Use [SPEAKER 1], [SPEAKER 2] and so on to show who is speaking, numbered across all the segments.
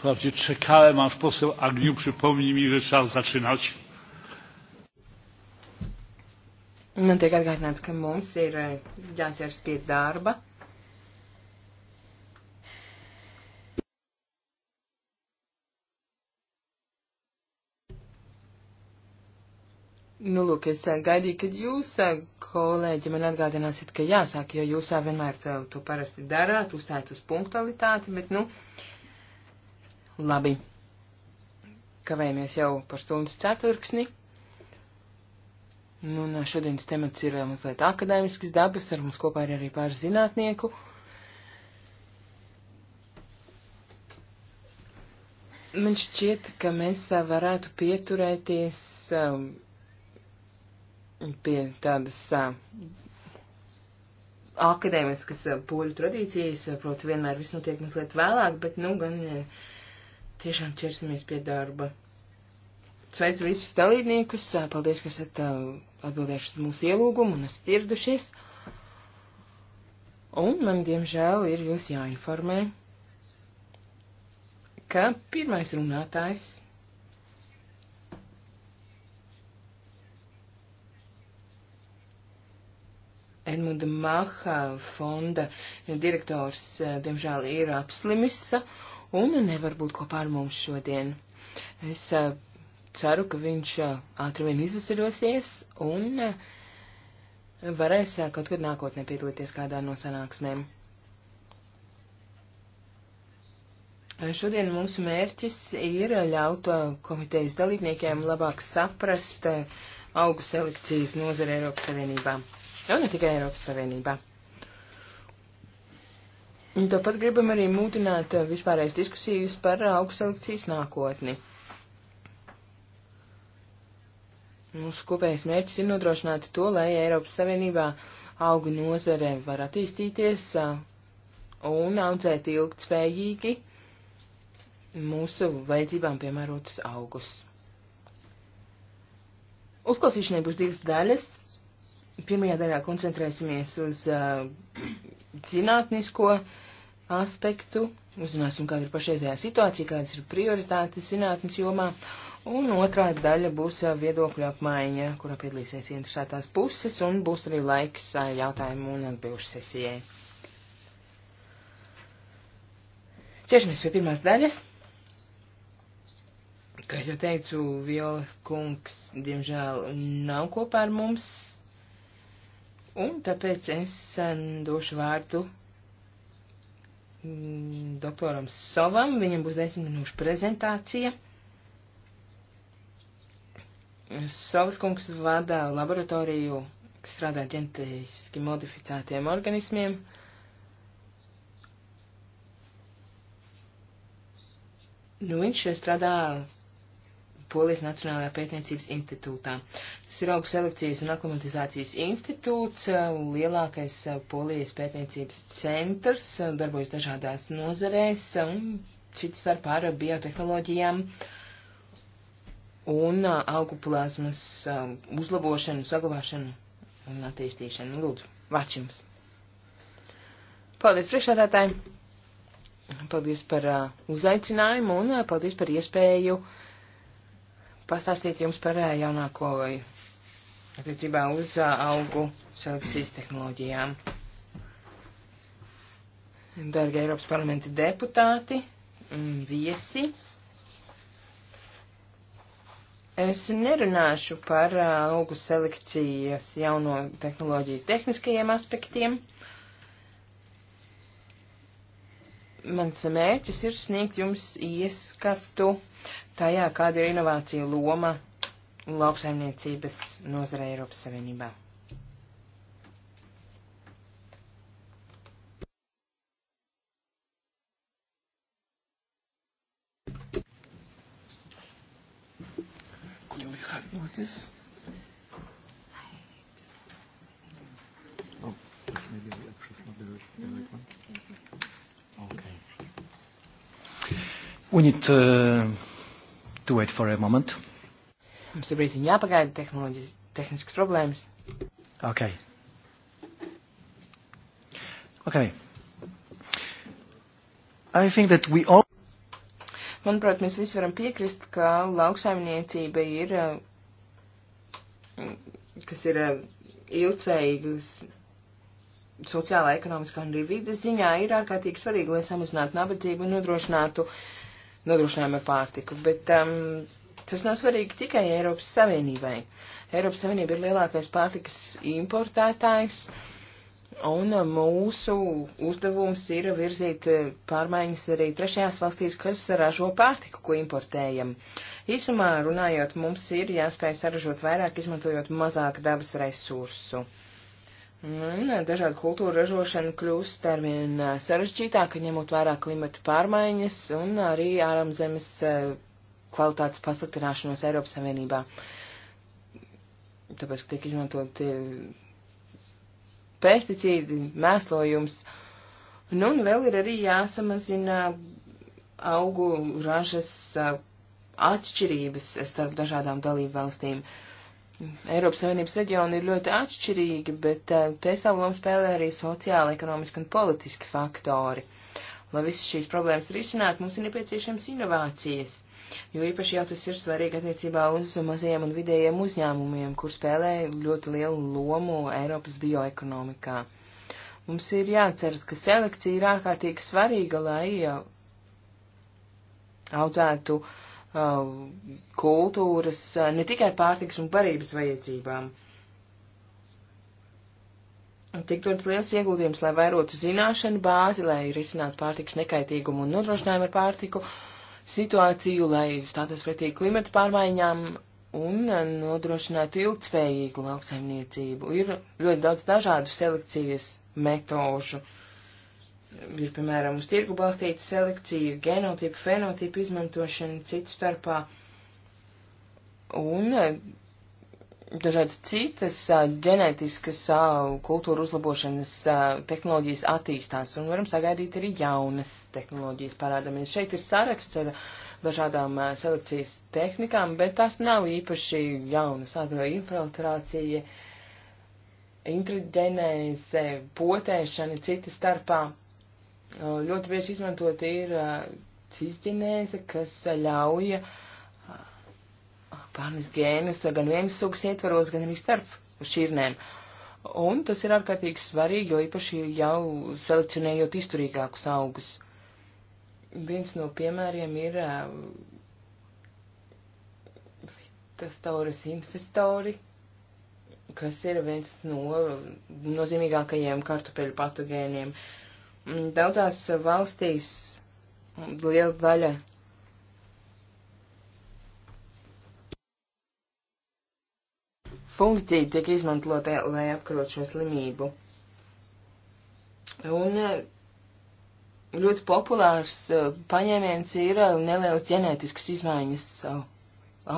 [SPEAKER 1] Wprawdzie czekałem, aż poseł Agniu przypomni mi, że trzeba zaczynać.
[SPEAKER 2] Man tiek atgādināts, ka mums ir eh, jāķers pie darba. Nu, lūk, es eh, gaidīju, kad jūs, eh, kolēģi, man atgādināsiet, ka jāsāk, jo jūs vienmēr to parasti darāt, uzstājat uz punktualitāti, bet, nu, Labi. Kavējamies jau par stundas ceturksni. Nu, un šodienas temats ir eh, mazliet akadēmiskas dabas, ar mums kopā ir arī pāris zinātnieku. Man šķiet, ka mēs eh, varētu pieturēties eh, pie tādas akadēmiskas poļu tradīcijas, proti vienmēr viss notiek mazliet vēlāk, bet nu gan. Ja, tiešām ķersimies pie darba. Sveicu visus dalībniekus, paldies, ka esat atbildējuši uz mūsu ielūgumu un esat ieradušies. Un man, diemžēl, ir jūs jāinformē, ka pirmais runātājs Edmunda Maha fonda direktors, diemžēl, ir apslimis, un nevar būt kopā ar mums šodien. Es uh, ceru, ka viņš uh, ātri vien izvesaļosies un uh, varēs uh, kaut kad nākotnē piedalīties kādā no sanāksmēm. Šodien mūsu mērķis ir ļaut komitejas dalībniekiem labāk saprast augu selekcijas nozare Eiropas Savienībā. Un ne tikai Eiropas Savienībā. Un tāpat gribam arī mūtināt eh, vispārējais diskusijas par eh, augstselekcijas nākotni. Mūsu kopējais mērķis ir nodrošināt to, lai Eiropas Savienībā augu nozare var attīstīties eh, un audzēt ilgtspējīgi mūsu vajadzībām piemērotus augus. Uzklausīšanai būs divas daļas. Pirmajā daļā koncentrēsimies uz uh, zinātnisko aspektu, uzzināsim, kāda ir pašreizējā situācija, kādas ir prioritātes zinātnes jomā, un otrā daļa būs viedokļu apmaiņa, kurā piedalīsies interesētās puses, un būs arī laiks jautājumu un atbilžu sesijai. Ķersimies pie pirmās daļas. Kā jau teicu, Viola kungs, diemžēl, nav kopā ar mums Un tāpēc es eh, došu vārdu mm, doktoram Sovam, viņam būs 10 minūšu prezentācija. Savas kungs vada laboratoriju, kas strādā ģenetiski modificētiem organismiem. Nu, viņš strādā Polijas Nacionālajā pētniecības institūtā. Tas ir augs selekcijas un aklimatizācijas institūts, eh, lielākais eh, Polijas pētniecības centrs, eh, darbojas dažādās nozarēs, un cits starp ar biotehnoloģijām un augu plazmas uzlabošanu, saglabāšanu un attīstīšanu. Lūdzu, vārds jums! Paldies priekšādātāji! Paldies par uh, uzaicinājumu un uh, paldies par iespēju uh, pastāstīt jums par eh, jaunāko vai attiecībā uz eh, augu selekcijas tehnoloģijām. Dargi Eiropas parlamenta deputāti, viesi. Es nerunāšu par eh, augu selekcijas jauno tehnoloģiju tehniskajiem aspektiem. Mans mērķis ir sniegt jums ieskatu tajā, kāda ir inovācija loma lauksaimniecības nozarē Eiropas Savienībā.
[SPEAKER 3] Lucas. Oh, maybe we approve not the, the right one. Okay. We need. Uh, to wait for a moment.
[SPEAKER 2] Mums ir brīdī jāpagaida tehnoloģijas, tehniskas problēmas.
[SPEAKER 3] Ok. Ok. I think that we all.
[SPEAKER 2] Manuprāt, mēs visi varam piekrist, ka lauksaimniecība ir, eh, kas ir eh, ilgtveigas sociālā, ekonomiskā un arī vides ziņā, ir ārkārtīgi svarīgi, lai samazinātu nabadzību un nodrošinātu uh, nodrošinājām ar pārtiku, bet um, tas nav svarīgi tikai Eiropas Savienībai. Eiropas Savienība ir lielākais pārtikas importētājs, un um, mūsu uzdevums ir virzīt uh, pārmaiņas arī trešajās valstīs, kas ražo pārtiku, ko importējam. Īsumā runājot, mums ir jāspēj saražot vairāk, izmantojot mazāk dabas resursu. Un eh, dažādu kultūru ražošana kļūst arvien eh, sarežģītāka, ņemot vērā klimata pārmaiņas un arī ārzemes eh, kvalitātes pasliktināšanos Eiropas Savienībā. Tāpēc, ka tiek izmantoti pesticīdi, mēslojums. Nu, un vēl ir arī jāsamazina augu ražas atšķirības starp dažādām dalību valstīm. Uh, Eiropas Savienības reģioni ir ļoti atšķirīgi, bet eh, te savu lomu spēlē arī sociāla, ekonomiska un politiski faktori. Lai visas šīs problēmas risinātu, mums ir nepieciešams inovācijas, jo īpaši jau tas ir svarīgi attiecībā uz mazajiem un vidējiem uzņēmumiem, kur spēlē ļoti lielu lomu Eiropas bioekonomikā. Mums ir jāceras, ka selekcija ir ārkārtīgi svarīga, lai eh, audzētu uh, Uh, kultūras, uh, ne tikai pārtiks un barības vajadzībām. Tik dots liels ieguldījums, lai vairotu zināšanu bāzi, lai risinātu pārtiks nekaitīgumu un nodrošinājumu ar pārtiku situāciju, lai stātos pretī klimata pārmaiņām un uh, nodrošinātu ilgtspējīgu lauksaimniecību. Ir ļoti daudz dažādu selekcijas metožu. Uh, ir, piemēram, uz tirgu balstīta selekcija, genotipu, fenotipu izmantošana citu starpā un eh, dažādas citas eh, ģenētiskas eh, kultūra uzlabošanas tehnoloģijas attīstās un varam sagaidīt arī jaunas tehnoloģijas parādamies. Šeit ir saraksts ar dažādām selekcijas tehnikām, bet tās nav īpaši jaunas agroinfiltrācija, intraģenēze, potēšana citas starpā. Eh, ļoti bieži izmantot ir eh, cisģenēze, kas eh, ļauj pārnest gēnus gan vienas sugas ietvaros, gan arī starp šķirnēm. Un tas ir ārkārtīgi svarīgi, jo īpaši jau selekcionējot izturīgākus augus. Viens no piemēriem ir Fitastauras infestori, kas ir viens no nozīmīgākajiem kartupeļu patogēniem. Uh, Daudzās valstīs liela daļa funkciju tiek izmantota, lai apkarot šo slimību. Un eh, ļoti populārs eh, paņēmiens ir eh, nelielas ģenētiskas izmaiņas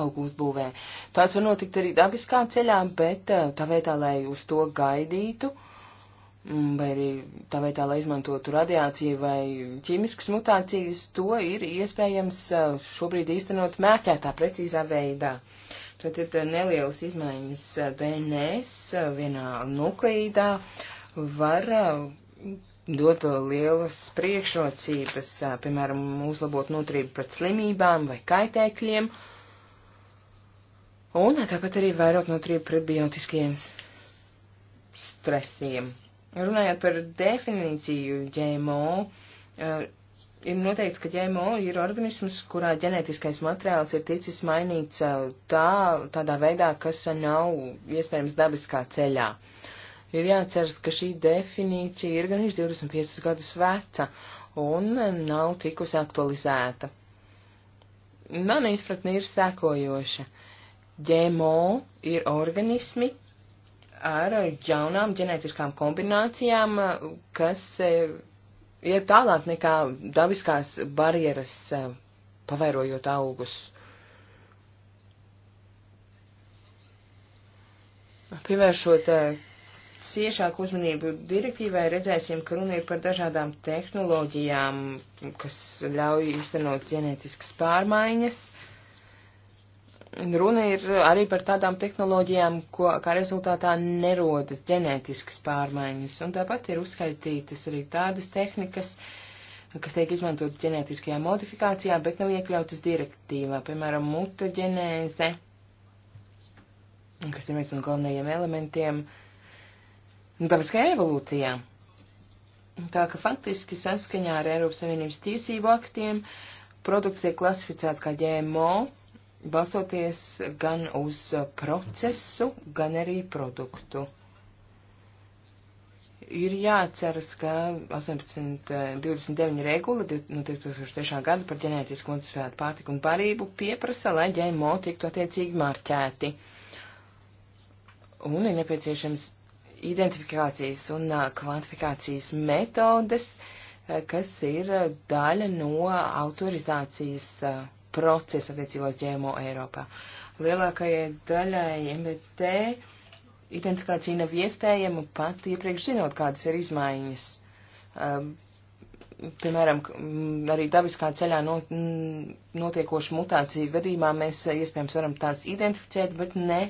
[SPEAKER 2] augūs būvē. Tās var notikt arī dabiskā ceļā, bet tā vietā, lai uz to gaidītu, uh, Mm, vai arī tā vai tā, lai izmantotu radiāciju vai ķīmiskas mutācijas, to ir iespējams uh, šobrīd īstenot mēķētā precīzā veidā. Tad ir uh, nelielas izmaiņas uh, DNS vienā nukleīdā var dot lielas priekšrocības, piemēram, uzlabot noturību pret slimībām vai kaitēkļiem, un tāpat arī vairot noturību pret biotiskajiem stresiem. Runājot par definīciju ģēmo, eh, ir noteikts, ka ģēmo ir organisms, kurā ģenētiskais materiāls ir ticis mainīts eh, tā, tādā veidā, kas nav iespējams dabiskā ceļā. Ir jāceras, ka šī definīcija ir gan 25 gadus veca un nav tikusi aktualizēta. Mana izpratne ir sekojoša. ģēmo ir organismi, ar jaunām ģenētiskām kombinācijām, kas e, iet tālāk nekā dabiskās barjeras, e, pavairojot augus. Pievēršot e, ciešāku uzmanību direktīvai, redzēsim, ka runa ir par dažādām tehnoloģijām, kas ļauj iztenot ģenētiskas pārmaiņas. Runa ir arī par tādām tehnoloģijām, ko, kā rezultātā nerodas ģenētiskas pārmaiņas, un tāpat ir uzskaitītas arī tādas tehnikas, kas tiek izmantotas ģenētiskajā modifikācijā, bet nav iekļautas direktīvā, piemēram, mutaģenēze, kas ir viens no galvenajiem elementiem, nu, dabiskajā evolūcijā. Tā ka faktiski saskaņā ar Eiropas Savienības tiesību aktiem produkts ir klasificēts kā GMO, balstoties gan uz procesu, gan arī produktu. Ir jāatceras, ka 1829 eh, regula no 2003. gada par ģenētiski modificētu pārtiku un barību pieprasa, lai ģēmo tiktu attiecīgi marķēti. Un ir nepieciešams identifikācijas un eh, kvantifikācijas metodes, eh, kas ir daļa no autorizācijas uh, procesu attiecībos ģēmo Eiropā. Lielākajai daļai MT identifikācija nav iespējama pat iepriekš zinot, kādas ir izmaiņas. Um, piemēram, arī dabiskā ceļā not, notiekošu mutāciju gadījumā mēs e, iespējams varam tās identificēt, bet ne,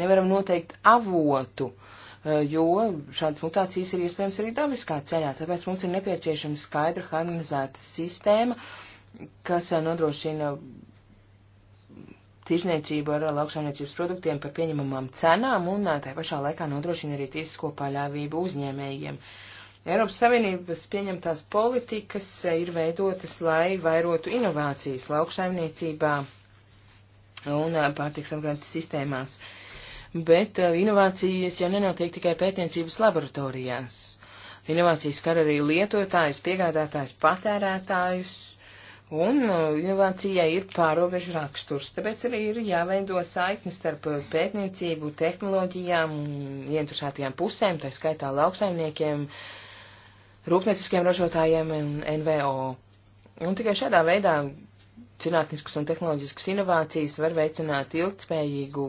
[SPEAKER 2] nevaram noteikt avotu, e, jo šādas mutācijas ir iespējams arī dabiskā ceļā. Tāpēc mums ir nepieciešama skaidra harmonizēta sistēma, uh, kas uh, nodrošina tirzniecību ar uh, lauksaimniecības produktiem par pieņemamām cenām un uh, tā pašā laikā nodrošina arī tiesisko paļāvību uzņēmējiem. Eiropas Savienības pieņemtās politikas ir veidotas, lai vairotu inovācijas lauksaimniecībā un pārtiks apgādes sistēmās. Bet inovācijas jau nenotiek tikai pētniecības laboratorijās. Inovācijas skar arī lietotājus, piegādātājus, patērētājus, Un uh, inovācijai ir pārobežu raksturs, tāpēc arī ir jāveido saikni starp uh, pētniecību, tehnoloģijām, ientušātajām pusēm, tā skaitā lauksaimniekiem, rūpnieciskiem ražotājiem un NVO. Un tikai šādā veidā zinātniskas un tehnoloģiskas inovācijas var veicināt ilgtspējīgu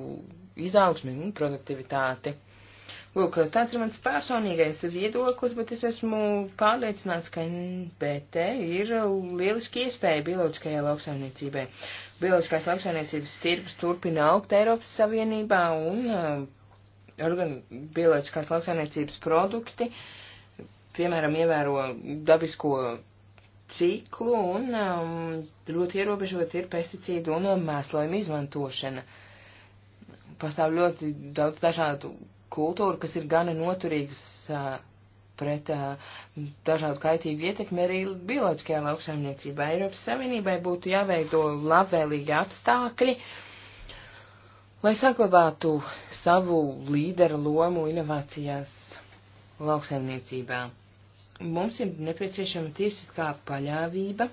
[SPEAKER 2] izaugsmi un produktivitāti. Lūk, tāds ir mans personīgais viedoklis, bet es esmu pārliecināts, ka NBT ir lieliski iespēja bioloģiskajai lauksaimniecībai. Bioloģiskās lauksaimniecības tirgus turpina augt Eiropas Savienībā un uh, organ, bioloģiskās lauksaimniecības produkti, piemēram, ievēro dabisko ciklu un um, ļoti ierobežot ir pesticīdu un mēslojumu izmantošana. Pastāv ļoti daudz dažādu kultūru, kas ir gana noturīgs uh, pret uh, dažādu kaitīgu ietekmi arī bioloģiskajā lauksaimniecībā. Eiropas Savienībai būtu jāveido labvēlīgi apstākļi, lai saglabātu savu līderu lomu inovācijās lauksaimniecībā. Mums ir nepieciešama tiesiskā paļāvība.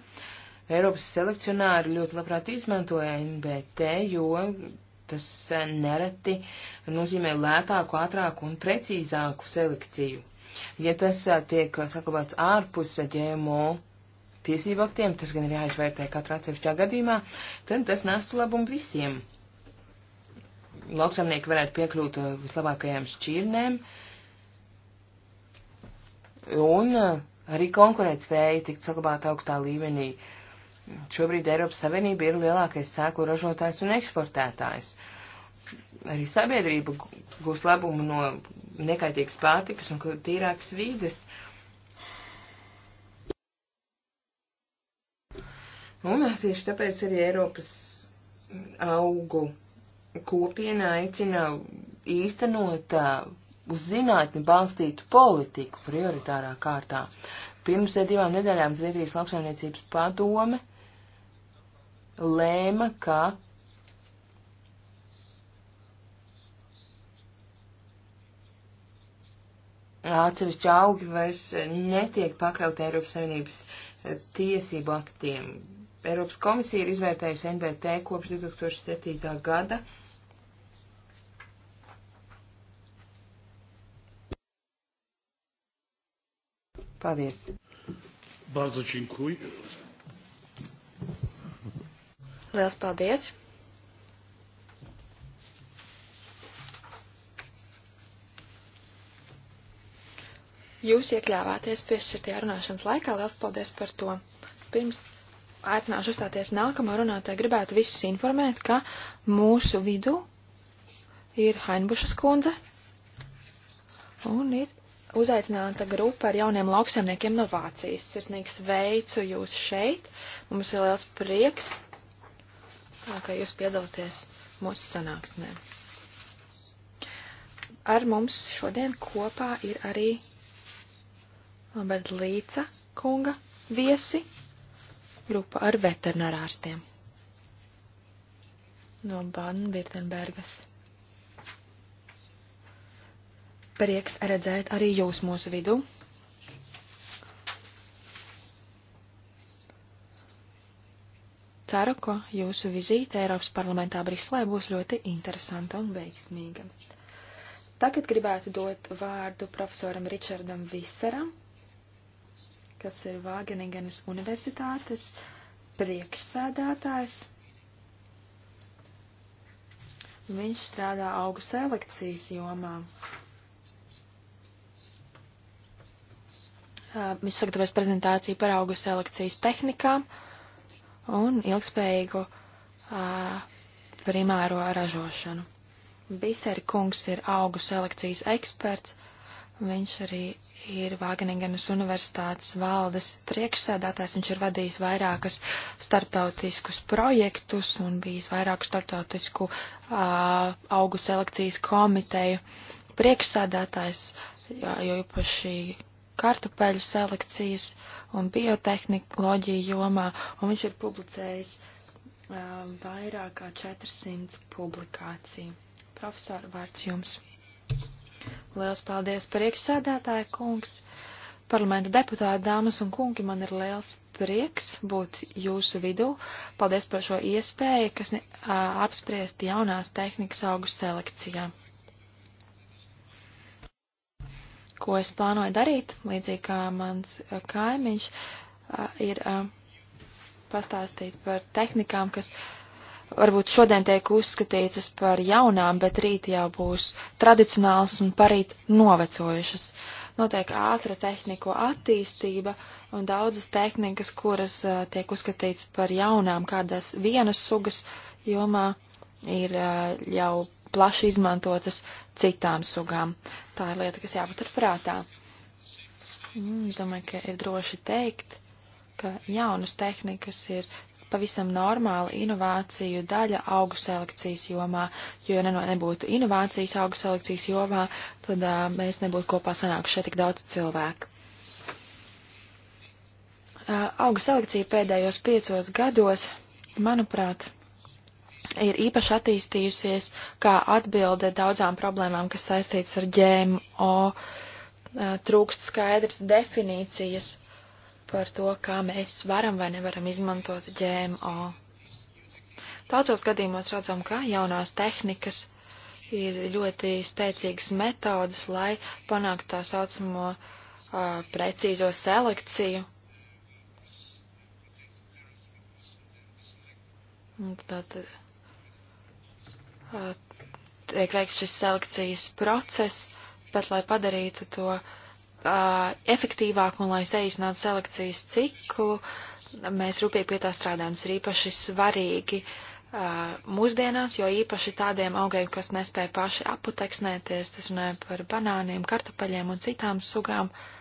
[SPEAKER 2] Eiropas selekcionāri ļoti labprāt izmantoja NBT, jo tas eh, nereti nozīmē lētāku, ātrāku un precīzāku selekciju. Ja tas eh, tiek eh, saglabāts ārpus GMO tiesību aktiem, tas gan ir jāizvērtē katrā atsevišķā gadījumā, tad tas nestu labumu visiem. Lauksamnieki varētu piekļūt vislabākajām šķirnēm un arī konkurētspēja tiktu saglabāta augstā līmenī. Uh, Šobrīd Eiropas Savienība ir lielākais sēklu ražotājs un eksportētājs. Arī sabiedrība gūs labumu no nekaitīgas pārtikas un tīrākas vīdes. Un tieši tāpēc arī Eiropas augu kopiena aicina īstenot uz zinātni balstītu politiku prioritārā kārtā. Pirms divām nedēļām Zviedrijas lauksaimniecības padome uh, lēma, ka atsevišķi augi vairs netiek pakļauti Eiropas Savienības eh, tiesību aktiem. Eiropas komisija ir izvērtējusi NBT kopš 2007. gada. Paldies! Bardzo dziękuję.
[SPEAKER 3] Liels paldies! Jūs iekļāvāties piešķirtajā runāšanas laikā, liels paldies par to. Pirms aicināšu uzstāties nākamā runātāja, gribētu visus informēt, ka mūsu vidū ir Hainbušas kundze un ir uzaicināta grupa ar jauniem lauksaimniekiem no Vācijas. Sirsnīgi sveicu jūs šeit. Mums ir liels prieks ka jūs piedalāties mūsu sanāksmē. Ar mums šodien kopā ir arī Lamberta Līca kunga viesi, grupa ar veterinārārstiem no Baden-Virtenbergas. Prieks redzēt arī jūs mūsu vidu. Ceru, ka jūsu vizīte Eiropas parlamentā Briselē būs ļoti interesanta un veiksmīga. Tagad gribētu dot vārdu profesoram Ričardam Viseram, kas ir Vāgeningenes universitātes priekšsēdētājs. Viņš strādā augu selekcijas jomā. Viņš sagatavojas prezentāciju par augu selekcijas tehnikām. Uh, un ilgspējīgu uh, primāro ražošanu. Biseri kungs ir augu selekcijas eksperts, viņš arī ir Vāgeningenas universitātes valdes priekšsēdātājs, viņš ir vadījis vairākas starptautiskus projektus un bijis vairāku starptautisku uh, augu selekcijas komiteju priekšsēdātājs, jo īpaši kartupeļu selekcijas un biotehnoloģiju jomā, un viņš ir publicējis um, vairāk kā 400 publikāciju. Profesori, vārds jums. Liels paldies priekšsēdētāja kungs, parlamenta deputāti, dāmas un kungi, man ir liels prieks būt jūsu vidū. Paldies par šo iespēju, kas ne, a, apspriest jaunās tehnikas augu selekcijā. ko es plānoju darīt, līdzīgi kā mans uh, kaimiņš, uh, ir uh, pastāstīt par tehnikām, kas varbūt šodien tiek uzskatītas par jaunām, bet rīt jau būs tradicionāls un parīt novecojušas. Notiek ātra tehniku attīstība un daudzas tehnikas, kuras uh, tiek uzskatītas par jaunām kādās vienas sugas jomā, ir uh, jau plaši izmantotas citām sugām. Tā ir lieta, kas jāpatur prātā. Mm, es domāju, ka ir droši teikt, ka jaunas tehnikas ir pavisam normāla inovāciju daļa augu selekcijas jomā, jo ja ne, nebūtu inovācijas augu selekcijas jomā, tad uh, mēs nebūtu kopā sanākuši šeit tik daudz cilvēku. Uh, augu selekcija pēdējos piecos gados, manuprāt, ir īpaši attīstījusies kā atbilde daudzām problēmām, kas saistīts ar GMO, trūkst skaidrs definīcijas par to, kā mēs varam vai nevaram izmantot GMO. Daudzos gadījumos redzam, ka jaunās tehnikas ir ļoti spēcīgas metodas, lai panāktu tā saucamo uh, precīzo selekciju. Un tad, tiek veikts šis selekcijas process, bet lai padarītu to uh, efektīvāku un lai saīsinātu selekcijas ciklu, mēs rūpīgi pie tā strādājam. Tas ir īpaši svarīgi uh, mūsdienās, jo īpaši tādiem augiem, kas nespēja paši aputeksnēties, tas runāja par banāniem, kartupeļiem un citām sugām. Uh,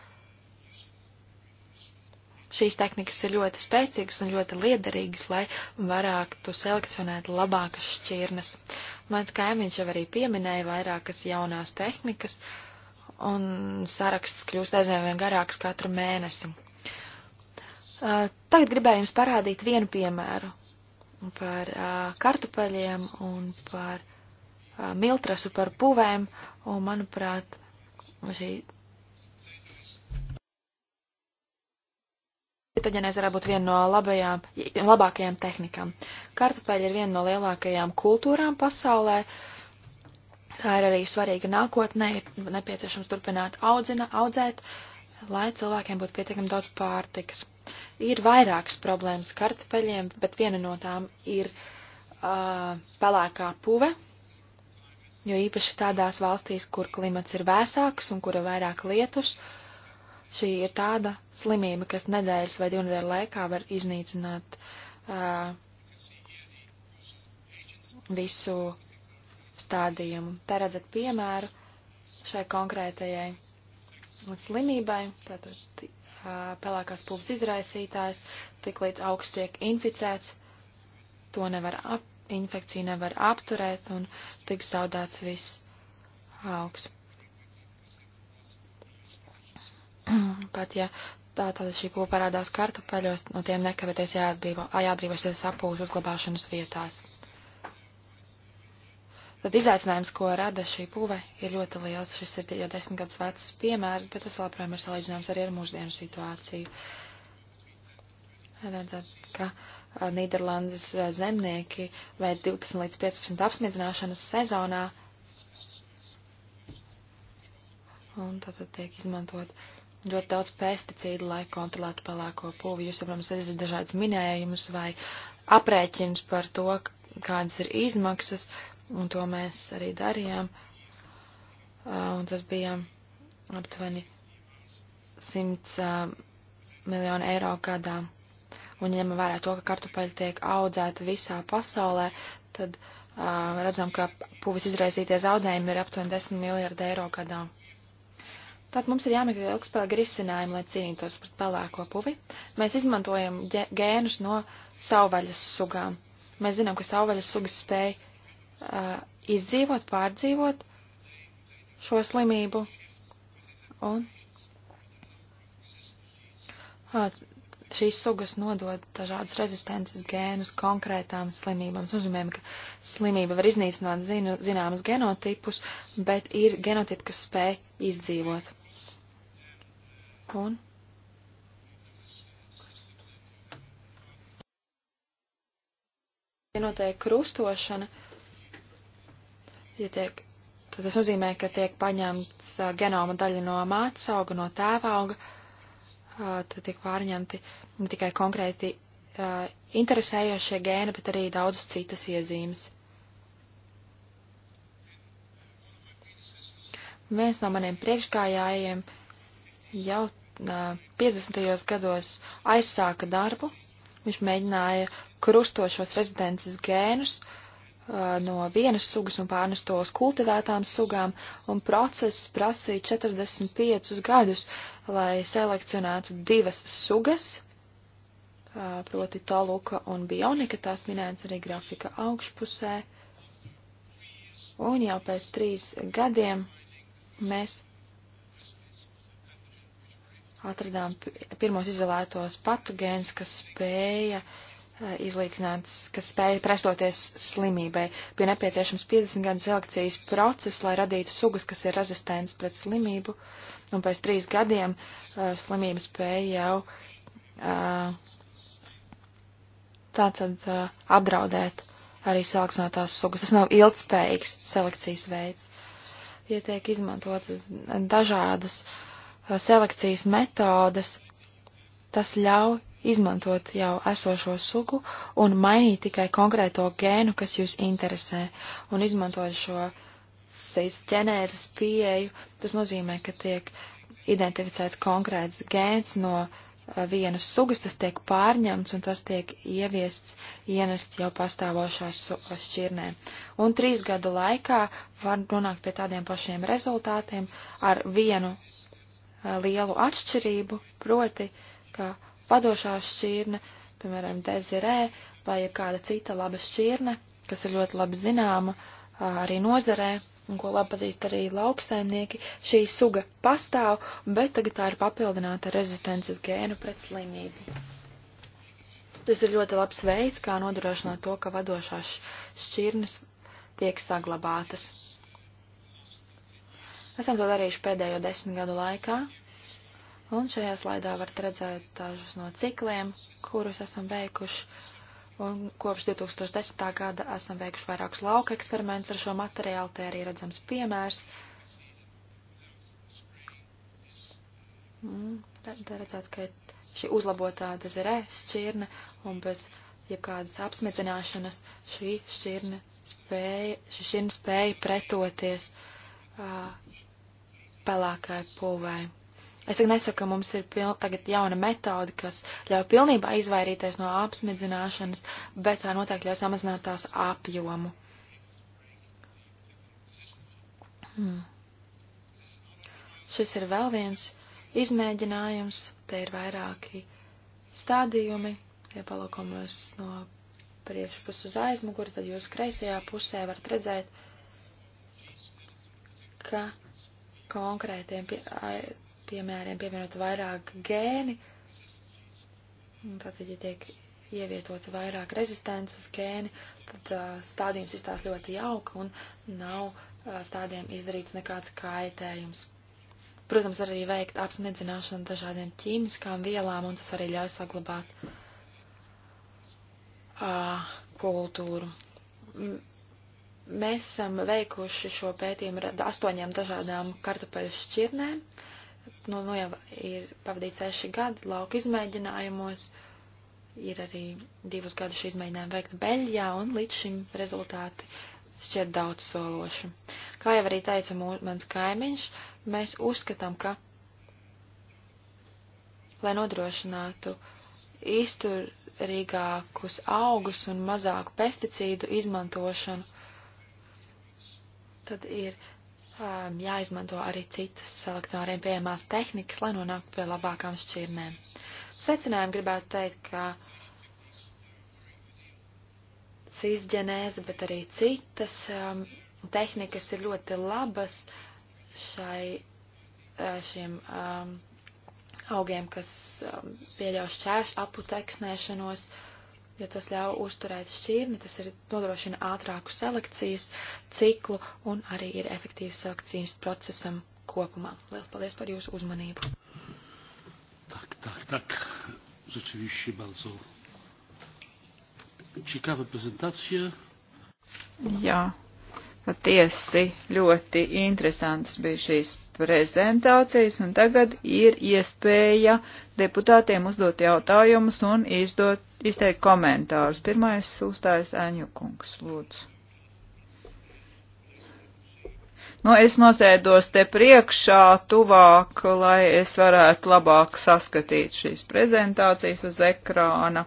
[SPEAKER 3] Šīs tehnikas ir ļoti spēcīgas un ļoti liederīgas, lai varētu selekcionēt labākas šķirnes. Mans kaimiņš jau arī pieminēja vairākas jaunās tehnikas, un saraksts kļūst aizvien vien garāks katru mēnesi. Tagad gribēju jums parādīt vienu piemēru par kartupeļiem un par miltrasu, par puvēm, un manuprāt, šī mutaģenēze varētu būt viena no labajām, labākajām tehnikām. Kartupeļi ir viena no lielākajām kultūrām pasaulē. Tā ir arī svarīga nākotnē, ir nepieciešams turpināt audzina, audzēt, lai cilvēkiem būtu pietiekami daudz pārtikas. Ir vairākas problēmas kartupeļiem, bet viena no tām ir uh, pelēkā puve, jo īpaši tādās valstīs, kur klimats ir vēsāks un kura vairāk lietus, uh, Šī ir tāda slimība, kas nedēļas vai divu nedēļu laikā var iznīcināt uh, visu stādījumu. Te redzat piemēru šai konkrētajai slimībai, tātad uh, pelēkās pūpas izraisītājs, tik līdz augsts tiek inficēts, to nevar ap, infekciju nevar apturēt un tiks zaudēts viss augs. Pat ja tātad šī pupa parādās kartupeļos, no tiem nekavēties jāatbrīvo, jāatbrīvošies sapūs uzglabāšanas vietās. Tad izaicinājums, ko rada šī puve, ir ļoti liels. Šis ir jau desmit gadus vecs piemērs, bet tas labprājām ir salīdzināms arī ar mūsdienu situāciju. Redzat, ka Nīderlandes zemnieki veids 12 līdz 15 apsmiedzināšanas sezonā. Un tātad tiek izmantot uh, ļoti daudz pesticīdu, lai kontrolētu pelēko puvi. Jūs, protams, esat dažādas minējumus vai aprēķinus par to, kādas ir izmaksas, un to mēs arī darījām. Un tas bija aptuveni 100 miljonu eiro gadā. Un ņem vērā to, ka kartupeļi tiek audzēta visā pasaulē, tad uh, redzam, ka puvis izraisīties zaudējumi ir aptuveni 10 miljardi eiro gadā. Tad mums ir jāmeklē ilgspējīgi risinājumi, lai cīnītos pret pelēko puvi. Mēs izmantojam gēnus no savvaļas sugām. Mēs zinām, ka savvaļas sugas spēj uh, izdzīvot, pārdzīvot šo slimību. Un uh, šīs sugas nodod dažādas rezistences gēnus konkrētām slimībām. Tas nozīmē, ka slimība var iznīcināt zinu, zināmas genotipus, bet ir genotipi, kas spēj izdzīvot. Un ja notiek krustošana, ja tiek, tad tas nozīmē, ka tiek paņemts uh, genoma daļa no mātes auga, no tēva auga, uh, tad tiek pārņemti ne tikai konkrēti uh, interesējošie gēni, bet arī daudzas citas iezīmes. Viens no maniem priekšgājājiem uh, jau uh, 50. gados aizsāka darbu. Viņš mēģināja krustošos rezidences gēnus uh, no vienas sugas un pārnest to uz kultivētām sugām, un process prasīja 45 gadus, lai selekcionētu divas sugas, uh, proti Toluka un Bionika, tās minēts arī grafika augšpusē. Un jau pēc trīs gadiem mēs atradām pirmos izolētos patogēns, kas spēja eh, izlīdzināt, kas spēja prestoties slimībai. Bija nepieciešams 50 gadu selekcijas process, lai radītu sugas, kas ir rezistents pret slimību, un pēc trīs gadiem uh, slimība spēja jau uh, eh, tātad uh, apdraudēt arī selekcionētās sugas. Tas nav ilgspējīgs selekcijas veids. Ja tiek izmantotas dažādas uh, selekcijas metodas, tas ļauj izmantot jau esošo sugu un mainīt tikai konkrēto gēnu, kas jūs interesē. Un izmantot šo ģenēzes pieeju, tas nozīmē, ka tiek identificēts konkrēts gēns no vienas sugas, tas tiek pārņemts un tas tiek ieviests, ienests jau pastāvošās šķirnē. Un trīs gadu laikā var nonākt pie tādiem pašiem rezultātiem ar vienu Eh, lielu atšķirību, proti, ka vadošā šķirne, piemēram, Dezirē vai kāda cita laba šķirne, kas ir ļoti labi zināma eh, arī nozarē un ko labi pazīst arī lauksaimnieki, šī suga pastāv, bet tagad tā ir papildināta rezistences gēnu pret slimību. Tas ir ļoti labs veids, kā nodrošināt to, ka vadošās šķirnes tiek saglabātas. Esam to darījuši pēdējo desmit gadu laikā, un šajā slaidā varat redzēt dažus no cikliem, kurus esam veikuši, un kopš 2010. gada esam veikuši vairākus lauka eksperimentus ar šo materiālu, te arī redzams piemērs. Mm, te redzēts, ka šī uzlabotā dezerē šķirne, un bez jebkādas apsmetināšanas šī šķirne spēja, šī šķirne spēja pretoties uh, pelēkai pūvei. Es tagad nesaku, ka mums ir piln, tagad jauna metode, kas ļauj pilnībā izvairīties no apsmidzināšanas, bet tā noteikti ļauj samazināt tās apjomu. Hmm. Šis ir vēl viens izmēģinājums, te ir vairāki stādījumi, ja palūkojamies no priekšpus uz aizmuguri, tad jūs kreisajā pusē varat redzēt, ka konkrētiem pie, piemēriem pievienot vairāk gēni. Tātad, ja tiek ievietoti vairāk rezistences gēni, tad uh, stādījums izstās ļoti jauka un nav uh, stādījiem izdarīts nekāds kaitējums. Protams, arī veikt apsmedzināšanu dažādiem ķīmiskām vielām, un tas arī ļauj saglabāt uh, kultūru. Mēs esam veikuši šo pētījumu ar astoņām dažādām kartupeļu šķirnēm. Nu, nu jau ir pavadīts seši gadi lauka izmēģinājumos. Ir arī divus gadus izmēģinājumi veikta Beļģijā, un līdz šim rezultāti šķiet daudz sološi. Kā jau arī teica mūs, mans kaimiņš, mēs uzskatām, ka, lai nodrošinātu izturīgākus augus un mazāku pesticīdu izmantošanu, tad ir um, jāizmanto arī citas selektoriem pieejamās tehnikas, lai nonāktu pie labākām šķirnēm. Secinājumu gribētu teikt, ka cisģenēze, bet arī citas um, tehnikas ir ļoti labas šai, uh, šiem um, augiem, kas um, pieļauj šķēršu aputeksnēšanos. Uh, jo tas ļauj uzturēt šķirni, tas ir nodrošina ātrāku selekcijas ciklu un arī ir efektīvs selekcijas procesam kopumā. Lielas paldies par jūsu uzmanību. Tak, tak, tak. Rzeczywiście bardzo ciekawe prezentacje.
[SPEAKER 1] Ja. Patiesi ļoti interesants bija šīs prezentācijas, un tagad ir iespēja deputātiem uzdot jautājumus un izdot, izteikt komentārus. Pirmais uzstājas Ēņukungs, lūdzu. Nu, es nosēdos te priekšā tuvāk, lai es varētu labāk saskatīt šīs prezentācijas uz ekrāna.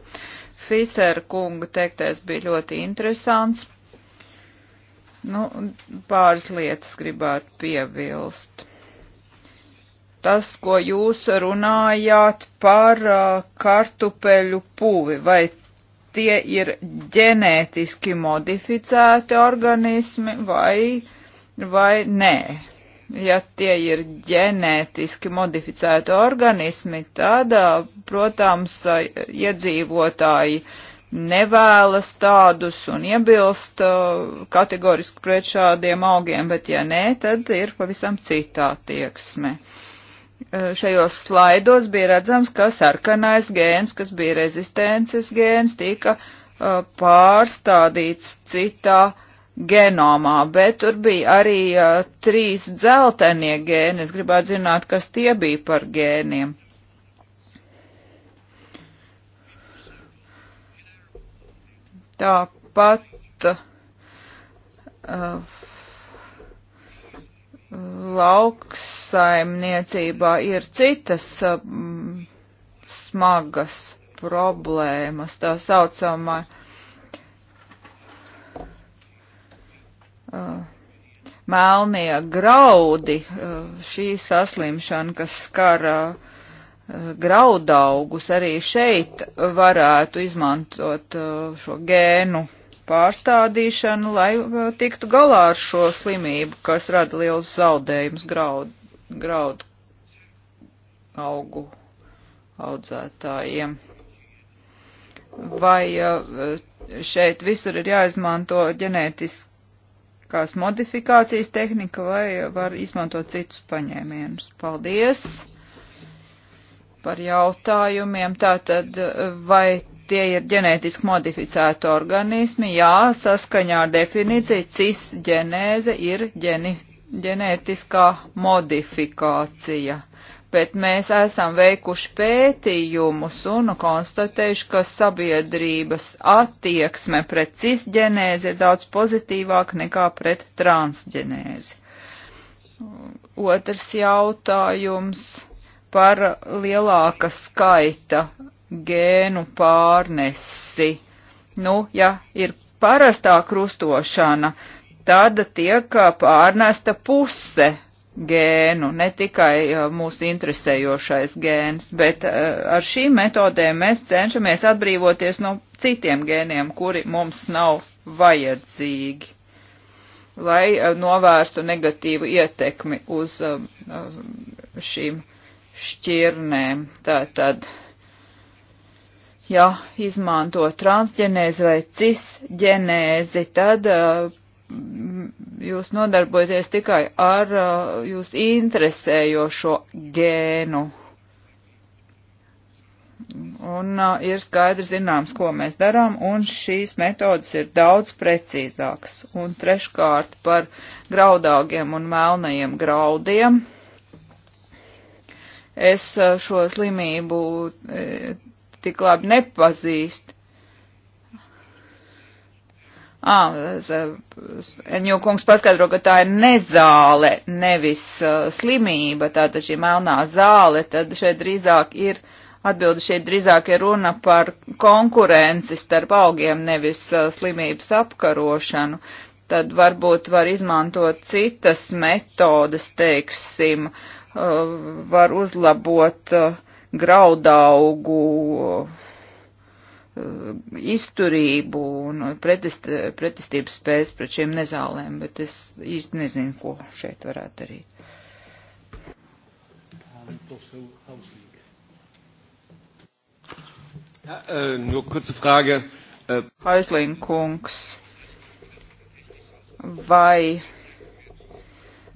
[SPEAKER 1] Fiser kunga teiktais bija ļoti interesants Nu, pāris lietas gribētu piebilst. Tas, ko jūs runājāt par uh, kartupeļu puvi, vai tie ir ģenētiski modificēti organismi vai, vai nē. Ja tie ir ģenētiski modificēti organismi, tad, uh, protams, uh, iedzīvotāji uh, nevēlas tādus un iebilst uh, kategoriski pret šādiem augiem, bet ja nē, tad ir pavisam citā tieksme. Uh, šajos slaidos bija redzams, ka sarkanais gēns, kas bija rezistences gēns, tika uh, pārstādīts citā genomā, bet tur bija arī uh, trīs dzeltenie gēni. Es gribētu zināt, kas tie bija par gēniem. Tāpat uh, lauksaimniecībā ir citas uh, smagas problēmas, tā saucamā uh, melnie graudi, uh, šī saslimšana, kas skar uh, graudaugus arī šeit varētu izmantot uh, šo gēnu pārstādīšanu, lai uh, tiktu galā ar šo slimību, kas rada liels zaudējums graudu, graudu augu audzētājiem. Vai uh, šeit visur ir jāizmanto ģenētiskās modifikācijas tehnika vai var izmantot citus paņēmienus? Paldies! par jautājumiem. Tātad, vai tie ir ģenētiski modificēti organismi? Jā, saskaņā ar definīciju cisģenēze ir ģeni, ģenētiskā modifikācija. Bet mēs esam veikuši pētījumus un konstatējuši, ka sabiedrības attieksme pret cisģenēzi ir daudz pozitīvāka nekā pret transģenēzi. Otrs jautājums par lielāka skaita gēnu pārnesi. Nu, ja ir parastā krustošana, tad tiek pārnesta puse gēnu, ne tikai uh, mūsu interesējošais gēns, bet uh, ar šīm metodēm mēs cenšamies atbrīvoties no citiem gēniem, kuri mums nav vajadzīgi, lai uh, novērstu negatīvu ietekmi uz um, um, šīm metodēm šķirnēm. Tātad, ja izmanto transģenēzi vai cisģenēzi, tad uh, jūs nodarbojaties tikai ar uh, jūs interesējošo gēnu. Un uh, ir skaidrs zināms, ko mēs darām, un šīs metodas ir daudz precīzākas. Un treškārt par graudaugiem un melnajiem graudiem. Uh, Es šo slimību tik labi nepazīstu. Ņūkungs paskaidro, ka tā ir nezāle, nevis uh, slimība, tāda šī melnā zāle, tad šeit drīzāk ir, atbildi šeit drīzāk ir runa par konkurenci starp augiem, nevis uh, slimības apkarošanu. Tad varbūt var izmantot citas metodas, teiksim, uh, Uh, var uzlabot uh, graudaugu uh, izturību un pretist, pretistības spējas pret šiem nezālēm, bet es īsti nezinu, ko šeit varētu darīt. Äh, nur kurze Frage. Äh, Häusling Kungs, vai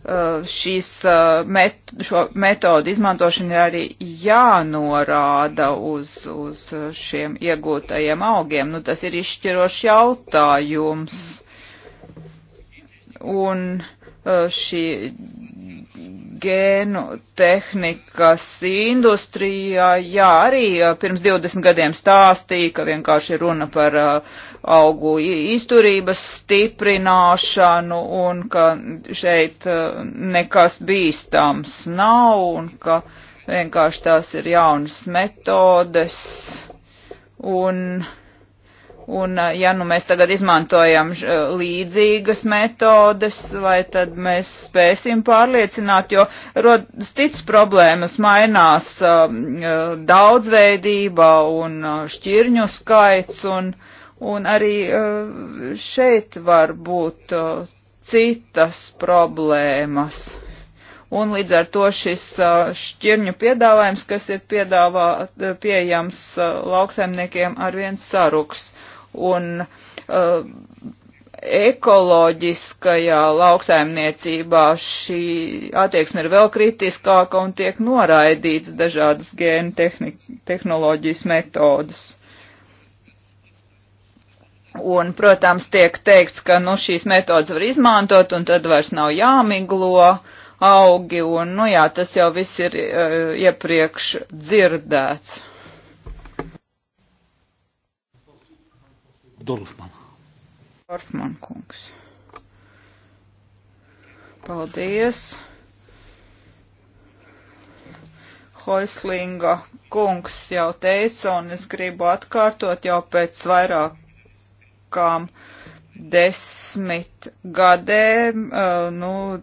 [SPEAKER 1] Eh, šīs eh, met, šo metodu izmantošana ir arī jānorāda uz, uz šiem iegūtajiem augiem. Nu, tas ir izšķirošs jautājums. Un eh, šī gēnu tehnikas industrijā, jā, arī pirms 20 gadiem stāstīja, ka vienkārši runa par uh, augu izturības stiprināšanu un ka šeit e, nekas bīstams nav un ka vienkārši tās ir jaunas metodes un Un, e, ja nu mēs tagad izmantojam e, līdzīgas metodes, vai tad mēs spēsim pārliecināt, jo rodas cits problēmas, mainās uh, daudzveidība un šķirņu skaits, un uh, Un arī e, šeit var būt e, citas problēmas. Un līdz ar to šis e, šķirņu piedāvājums, kas ir piedāvā, pieejams lauksaimniekiem, arvien saruks. Un uh, ekoloģiskajā lauksaimniecībā šī attieksme ir vēl kritiskāka un tiek noraidīts dažādas gēnu tehnoloģijas metodas. Un, protams, tiek teikts, ka nu, šīs metodas var izmantot, un tad vairs nav jāmiglo augi, un, nu jā, tas jau viss ir uh, iepriekš dzirdēts. Dorfman. Dorfman kungs. Paldies. Hoislinga kungs jau teica, un es gribu atkārtot jau pēc vairāk tuvākām desmit gadēm, eh, nu,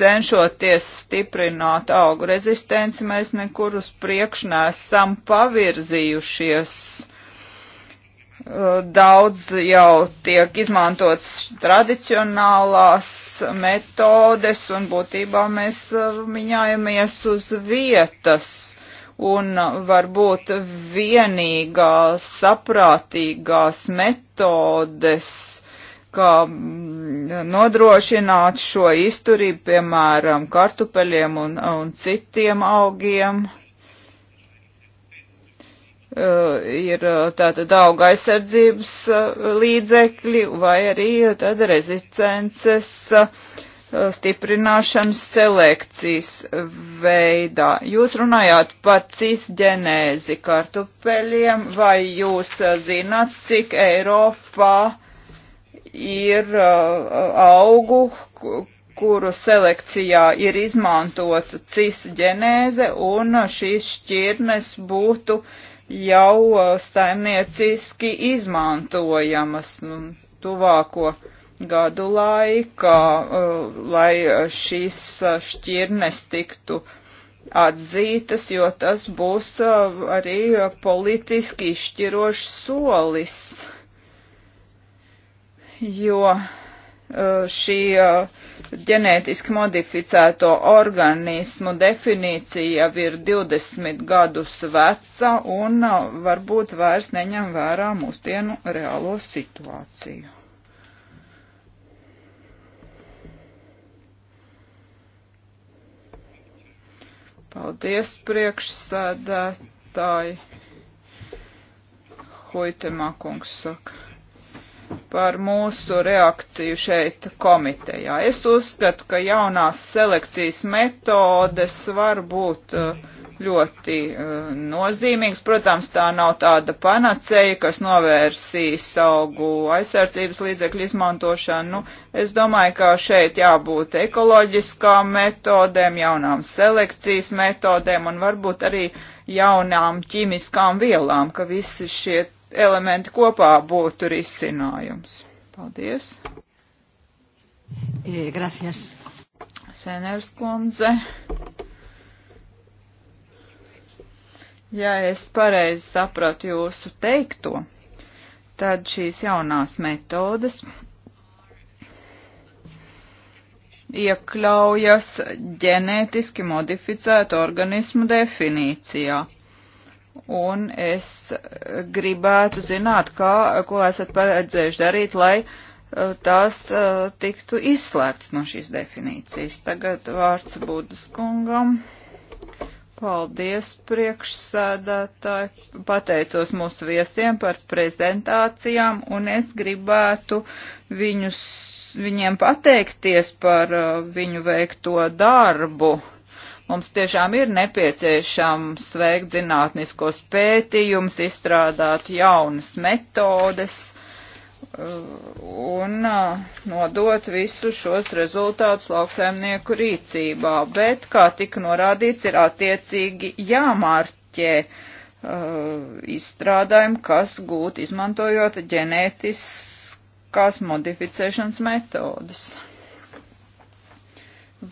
[SPEAKER 1] cenšoties stiprināt augu rezistenci, mēs nekur uz priekšu nesam pavirzījušies. Eh, daudz jau tiek izmantots tradicionālās metodes un būtībā mēs eh, miņājamies uz vietas un varbūt vienīgā saprātīgās metodes, kā mm, nodrošināt šo izturību, piemēram, kartupeļiem un, un citiem augiem. Uh, ir e, tātad auga aizsardzības uh, līdzekļi vai arī tad rezistences uh, stiprināšanas selekcijas veidā. Jūs runājāt par cisģenēzi kartupeļiem, vai jūs uh, zināt, cik Eiropā ir uh, augu, kuru selekcijā ir izmantota cisģenēze, un šīs šķirnes būtu jau uh, saimnieciski izmantojamas nu, tuvāko uh, gadu laikā, uh, lai šīs uh, šķirnes tiktu atzītas, jo tas būs uh, arī politiski izšķirošs solis, jo šī ģenētiski modificēto organismu definīcija jau ir 20 gadus veca un varbūt vairs neņem vērā mūsdienu reālo situāciju. Paldies, priekšsēdētāji. Hoitemā kungs saka par mūsu reakciju šeit komitejā. Es uzskatu, ka jaunās selekcijas metodes var būt uh, ļoti uh, nozīmīgs. Protams, tā nav tāda panaceja, kas novērsīs augu aizsardzības līdzekļu izmantošanu. Nu, es domāju, ka šeit jābūt ekoloģiskām metodēm, jaunām selekcijas metodēm un varbūt arī jaunām ķīmiskām vielām, ka visi šie elementi kopā būtu risinājums. Paldies. Eh, gracias. Seners kundze. Ja es pareizi sapratu jūsu teikto, tad šīs jaunās metodas iekļaujas ģenētiski modificētu organismu definīcijā. Un es gribētu zināt, kā, ko esat paredzējuši darīt, lai uh, tās uh, tiktu izslēgts no šīs definīcijas. Tagad vārds būdas kungam. Uh, Paldies, priekšsēdētāji. Pateicos mūsu viesiem par prezentācijām, un es gribētu viņus, viņiem pateikties par uh, viņu veikto darbu. Mums tiešām ir nepieciešams veikt zinātniskos pētījumus, izstrādāt jaunas metodes un nodot visus šos rezultātus lauksaimnieku rīcībā, bet, kā tika norādīts, ir attiecīgi jāmārķē uh, izstrādājumi, kas gūt izmantojot ģenētiskās modificēšanas metodas.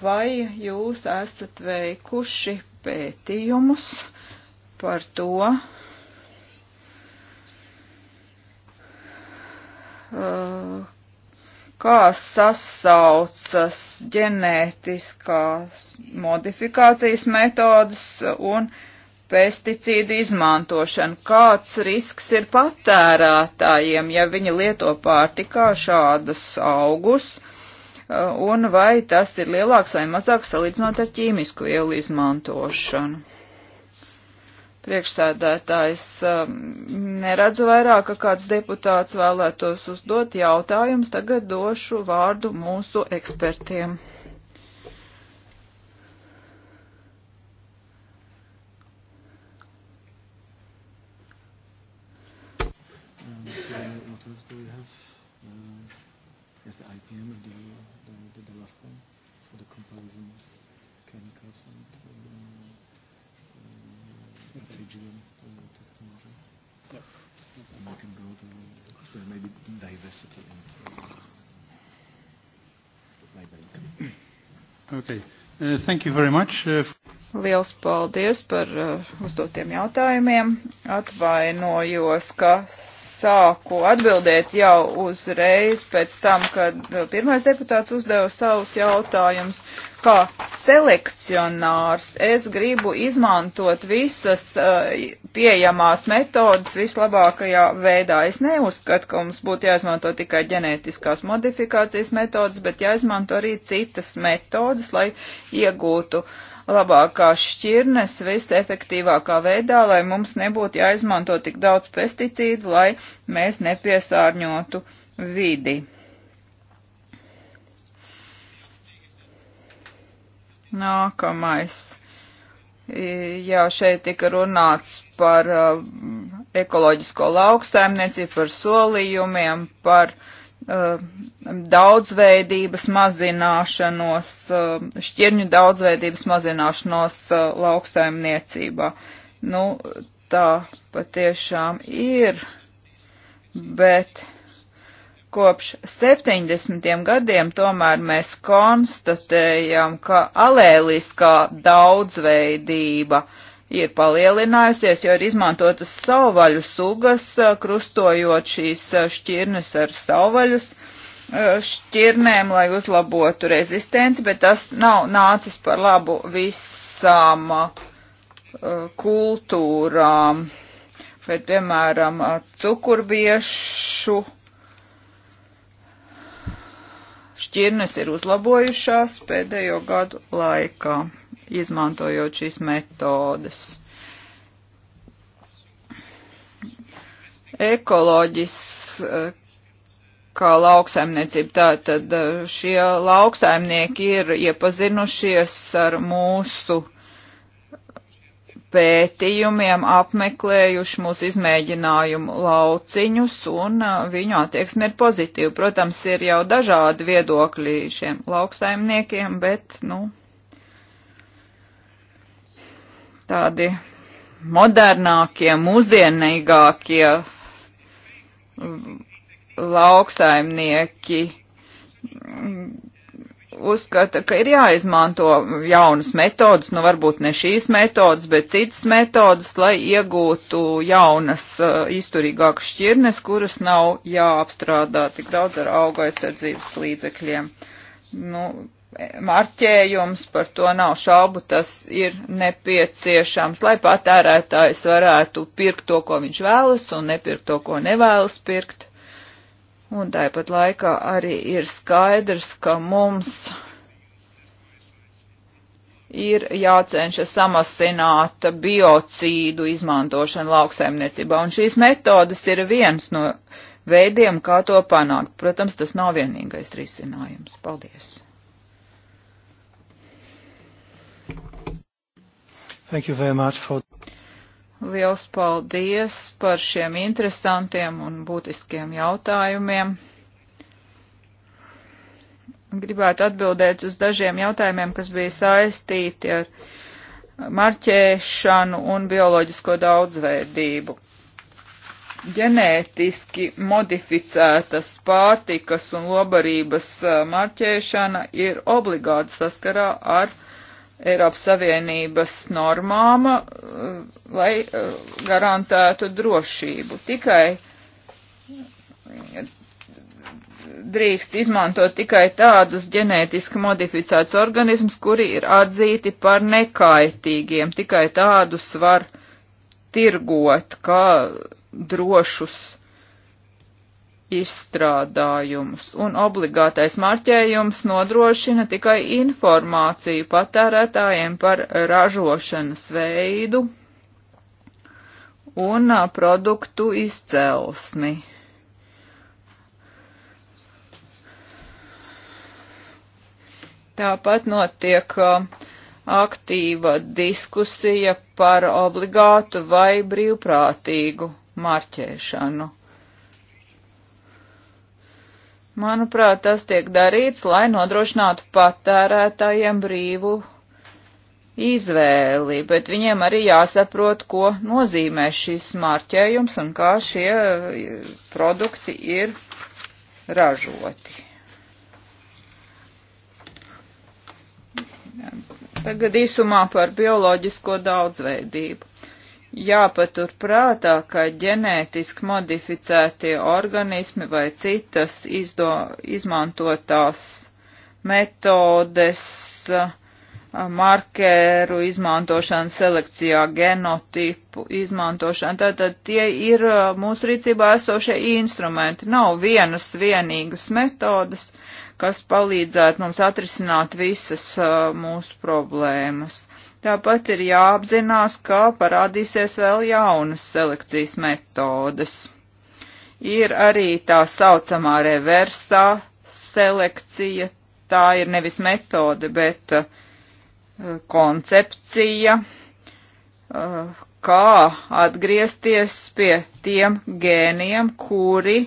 [SPEAKER 1] Vai jūs esat veikuši pētījumus par to, uh, Eh, kā sasaucas ģenētiskās modifikācijas metodas un pesticīdu izmantošana, kāds risks ir patērētājiem, ja viņi lieto pārtikā šādas augus, eh, un vai tas ir lielāks vai mazāks salīdzinot ar ķīmisku vielu izmantošanu. Priekšsēdētājs um, neredzu vairāk, ka kāds deputāts vēlētos uzdot jautājumus. Tagad došu vārdu mūsu ekspertiem.
[SPEAKER 3] diversity in my bank. Okay. Uh, thank you very much. Uh,
[SPEAKER 1] Liels paldies par uh, uzdotiem jautājumiem. Atvainojos, ka sāku atbildēt jau uzreiz pēc tam, kad uh, pirmais deputāts uzdeva savus jautājumus, kā selekcionārs es gribu izmantot visas uh, pieejamās metodas vislabākajā veidā. Es neuzskatu, ka mums būtu jāizmanto tikai ģenētiskās modifikācijas metodas, bet jāizmanto arī citas metodas, lai iegūtu labākās šķirnes visefektīvākā veidā, lai mums nebūtu jāizmanto tik daudz pesticīdu, lai mēs nepiesārņotu vidi. Nākamais. Jā, šeit tika runāts par uh, ekoloģisko lauksaimniecību, par solījumiem, par uh, daudzveidības mazināšanos, uh, šķirņu daudzveidības mazināšanos uh, lauksaimniecībā. Nu, tā patiešām ir, bet. Kopš 70. gadiem tomēr mēs konstatējam, ka alēliskā daudzveidība ir palielinājusies, jo ir izmantotas savvaļu sugas, krustojot šīs šķirnes ar savvaļus e, šķirnēm, lai uzlabotu rezistenci, bet tas nav nācis par labu visām e, kultūrām. Bet, piemēram, e, cukurbiešu šķirnes ir uzlabojušās pēdējo gadu laikā, izmantojot šīs metodes. Ekoloģiskā lauksaimniecība, tātad eh, šie lauksaimnieki ir iepazinušies ar mūsu uh, pētījumiem apmeklējuši mūsu izmēģinājumu lauciņus, un viņu attieksme ir pozitīva. Protams, ir jau dažādi viedokļi šiem lauksaimniekiem, bet, nu, tādi modernākie, mūsdienīgākie lauksaimnieki uzskata, ka ir jāizmanto jaunas metodas, nu varbūt ne šīs metodas, bet citas metodas, lai iegūtu jaunas uh, izturīgākas šķirnes, kuras nav jāapstrādā tik daudz ar auga aizsardzības līdzekļiem. Nu, marķējums, par to nav šaubu, tas ir nepieciešams, lai patērētājs varētu pirkt to, ko viņš vēlas, un nepirkt to, ko nevēlas pirkt. Un tāpat laikā arī ir skaidrs, ka mums ir jācenšas samasināt biocīdu izmantošanu lauksaimniecībā. Un šīs metodas ir viens no veidiem, kā to panākt. Protams, tas nav vienīgais risinājums. Paldies!
[SPEAKER 3] Thank you very much for
[SPEAKER 1] Liels paldies par šiem interesantiem un būtiskiem jautājumiem. Gribētu atbildēt uz dažiem jautājumiem, kas bija saistīti ar marķēšanu un bioloģisko daudzveidību. Ģenētiski modificētas pārtikas un lobarības marķēšana ir obligāti saskarā ar Eiropas Savienības normām, eh, lai eh, garantētu drošību. Tikai drīkst izmantot tikai tādus ģenētiski modificētus organismus, kuri ir atzīti par nekaitīgiem. Tikai tādus var tirgot kā drošus izstrādājumus, un obligātais marķējums nodrošina tikai informāciju patērētājiem par ražošanas veidu un produktu izcelsmi. Tāpat notiek aktīva diskusija par obligātu vai brīvprātīgu marķēšanu Manuprāt, tas tiek darīts, lai nodrošinātu patērētājiem brīvu izvēli, bet viņiem arī jāsaprot, ko nozīmē šis marķējums un kā šie eh, produkti ir ražoti. Tagad īsumā par bioloģisko daudzveidību jāpatur prātā, ka ģenētiski modificētie organismi vai citas izdo, izmantotās metodes, markēru izmantošana, selekcijā genotipu izmantošana. Tātad tie ir mūsu rīcībā esošie instrumenti. Nav vienas vienīgas metodas, kas palīdzētu mums atrisināt visas mūsu problēmas. Tāpat ir jāapzinās, ka parādīsies vēl jaunas selekcijas metodas. Ir arī tā saucamā reversā selekcija, tā ir nevis metode, bet uh, koncepcija, uh, kā atgriezties pie tiem gēniem, kuri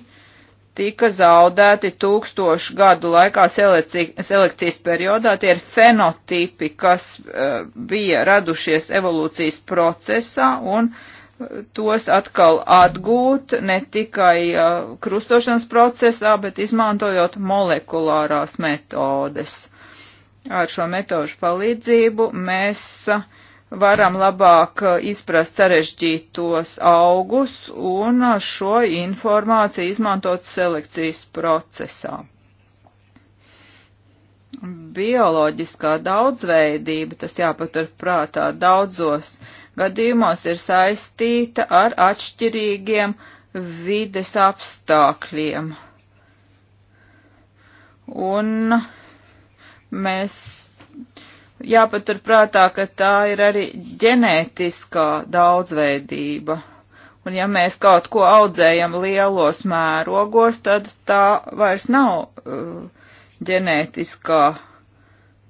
[SPEAKER 1] tika zaudēti tūkstošu gadu laikā selekcijas periodā. Tie ir fenotipi, kas uh, bija radušies evolūcijas procesā un eh, tos atkal atgūt ne tikai uh, krustošanas procesā, bet izmantojot molekulārās metodes. Ar šo metožu palīdzību mēs uh, varam labāk uh, izprast sarežģītos augus un uh, šo informāciju izmantot selekcijas procesā. Bioloģiskā daudzveidība, tas jāpatur prātā daudzos gadījumos, ir saistīta ar atšķirīgiem vides apstākļiem. Un mēs jāpaturprātā, ka tā ir arī ģenētiskā daudzveidība. Un ja mēs kaut ko audzējam lielos mērogos, tad tā vairs nav uh, ģenētiskā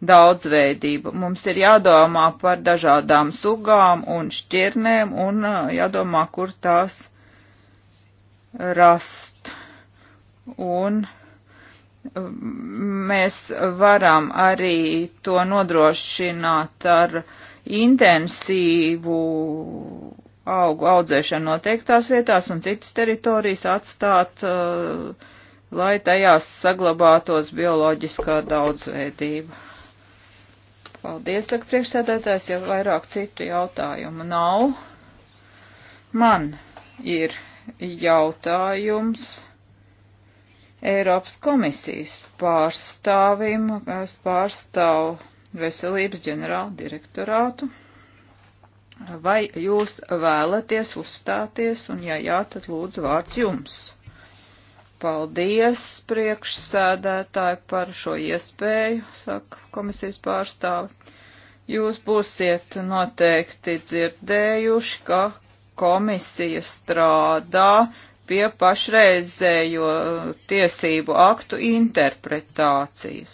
[SPEAKER 1] daudzveidība. Mums ir jādomā par dažādām sugām un šķirnēm un uh, jādomā, kur tās rast. Un uh, Mēs varam arī to nodrošināt ar intensīvu augu audzēšanu noteiktās vietās un citas teritorijas atstāt, uh, lai tajās saglabātos bioloģiskā daudzveidība. Paldies, saka priekšsēdētājs, ja vairāk citu jautājumu nav. Man ir jautājums. Eiropas komisijas pārstāvim, kas pārstāv veselības ģenerālu direktorātu. Vai jūs vēlaties uzstāties, un ja jā, tad lūdzu vārds jums. Paldies priekšsēdētāji par šo iespēju, saka komisijas pārstāvi. Jūs būsiet noteikti dzirdējuši, ka komisija strādā pie pašreizējo uh, tiesību aktu interpretācijas.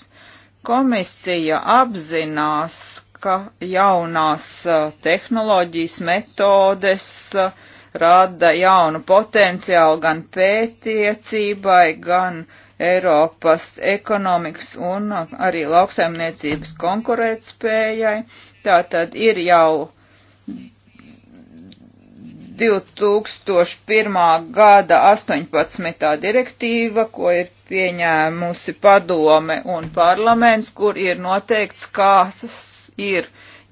[SPEAKER 1] Komisija apzinās, ka jaunās uh, tehnoloģijas metodes uh, rada jaunu potenciālu gan pētiecībai, gan Eiropas ekonomikas un arī lauksaimniecības konkurētspējai. Tātad ir jau 2001. gada 18. direktīva, ko ir pieņēmusi padome un parlaments, kur ir noteikts, kāds ir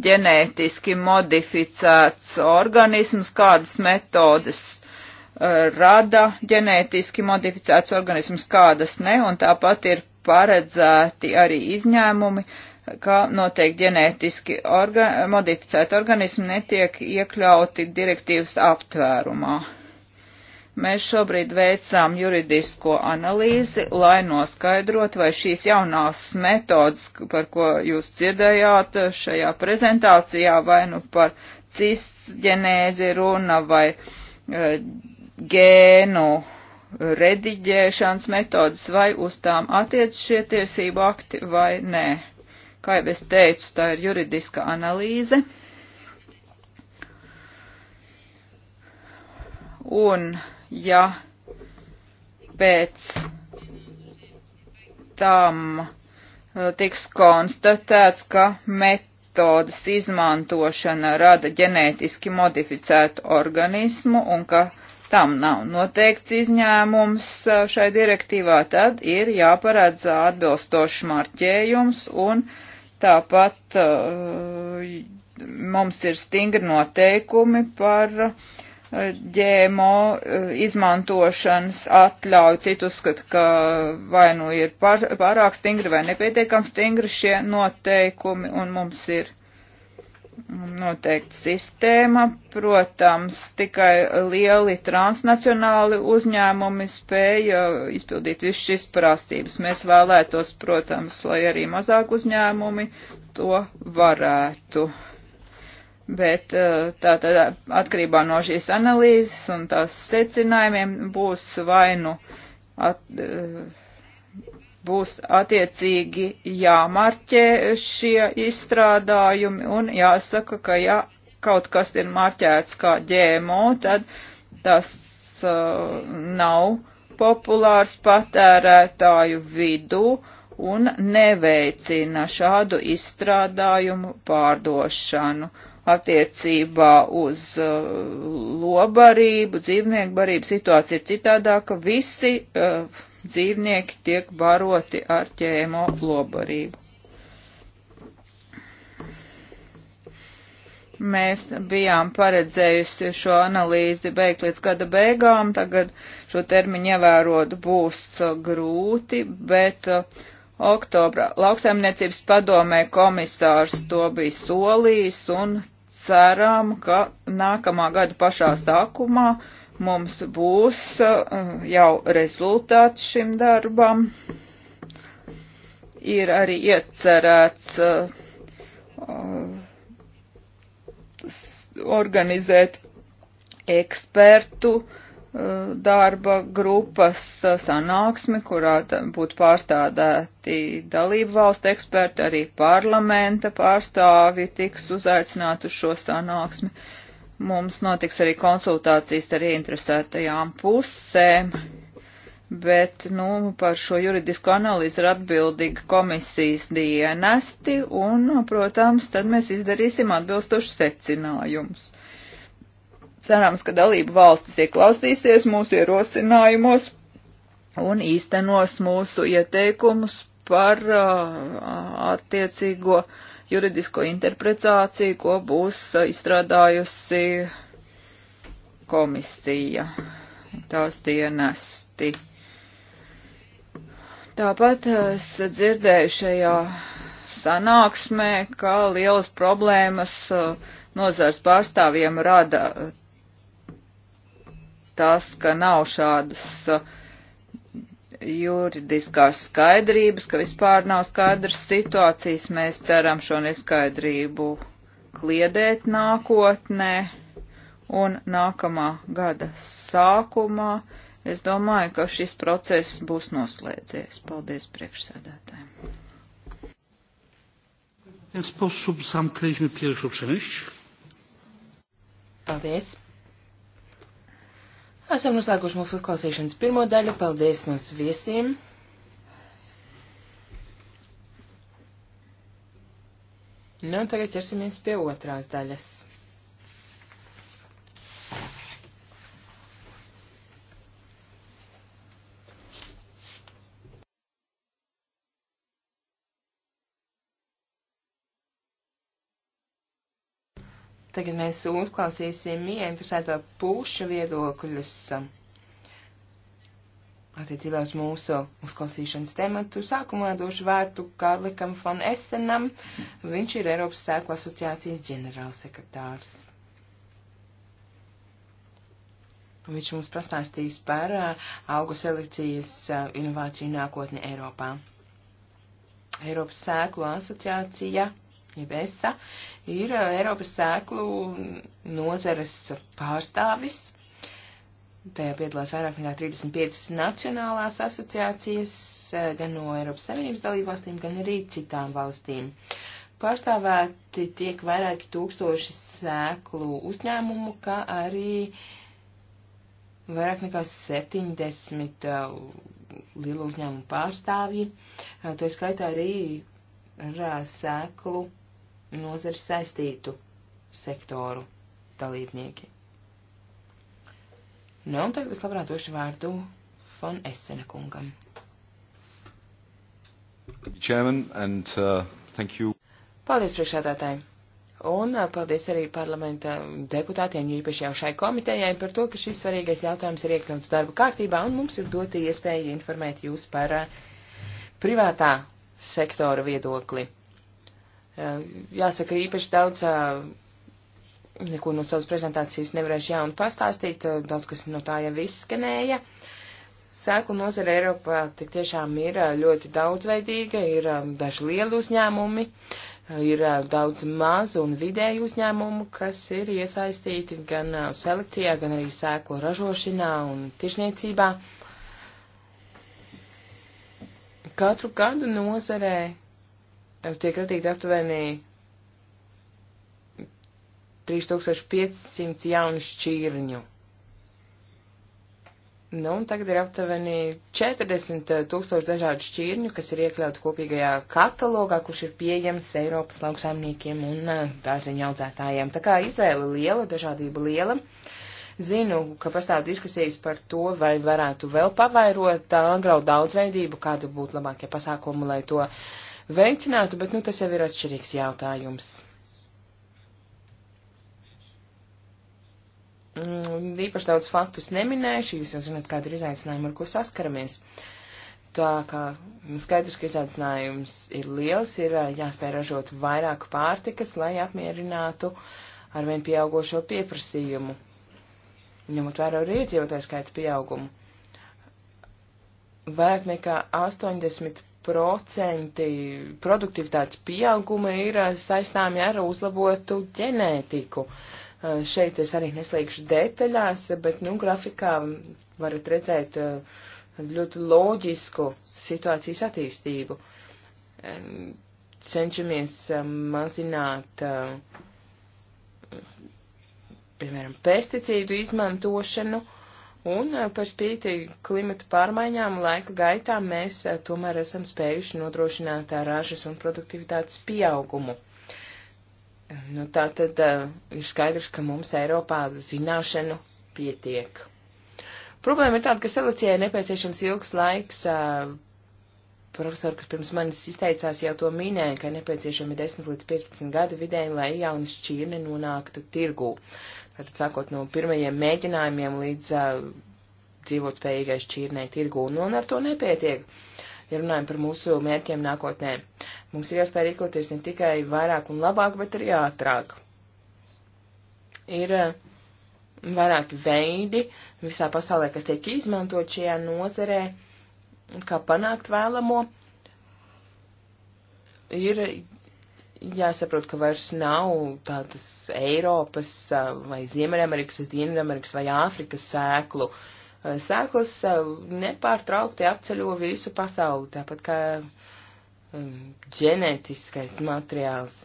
[SPEAKER 1] ģenētiski modificēts organisms, kādas metodes uh, rada ģenētiski modificēts organisms, kādas ne, un tāpat ir paredzēti arī izņēmumi uh, ka noteikti ģenētiski orga, modificēti organismi netiek iekļauti direktīvas aptvērumā. Mēs šobrīd veicām juridisko analīzi, lai noskaidrot, vai šīs jaunās metodas, par ko jūs dzirdējāt šajā prezentācijā, vai nu par cisģenēzi runa vai e, gēnu rediģēšanas metodas, vai uz tām attiec šie tiesību akti vai nē. Kā jau es teicu, tā ir juridiska analīze. Un ja pēc tam uh, tiks konstatēts, ka metodas izmantošana rada ģenētiski modificētu organismu un ka tam nav noteikts izņēmums uh, šai direktīvā, tad ir jāparādz atbilstošs marķējums un uh, Tāpat uh, mums ir stingri noteikumi par uh, ģēmo uh, izmantošanas atļauju. Citu uzskata, ka vai nu ir pārāk stingri vai nepietiekam stingri šie noteikumi, un mums ir noteikta sistēma. Protams, tikai lieli transnacionāli uzņēmumi spēja izpildīt visu šīs prasības. Mēs vēlētos, protams, lai arī mazāk uzņēmumi to varētu. Bet eh, tā tad atkarībā no šīs analīzes un tās secinājumiem būs vainu. At, uh, būs attiecīgi jāmarķē šie izstrādājumi un jāsaka, ka ja kaut kas ir marķēts kā ģēmo, tad tas uh, nav populārs patērētāju vidū un neveicina šādu izstrādājumu pārdošanu attiecībā uz uh, lobarību, dzīvnieku barību situācija ir citādāka. Visi uh, dzīvnieki tiek baroti ar ķēmo lobarību. Mēs bijām paredzējusi šo analīzi beigt līdz gada beigām, tagad šo termiņu ievērot būs uh, grūti, bet uh, oktobra lauksaimniecības padomē komisārs to bija solījis un ceram, ka nākamā gada pašā sākumā Mums būs uh, jau rezultāts šim darbam. Ir arī iecerēts uh, organizēt ekspertu uh, darba grupas sanāksmi, kurā būtu pārstādēti dalību valstu eksperti, arī parlamenta pārstāvi tiks uzaicināti uz šo sanāksmi. Uh, Mums notiks arī konsultācijas ar ieinteresētajām pusēm, bet nu, par šo juridisko analīzi ir atbildīga komisijas dienesti, un, protams, tad mēs izdarīsim atbilstošus secinājumus. Cerams, ka dalību valstis ieklausīsies mūsu ierosinājumos un īstenos mūsu ieteikumus par uh, attiecīgo uh, juridisko interpretāciju, ko būs uh, izstrādājusi komisija, tās dienesti. Tāpat es dzirdēju šajā sanāksmē, ka lielas problēmas uh, nozars pārstāvjiem rada tas, ka nav šādas uh, juridiskās skaidrības, ka vispār nav skaidrs situācijas. Mēs ceram šo neskaidrību kliedēt nākotnē un nākamā gada sākumā. Es domāju, ka šis process būs noslēdzies. Paldies priekšsēdētājiem.
[SPEAKER 3] W ten sposób zamknęliśmy pierwszą część.
[SPEAKER 2] Paldies. Esam noslēguši mūsu uzklausīšanas pirmo daļu. Paldies mūsu viesiem! Nu, tagad ķersimies pie otrās daļas. Tagad mēs uzklausīsim ieinteresēto pušu viedokļus um, attiecībā uz mūsu uzklausīšanas tematu. Sākumā došu vārtu Karlikam von Essenam. Viņš ir Eiropas sēklu asociācijas ģenerālsekretārs. Viņš mums pastāstīs par uh, augu selekcijas uh, inovāciju nākotni Eiropā. Eiropas sēklu asociācija jeb ESA, ir uh, Eiropas sēklu nozares pārstāvis. Tajā piedalās vairāk nekā 35 nacionālās asociācijas, uh, gan no Eiropas Savienības dalībvalstīm, gan arī citām valstīm. Pārstāvēti tiek vairāki tūkstoši sēklu uzņēmumu, kā arī vairāk nekā 70 uh, lielu uzņēmumu pārstāvji, to skaitā arī ar sēklu nozars saistītu sektoru dalībnieki. Nu, un tagad es labprāt došu vārdu Fon Essena kungam.
[SPEAKER 3] Chairman, and, uh, thank you.
[SPEAKER 2] Paldies priekšādātājiem! Un uh, paldies arī parlamenta deputātiem, īpaši jau šai komitejai, par to, ka šis svarīgais jautājums ir iekļauts darba kārtībā, un mums ir dota iespēja informēt jūs par uh, privātā sektora viedokli. Eh, jāsaka, īpaši daudz eh, neko no savas prezentācijas nevarēšu jaunu pastāstīt, eh, daudz kas no tā jau izskanēja. Sēklu nozara Eiropā tik tiešām ir ļoti daudzveidīga, ir daži lieli uzņēmumi, ir daudz mazu un vidēju uzņēmumu, kas ir iesaistīti gan selekcijā, gan arī sēklu ražošanā un tiešniecībā. Katru gadu nozarē tiek radīti aptuveni 3500 jaunu šķīrņu. Nu, un tagad ir aptuveni 40 tūkstoši dažādu šķīrņu, kas ir iekļauti kopīgajā katalogā, kurš ir pieejams Eiropas lauksaimniekiem un eh, dārzeņu audzētājiem. Tā kā Izraela liela, dažādība liela. Zinu, ka pastāv diskusijas par to, vai varētu vēl pavairot angrau daudzveidību, kādu būtu labākie pasākumi, lai to uh, veicinātu, bet nu, tas jau ir atšķirīgs jautājums. Mm, īpaši daudz faktus neminēšu, jūs jau zināt, kāda ir izaicinājuma, ar ko saskaramies. Tā kā nu, skaidrs, ka izaicinājums ir liels, ir jāspēj ražot vairāk pārtikas, lai apmierinātu arvien pieaugošo pieprasījumu, ņemot vērā arī iedzīvotāju skaitu pieaugumu. Vairāk nekā 80 procenti produktivitātes pieauguma ir eh, saistāmi ar uzlabotu ģenētiku. Eh, šeit es arī neslīgšu detaļās, bet, nu, grafikā varat redzēt eh, ļoti loģisku situācijas attīstību. Cenšamies mazināt, piemēram, pesticīdu izmantošanu Un eh, par spīti klimata pārmaiņām laika gaitā mēs eh, tomēr esam spējuši nodrošināt eh, ražas un produktivitātes pieaugumu. Nu, tā tad uh, ir skaidrs, ka mums Eiropā zināšanu pietiek. Problēma ir tāda, ka selekcijai nepieciešams ilgs laiks. Uh, profesori, kas pirms manis izteicās, jau to minēja, ka nepieciešami 10 līdz 15 gadi vidēji, lai jauni šķirni nonāktu tirgū. Tad sākot no pirmajiem mēģinājumiem līdz uh, dzīvotspējīgai šķīrnei tirgu, nu, un, un ar to nepietiek. Ja runājam par mūsu mērķiem nākotnē, mums ir jāspēj rīkoties ne tikai vairāk un labāk, bet arī ātrāk. Ir uh, vairāki veidi visā pasaulē, kas tiek izmantot šajā nozerē, kā panākt vēlamo, ir jāsaprot, ka vairs nav tādas Eiropas vai Ziemeļamerikas vai Dienvidamerikas vai Āfrikas sēklu. Sēklas nepārtraukti apceļo visu pasauli, tāpat kā ģenētiskais materiāls.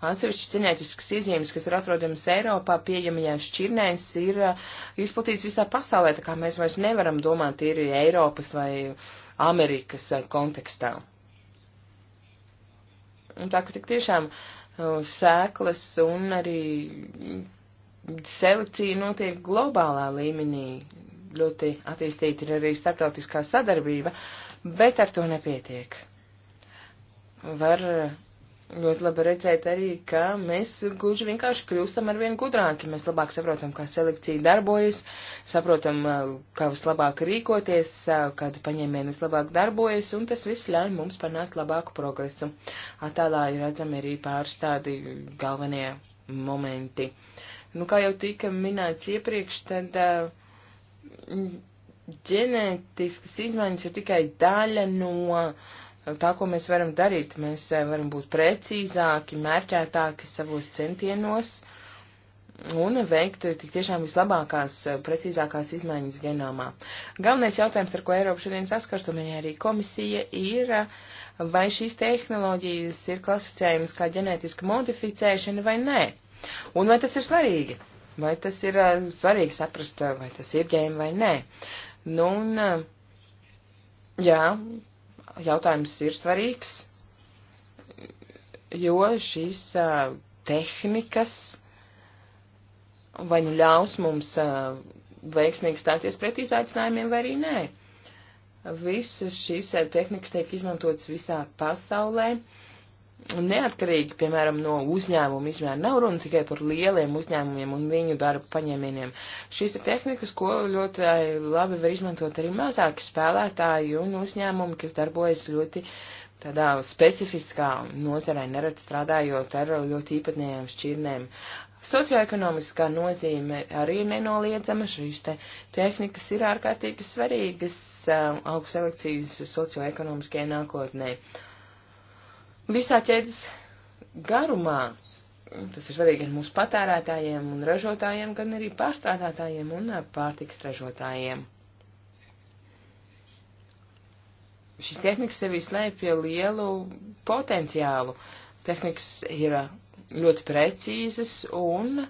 [SPEAKER 2] Atsevišķas ģenētiskas izjūmas, kas ir atrodamas Eiropā, pieejamajās šķirnēs, ir izplatīts visā pasaulē, tā kā mēs vairs nevaram domāt, ir Eiropas vai Amerikas kontekstā. Un tā, ka tik tiešām sēklas un arī selekcija notiek globālā līmenī. Ļoti attīstīta ir arī starptautiskā sadarbība, bet ar to nepietiek. Var ļoti labi redzēt arī, ka mēs gluži vienkārši kļūstam ar vien gudrāki. Mēs labāk saprotam, kā selekcija darbojas, saprotam, eh, kā vislabāk rīkoties, eh, kāda paņēmiena vislabāk darbojas, un tas viss ļauj mums panākt labāku progresu. Attēlā ir redzami arī pāris tādi galvenie momenti. Nu, kā jau tika minēts iepriekš, tad. Eh, ģenētiskas izmaiņas ir tikai daļa no uh, tā, ko mēs varam darīt. Mēs eh, varam būt precīzāki, mērķētāki savos centienos un veikt tik tiešām vislabākās, eh, precīzākās izmaiņas genomā. Galvenais jautājums, ar ko Eiropa šodien saskars, un arī komisija, ir, eh, vai šīs tehnoloģijas ir klasificējamas kā ģenētiska modificēšana vai nē. Un vai tas ir svarīgi? Vai tas ir svarīgi saprast, vai tas ir gēma vai nē? Nu, un, jā, jautājums ir svarīgs, jo šīs uh, tehnikas vai nu ļaus mums uh, veiksmīgi stāties pret izaicinājumiem, vai arī nē. Visas šīs tehnikas tiek izmantotas visā pasaulē. Uh, neatkarīgi, piemēram, no uzņēmuma izmēra. Nav runa tikai par lieliem uzņēmumiem un viņu darba paņēmieniem. Šīs ir tehnikas, ko ļoti labi var izmantot arī mazāki spēlētāji un uzņēmumi, kas darbojas ļoti tādā specifiskā nozarē, nerad strādājot ar ļoti īpatnējām šķirnēm. Socioekonomiskā nozīme arī nenoliedzama. Šīs te tehnikas ir ārkārtīgi svarīgas eh, augstselekcijas socioekonomiskajai nākotnē. Uh, visā ķēdes garumā. Tas ir svarīgi gan mūsu patērētājiem un ražotājiem, gan arī pārstrādātājiem un pārtiks ražotājiem. Šis tehnikas sevī slēpja lielu potenciālu. Tehnikas ir ļoti precīzas un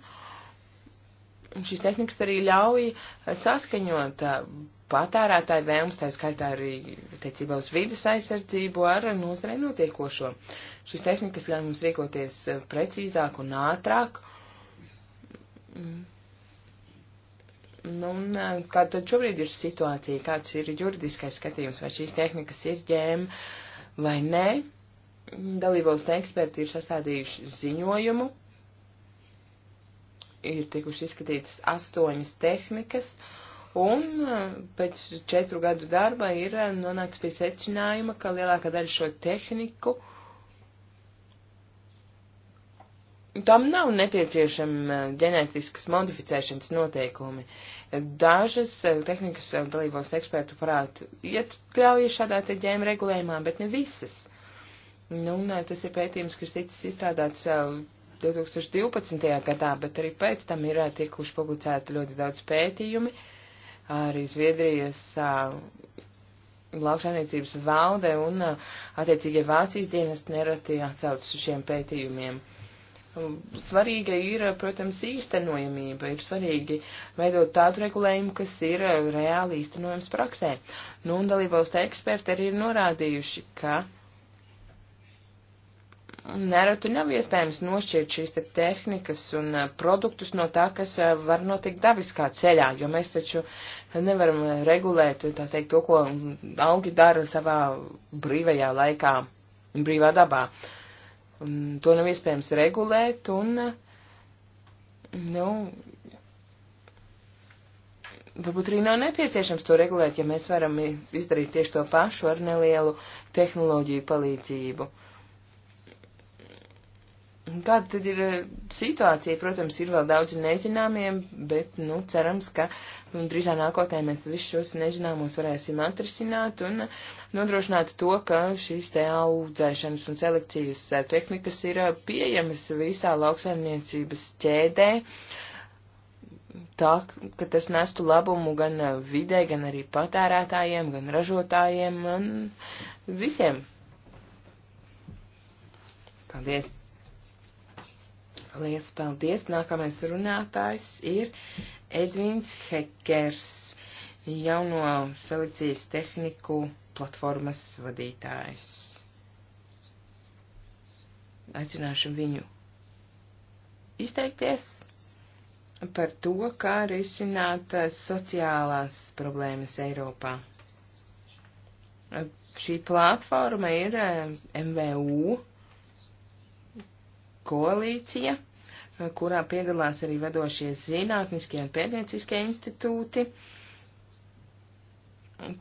[SPEAKER 2] šīs tehnikas arī ļauj saskaņot patērētāju vēlms, tā skaitā arī attiecībā uz vidas aizsardzību ar nozarei notiekošo. Šis tehnikas ļauj mums rīkoties eh, precīzāk un ātrāk. Mm. Nu, un eh, kā tad šobrīd ir situācija, kāds ir juridiskais skatījums, vai šīs tehnikas ir ģēma vai nē? Dalībvalstu eksperti ir sastādījuši ziņojumu, ir tikuši izskatītas astoņas tehnikas, uh, Un eh, pēc četru gadu darba ir eh, nonācis pie secinājuma, ka lielākā daļa šo tehniku tam nav nepieciešama eh, ģenētiskas modificēšanas noteikumi. Dažas tehnikas dalībos ekspertu prātu iekļaujas šādā te ģēma regulējumā, bet ne visas. Nu, un tas ir pētījums, kas ticis izstrādāts 2012. gadā, bet arī pēc tam ir tikuši publicēti ļoti daudz pētījumi. Uh, arī Zviedrijas lauksaimniecības valde un attiecīgie Vācijas dienesti nereti atsaucas uz šiem pētījumiem. Um, svarīga ir, protams, īstenojamība, ir svarīgi veidot tādu regulējumu, kas ir reāli īstenojams praksē. Nu, un dalībvalstu eksperti arī ir norādījuši, ka uh, Nereti nav iespējams nošķirt šīs te tehnikas un eh, produktus no tā, kas eh, var notikt dabiskā ceļā, jo mēs taču nevaram regulēt, tā teikt, to, ko augi dara savā brīvajā laikā, brīvā dabā. Un to nav iespējams regulēt un, nu, varbūt arī nav nepieciešams to regulēt, ja mēs varam izdarīt tieši to pašu ar nelielu tehnoloģiju palīdzību. Uh, Kāda tad ir eh, situācija? Protams, ir vēl daudz nezināmiem, bet, nu, cerams, ka drīzā nākotnē mēs visus šos nezināmos varēsim atrisināt un nodrošināt to, ka šīs te audzēšanas un selekcijas eh, tehnikas ir eh, pieejamas visā lauksaimniecības ķēdē, tā, ka tas nestu labumu gan vidē, gan arī patērētājiem, gan ražotājiem un visiem. Paldies! Liels paldies! Nākamais runātājs ir Edvins Hekers, jauno selekcijas tehniku platformas vadītājs. Aicināšu viņu izteikties par to, kā risināt sociālās problēmas Eiropā. Šī platforma ir eh, MVU koalīcija, eh, kurā piedalās arī vedošie zinātniskie un pētnieciskie institūti,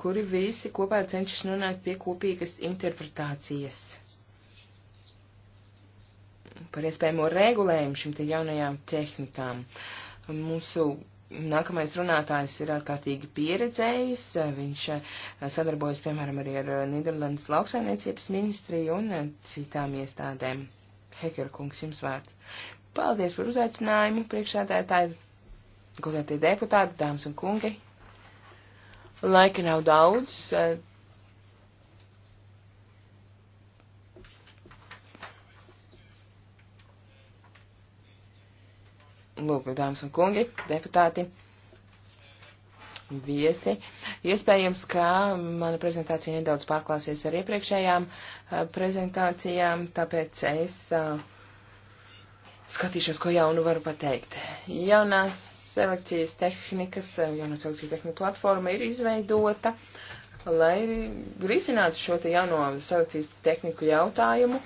[SPEAKER 2] kuri visi kopā cenšas nonākt pie kopīgas interpretācijas par iespējamo regulējumu šim te jaunajām tehnikām. Mūsu nākamais runātājs ir ārkārtīgi pieredzējis, viņš eh, sadarbojas, piemēram, arī ar Nīderlandes lauksainiecības ministriju un eh, citām iestādēm. Hekerkungs, jums vārds. Paldies par uzaicinājumu, priekšādētāji, godētie deputāti, dāmas un kungi. Laika nav daudz. Lūk, dāmas un kungi, deputāti viesi. Iespējams, ka mana prezentācija nedaudz pārklāsies ar iepriekšējām prezentācijām, tāpēc es skatīšos, ko jaunu varu pateikt. Jaunās selekcijas tehnikas, jaunās selekcijas tehnika platforma ir izveidota, lai risinātu šo te jauno selekcijas tehniku jautājumu.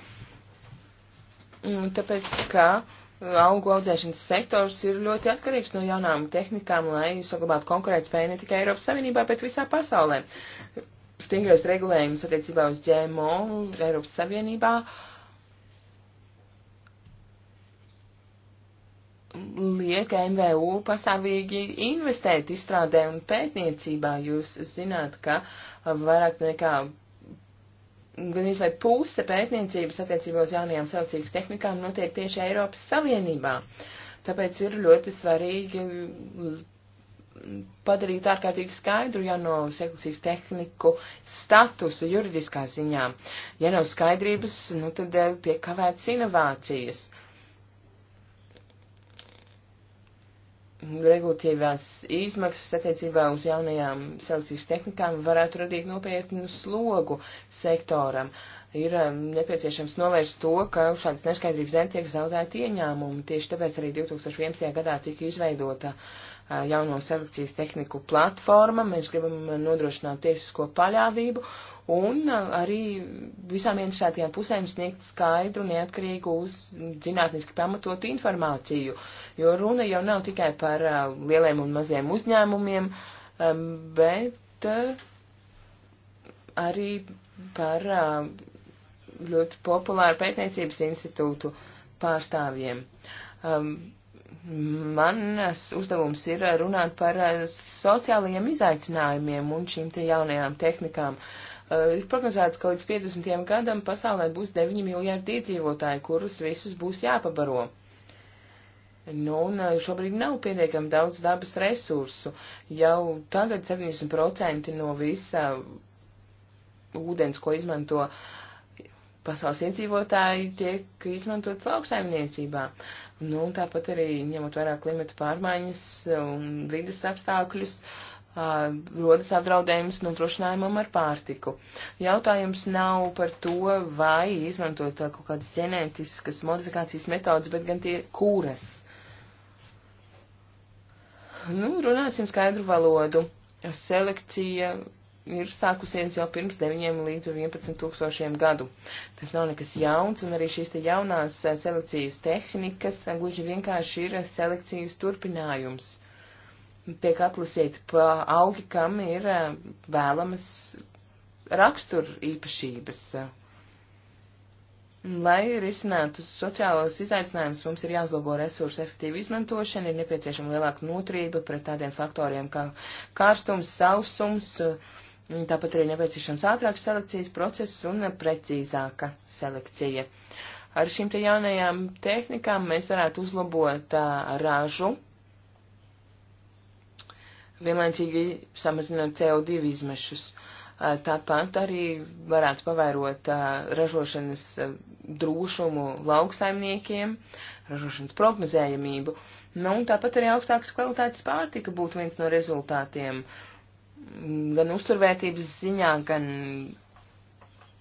[SPEAKER 2] Tāpēc, ka uh, augu audzēšanas sektors ir ļoti atkarīgs no jaunām tehnikām, lai saglabātu konkurētspēju ne tikai Eiropas Savienībā, bet visā pasaulē. Stingros regulējums attiecībā uz GMO Eiropas Savienībā liek MVU pastāvīgi investēt izstrādē un pētniecībā. Jūs zināt, ka vairāk nekā gan vai puse pētniecības attiecībā uz jaunajām saucības tehnikām notiek tieši Eiropas Savienībā. Tāpēc ir ļoti svarīgi mm, padarīt ārkārtīgi skaidru, ja no seklusības tehniku statusa juridiskā ziņā. Ja nav skaidrības, nu tad eh, tiek kavētas inovācijas. regulatīvās izmaksas attiecībā uz jaunajām selekcijas tehnikām varētu radīt nopietnu slogu sektoram. Ir um, nepieciešams novērst to, ka šādas neskaidrības dēļ tiek zaudēti ieņēmumi. Tieši tāpēc arī 2011. gadā tika izveidota uh, Eh, jauno selekcijas tehniku platforma, mēs gribam nodrošināt tiesisko paļāvību un eh, arī visām interesētajām pusēm sniegt skaidru, neatkarīgu, uz zinātniski pamatotu informāciju, jo runa jau nav tikai par eh, lieliem un maziem uzņēmumiem, bet arī par ļoti populāru pētniecības institūtu pārstāvjiem. Um, Manas uzdevums ir runāt par eh, sociālajiem izaicinājumiem un šīm te jaunajām tehnikām. Eh, ir uh, prognozēts, ka līdz 50. gadam pasaulē būs 9 miljārdi iedzīvotāji, kurus visus būs jāpabaro. Nu, un eh, šobrīd nav pietiekami daudz dabas resursu. Jau tagad 70% no visa ūdens, ko izmanto pasaules iedzīvotāji, tiek izmantots lauksaimniecībā. Uh, Nu, tāpat arī ņemot vērā klimata pārmaiņas un vidas apstākļus, uh, rodas apdraudējums nodrošinājumam ar pārtiku. Jautājums nav par to, vai izmantot uh, kaut kādas ģenētiskas modifikācijas metodas, bet gan tie kūras. Nu, runāsim skaidru valodu. Selekcija ir sākusies jau pirms 9 līdz 11 tūkstošiem gadu. Tas nav nekas jauns, un arī šīs te jaunās eh, selekcijas tehnikas eh, gluži vienkārši ir eh, selekcijas turpinājums. Tiek atlasīti pa augi, kam ir vēlamas rakstur īpašības. Lai risinātu sociālos izaicinājumus, mums ir jāuzlabo resursu efektīva izmantošana, ir nepieciešama lielāka noturība pret tādiem faktoriem kā kā karstums, sausums, uh, Tāpat arī nepieciešams ātrāks selekcijas process un precīzāka selekcija. Ar šīm te jaunajām tehnikām mēs varētu uzlabot uh, ražu, vienlaicīgi samazinot CO2 izmešus. Uh, tāpat arī varētu pavērot uh, ražošanas uh, drošumu lauksaimniekiem, ražošanas prognozējamību. Nu, tāpat arī augstākas kvalitātes pārtika būtu viens no rezultātiem. Uh, gan uzturvērtības ziņā, gan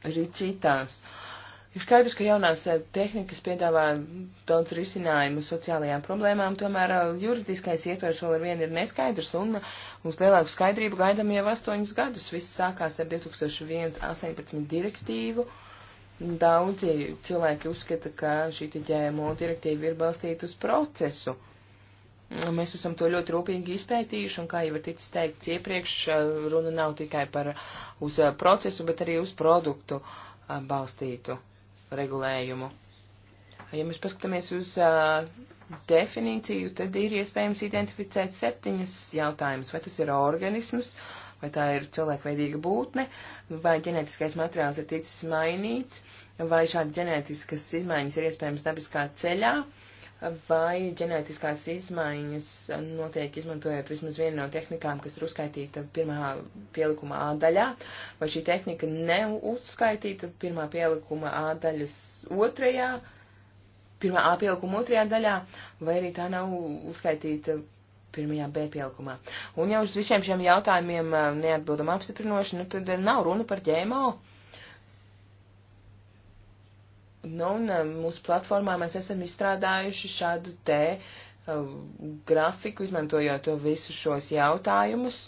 [SPEAKER 2] arī citās. Ir skaidrs, ka jaunās eh, tehnikas piedāvā daudz risinājumu sociālajām problēmām, tomēr eh, juridiskais ietvers vēl ar vienu ir neskaidrs, un uz lielāku skaidrību gaidām jau astoņus gadus. Viss sākās ar 2001-18 direktīvu. Daudzi cilvēki uzskata, ka šī ģēmo direktīva ir balstīta uz procesu. Uh, Mēs esam to ļoti rūpīgi izpētījuši, un, kā jau ir ticis teikts iepriekš, eh, runa nav tikai par uz eh, procesu, bet arī uz produktu eh, balstītu regulējumu. Ja mēs paskatāmies uz definīciju, tad ir iespējams identificēt septiņas jautājumus. Vai tas ir organisms, vai tā ir cilvēkveidīga būtne, vai ģenētiskais materiāls ir ticis mainīts, vai šāda ģenētiskas izmaiņas ir iespējams dabiskā ceļā. Uh, vai ģenētiskās izmaiņas notiek izmantojot vismaz vienu no tehnikām, kas ir uzskaitīta pirmā pielikuma A daļā, vai šī tehnika nav uzskaitīta pirmā pielikuma A daļas otrajā, pirmā A pielikuma otrajā daļā, vai arī tā nav uzskaitīta pirmajā B pielikumā. Un ja uz visiem šiem jautājumiem uh, neatbildam apstiprinošanu, tad uh, nav runa par ģēmolu. Nu, un eh, mūsu platformā mēs esam izstrādājuši šādu te uh, grafiku, izmantojot to visus šos jautājumus.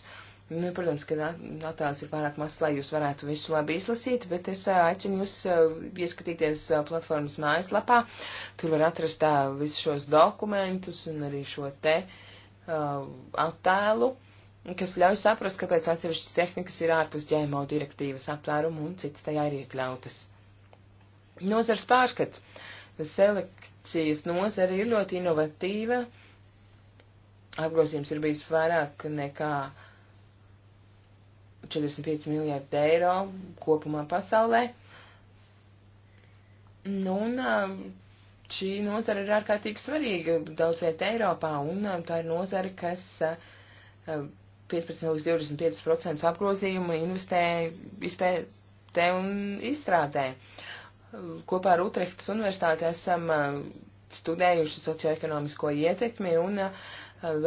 [SPEAKER 2] Nu, protams, ka attēls ir pārāk mazs, lai jūs varētu visu labi izlasīt, bet es uh, aicinu jūs uh, ieskatīties platformas mājaslapā. Tur var atrast visus šos dokumentus un arī šo te attēlu, kas ļauj saprast, kāpēc atsevišķas tehnikas ir ārpus ģēmo direktīvas aptvērumu un citas tajā ir iekļautas. Nozars pārskats. Selekcijas nozara ir ļoti inovatīva. Apgrozījums ir bijis vairāk nekā 45 miljārdi eiro kopumā pasaulē. Nu, un šī nozara ir ārkārtīgi svarīga daudz vietā Eiropā, un tā ir nozara, kas 15 līdz 25% apgrozījumu investē izpētē un izstrādē. Uh, kopā ar Utrehtas universitāti esam eh, studējuši socioekonomisko ietekmi un eh,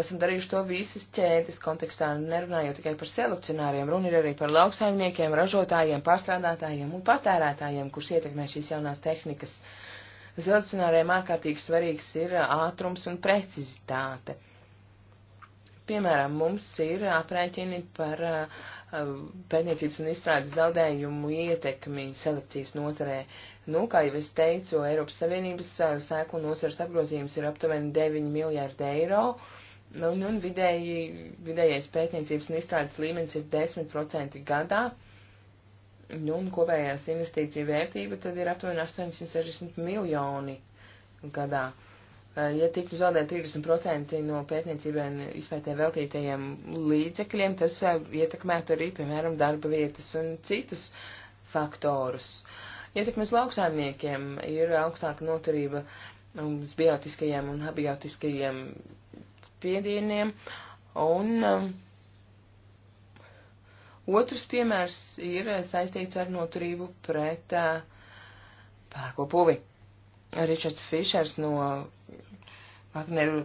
[SPEAKER 2] esam darījuši to visas ķēdes kontekstā, nerunājot tikai par selekcionāriem, runa ir arī par lauksaimniekiem, ražotājiem, pārstrādātājiem un patērētājiem, kurus ietekmē šīs jaunās tehnikas. Selekcionāriem ārkārtīgi svarīgs ir eh, ātrums un precizitāte. Piemēram, mums ir aprēķini par uh, Um, pētniecības un izstrādes zaudējumu ietekmi selekcijas nozarē. Nu, kā jau es teicu, Eiropas Savienības uh, sēklu nozars apgrozījums ir aptuveni 9 miljārdi eiro, un, un vidēji, vidējais pētniecības un izstrādes līmenis ir 10% gadā, nu, un kopējās investīcija vērtība tad ir aptuveni 860 miljoni gadā. Uh, Eh, ja tiktu zaudēt 30% no pētniecībai un izpētē veltītajiem līdzekļiem, tas eh, ietekmētu arī, piemēram, darba vietas un citus faktorus. Ietekmes lauksaimniekiem ir augstāka noturība uz biotiskajiem un abiotiskajiem piedieniem, un um, otrs piemērs ir saistīts ar noturību pret uh, pēko puvi. Ričards Fišers no Vagneru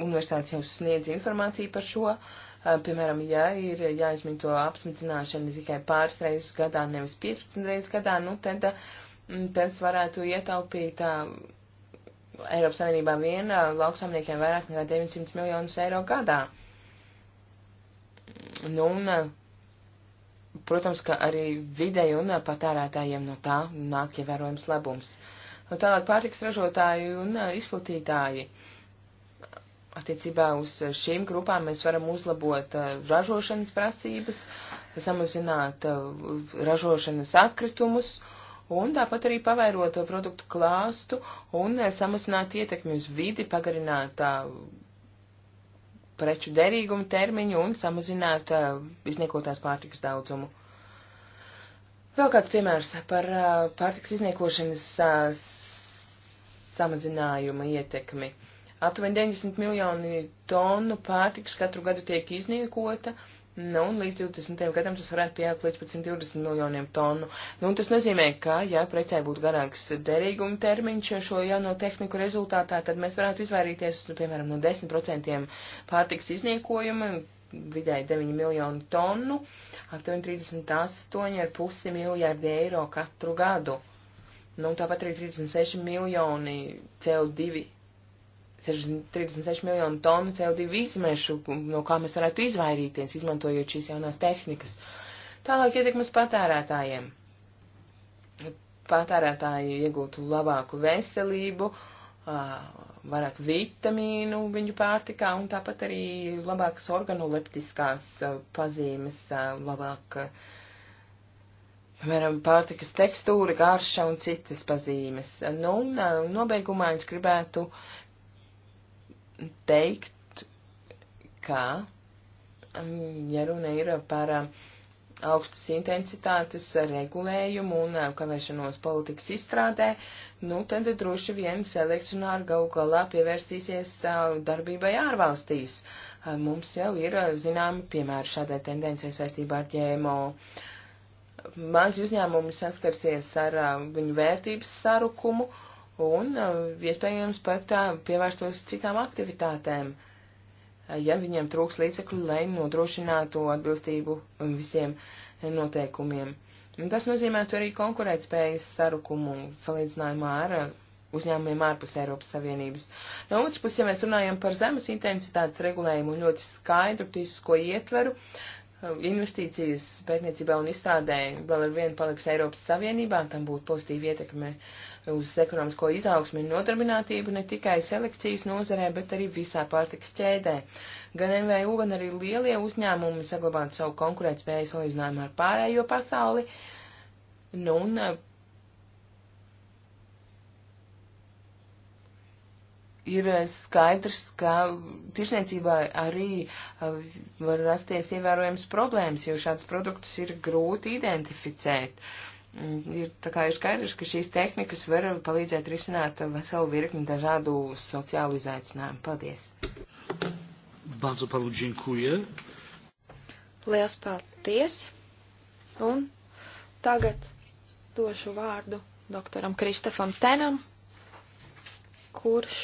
[SPEAKER 2] universitātes jau sniedz informāciju par šo. Uh, piemēram, ja ir jāizmanto apsmidzināšana tikai pāris reizes gadā, nevis 15 reizes gadā, nu tad uh, mm, tas varētu ietaupīt uh, Eiropas Savienībā vien lauksaimniekiem vairāk nekā 900 miljonus eiro gadā. Nu, un, protams, ka arī videi un patērētājiem no tā nāk ievērojams labums. Un tālāk pārtiks ražotāji un izplatītāji. Uh, attiecībā uz šīm grupām mēs varam uzlabot uh, ražošanas prasības, samazināt uh, ražošanas atkritumus un tāpat arī pavairot produktu klāstu un uh, samazināt ietekmi uz vidi, pagarināt preču derīgumu termiņu un samazināt izniekotās pārtikas daudzumu. Vēl kāds piemērs par pārtikas izniekošanas samazinājuma ietekmi. Aptuveni 90 miljoni tonu pārtikas katru gadu tiek izniekota, Nu, un līdz 20. gadam tas varētu pieaugt līdz 120 miljoniem tonu. Nu, tas nozīmē, ka, ja precē būtu garāks derīguma termiņš šo jauno tehniku rezultātā, tad mēs varētu izvairīties, nu, piemēram, no 10% pārtiks izniekojuma, vidēji 9 miljonu tonu, aptuveni 38,5 miljārdi eiro katru gadu. Nu, tāpat arī 36 miljoni CO2 36 miljonu tonu CO2 izmešu, no kā mēs varētu izvairīties, izmantojot šīs jaunās tehnikas. Tālāk ietekmes patērētājiem. Patērētāji iegūtu labāku veselību, vairāk vitamīnu viņu pārtikā un tāpat arī labākas organoleptiskās pazīmes, labāk, piemēram, pārtikas tekstūra, garša un citas pazīmes. Nu, un nobeigumā es gribētu uh, teikt, ka, mm, ja runa ir par um, augstas intensitātes regulējumu un um, kavēšanos politikas izstrādē, nu tad droši vien selekcionāri galu galā pievērsīsies um, darbībai ārvalstīs. Mums jau ir uh, zināmi piemēri šādai tendencijai saistībā ar ģēmo. Mazi uzņēmumi saskarsies ar viņu vērtības sarukumu un uh, iespējams pat tā uh, pievērstos citām aktivitātēm, uh, ja viņiem trūks līdzekļu, lai nodrošinātu atbilstību um, visiem noteikumiem. Un tas nozīmētu arī konkurētspējas sarukumu salīdzinājumā ar uzņēmumiem ārpus Eiropas Savienības. No otras puses, ja mēs runājam par zemes intensitātes regulējumu un ļoti skaidru tiesisko ietveru, investīcijas pētniecībā un izstrādē vēl ar vienu paliks Eiropas Savienībā, tam būtu pozitīva ietekme uz ekonomisko izaugsmu un nodarbinātību ne tikai selekcijas nozarē, bet arī visā pārtiks ķēdē. Gan MVU, gan arī lielie uzņēmumi saglabātu savu konkurētspēju salīdzinājumā ar pārējo pasauli. Nu, un, eh, ir eh, skaidrs, ka tirsniecībā arī eh, var rasties ievērojams problēmas, jo šāds produktus ir grūti identificēt. Uh, Ir, tā kā ir skaidrs, ka šīs tehnikas var palīdzēt risināt veselu virkni dažādu sociālu izaicinājumu. Paldies!
[SPEAKER 1] Bardzo panu dziękuję.
[SPEAKER 3] Liels paldies! Un tagad došu vārdu doktoram Kristofam Tenam, kurš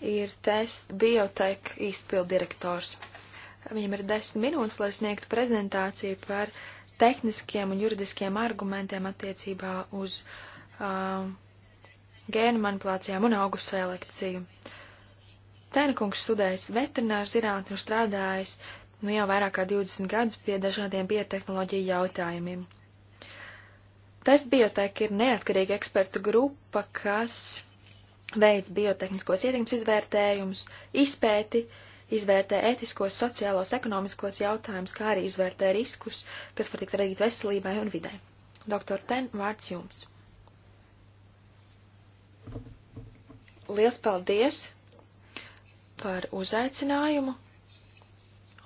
[SPEAKER 3] ir test bioteka izpildirektors. Viņam ir desmit minūtes, lai sniegtu prezentāciju par uh, tehniskiem un juridiskiem argumentiem attiecībā uz uh, gēnu manipulācijām un augu selekciju. Tēnekungs studējis veterinārs zinātni un strādājis nu jau vairāk kā 20 gadus pie dažādiem biotehnoloģiju jautājumiem. Test bioteka ir neatkarīga ekspertu grupa, kas veids biotehniskos ietekmes izvērtējumus, izpēti, uh, izvērtē ētiskos, sociālos, ekonomiskos jautājumus, kā arī izvērtē riskus, kas var tikt radīt veselībai un vidē. Doktor Ten, vārds jums. Liels paldies par uzaicinājumu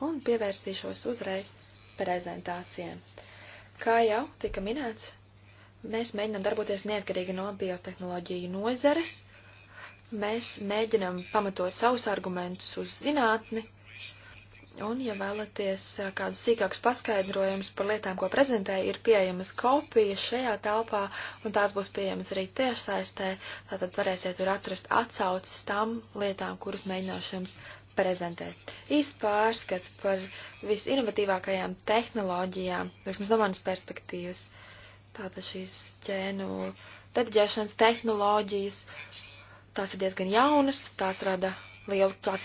[SPEAKER 3] un pievērsīšos uzreiz prezentācijām. Kā jau tika minēts, mēs mēģinām darboties neatkarīgi no biotehnoloģiju nozares Mēs mēģinam pamatot savus argumentus uz zinātni, un, ja vēlaties kādus sīkākus paskaidrojumus par lietām, ko prezentēju, ir pieejamas kopijas šajā telpā, un tās būs pieejamas arī tiešsaistē, tātad varēsiet tur atrast atsaucis tam lietām, kuras mēģināšu jums prezentēt. Īsts pārskats par visinovatīvākajām tehnoloģijām, vismaz no manas perspektīvas. Tātad šīs ķēnu rediģēšanas tehnoloģijas, Tās ir diezgan jaunas, tās rada lielu, tās,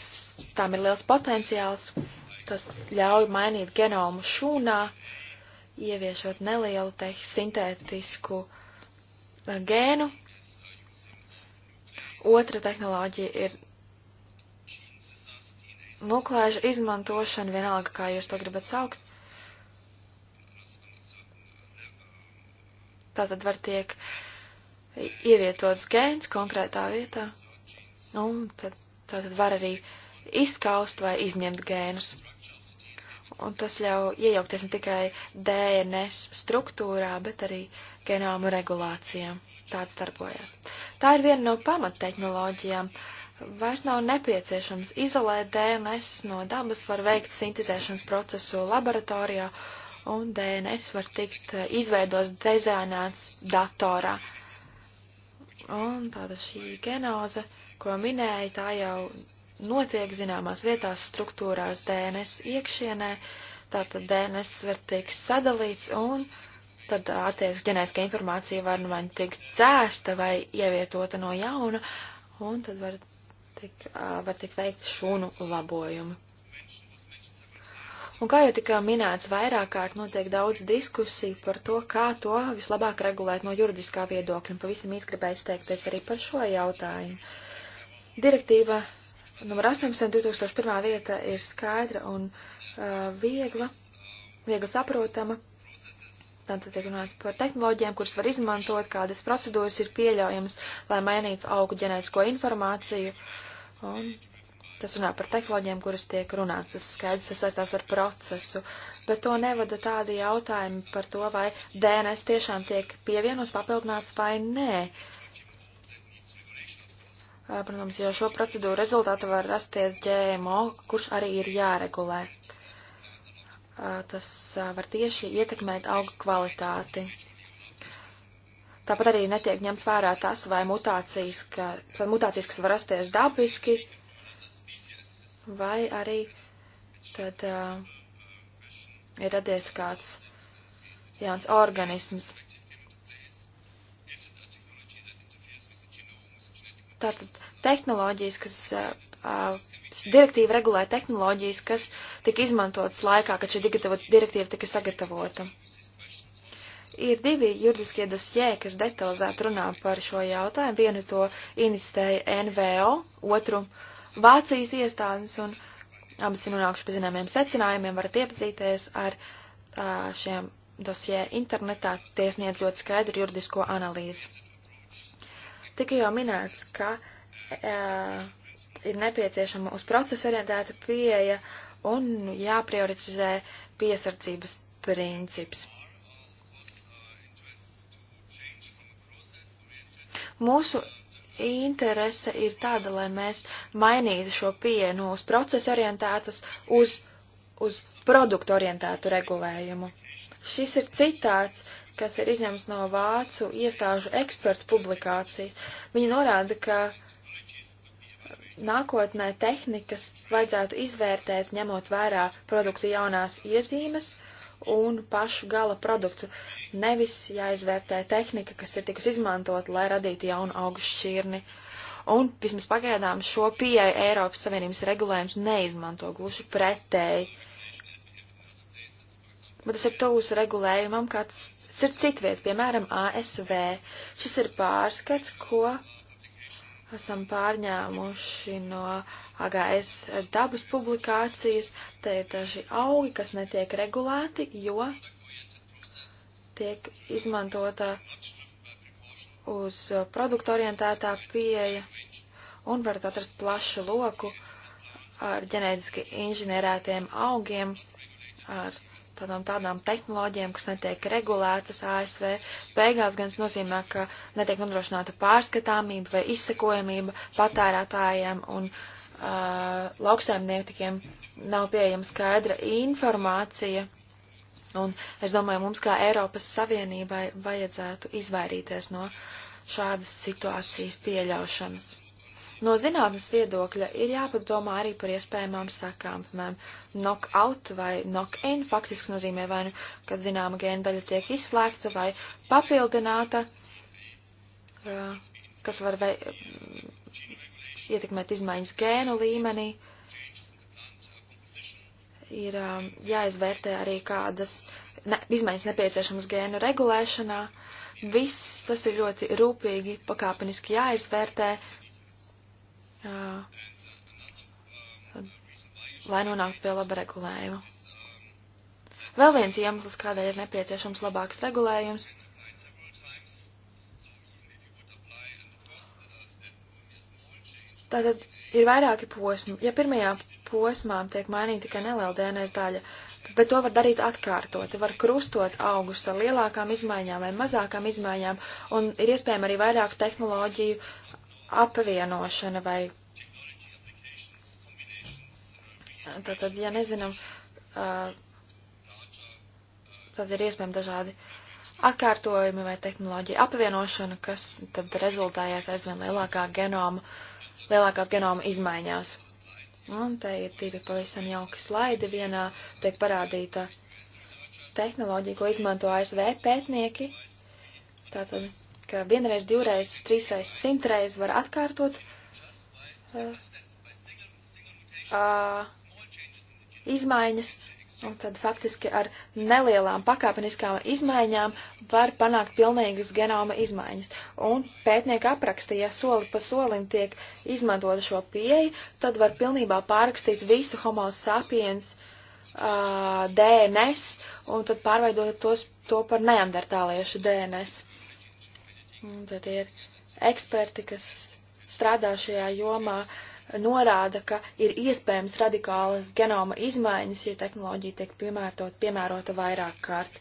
[SPEAKER 3] tām ir liels potenciāls, tas ļauj mainīt genomu šūnā, ieviešot nelielu te sintētisku eh, gēnu. Otra tehnoloģija ir nuklēža izmantošana, vienalga, kā jūs to gribat saukt. Tātad var tiek uh, ievietots gēns konkrētā vietā, un tad, tad var arī izskaust vai izņemt gēnus. Un tas ļauj iejaukties ne tikai DNS struktūrā, bet arī genoma regulācijām. Tāds darbojas. Tā ir viena no pamattehnoloģijām. Vairs nav nepieciešams izolēt DNS no dabas, var veikt sintizēšanas procesu laboratorijā, un DNS var tikt eh, izveidots dezēnēts datorā. Uh, Un tāda šī genoze, ko minēja, tā jau notiek zināmās vietās struktūrās DNS iekšienē, tātad DNS var tiek sadalīts un tad attiecīgi ģenētiskā informācija var nu vai nu tiek dzēsta vai ievietota no jauna, un tad var tik, var tik veikt šūnu labojumi. Un kā jau tikā minēts, vairāk kārt notiek daudz diskusiju par to, kā to vislabāk regulēt no juridiskā viedokļa, un pavisam izgribēju izteikties arī par šo jautājumu. Direktīva numur 18 2001 vieta ir skaidra un uh, viegla, viegli saprotama. Tātad tiek runāts par tehnoloģijām, kuras var izmantot, kādas procedūras ir pieļaujamas, lai mainītu augu ģenētisko informāciju. Un Tas runā par tehnoloģiem, kuras tiek runāts, tas skaidrs, tas saistās ar procesu, bet to nevada tādi jautājumi par to, vai DNS tiešām tiek pievienots, papildināts vai nē. Protams, jo šo procedūru rezultātu var rasties GMO, kurš arī ir jāregulē. Tas var tieši ietekmēt augu kvalitāti. Tāpat arī netiek ņemts vērā tas, vai mutācijas, ka, mutācijas kas var rasties dabiski, vai arī tad uh, ir radies kāds jauns organisms. Tātad tehnoloģijas, kas uh, direktīva regulē tehnoloģijas, kas tika izmantotas laikā, kad šī direktīva tika sagatavota. Ir divi juridiskie dosjē, kas detalizēti runā par šo jautājumu. Vienu to iniciēja NVO, otru uh, Vācijas iestādes, un abas ir nonākuši pie zināmiem secinājumiem, varat iepazīties ar uh, šiem dosjē internetā, tiesniedz ļoti skaidru juridisko analīzi. Tika jau minēts, ka uh, ir nepieciešama uz procesu orientēta pieeja un jāprioritizē piesardzības princips. Mūsu interese ir tāda, lai mēs mainītu šo pieeju no uz procesu orientētas uz, uz produktu orientētu regulējumu. Šis ir citāts, kas ir izņemts no vācu iestāžu ekspertu publikācijas. Viņi norāda, ka nākotnē tehnikas vajadzētu izvērtēt, ņemot vērā produktu jaunās iezīmes, uh, un pašu gala produktu. Nevis jāizvērtē tehnika, kas ir tikus izmantot, lai radītu jaunu augstu šķirni. Un vismaz pagaidām šo pieeju Eiropas Savienības regulējums neizmanto gluži pretēji. Bet tas ir tūs regulējumam, kāds ir citviet, piemēram, ASV. Šis ir pārskats, ko esam pārņēmuši no AGS dabas publikācijas. Te ir daži augi, kas netiek regulēti, jo tiek izmantota uz produktu orientētā pieeja un varat atrast plašu loku ar ģenētiski inženierētiem augiem, ar tādām, tādām tehnoloģijām, kas netiek regulētas ASV. Beigās gan tas nozīmē, ka netiek nodrošināta pārskatāmība vai izsekojamība patērētājiem un uh, lauksaimniekiem nav pieejama skaidra informācija. Un es domāju, mums kā Eiropas Savienībai vajadzētu izvairīties no šādas situācijas pieļaušanas. No zinātnes viedokļa ir jāpadomā arī par iespējamām sakām, piemēram, knock-out vai knock-in faktiski nozīmē vai nu, kad zināma gēna daļa tiek izslēgta vai papildināta, kas var vei, ietekmēt izmaiņas gēnu līmenī. Ir jāizvērtē arī kādas ne, izmaiņas nepieciešamas gēnu regulēšanā. Viss tas ir ļoti rūpīgi, pakāpeniski jāizvērtē, jā, lai nonāktu pie laba regulējuma. Vēl viens iemesls, kādēļ ir nepieciešams labāks regulējums. Tātad ir vairāki posmi. Ja pirmajā posmā tiek mainīta tikai neliela DNS daļa, bet to var darīt atkārtot. Var krustot augus ar lielākām izmaiņām vai mazākām izmaiņām, un ir iespējama arī vairāku tehnoloģiju apvienošana vai. Tātad, ja nezinām, tad ir iespējami dažādi atkārtojumi vai tehnoloģija apvienošana, kas tad rezultējās aizvien lielākā genoma, lielākās genoma izmaiņās. Un te ir divi pavisam jauki slaidi. Vienā tiek parādīta tehnoloģija, ko izmanto ASV pētnieki. Tātad ka vienreiz, divreiz, trīsreiz, simtreiz var atkārtot. Uh, uh, izmaiņas, un tad faktiski ar nelielām pakāpeniskām izmaiņām var panākt pilnīgas genoma izmaiņas. Un pētnieki apraksta, ja soli pa solim tiek izmantota šo pieeju, tad var pilnībā pārrakstīt visu homo sapiens uh, DNS un tad pārveidot tos, to par neandertāliešu DNS. Tad ir eksperti, kas strādā šajā jomā, norāda, ka ir iespējams radikālas genoma izmaiņas, ja tehnoloģija tiek piemērtot, piemērota vairāk kārt.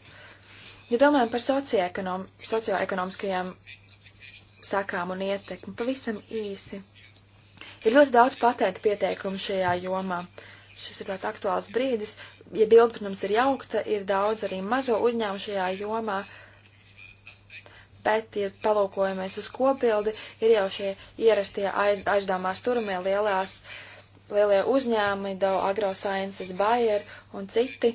[SPEAKER 3] Ja domājam par socioekonom, socioekonomiskajām sakām un ietekmi, pavisam īsi. Ir ļoti daudz patentu pieteikumu šajā jomā. Šis ir tāds aktuāls brīdis. Ja bilde, protams, ir jaukta, ir daudz arī mazo uzņēmu šajā jomā. Uh, bet, ja palūkojamies uz kopildi, ir jau šie ierastie aiz, aizdāmās turumie lielās, lielie uzņēmumi, Dow AgroSciences, Bayer un citi.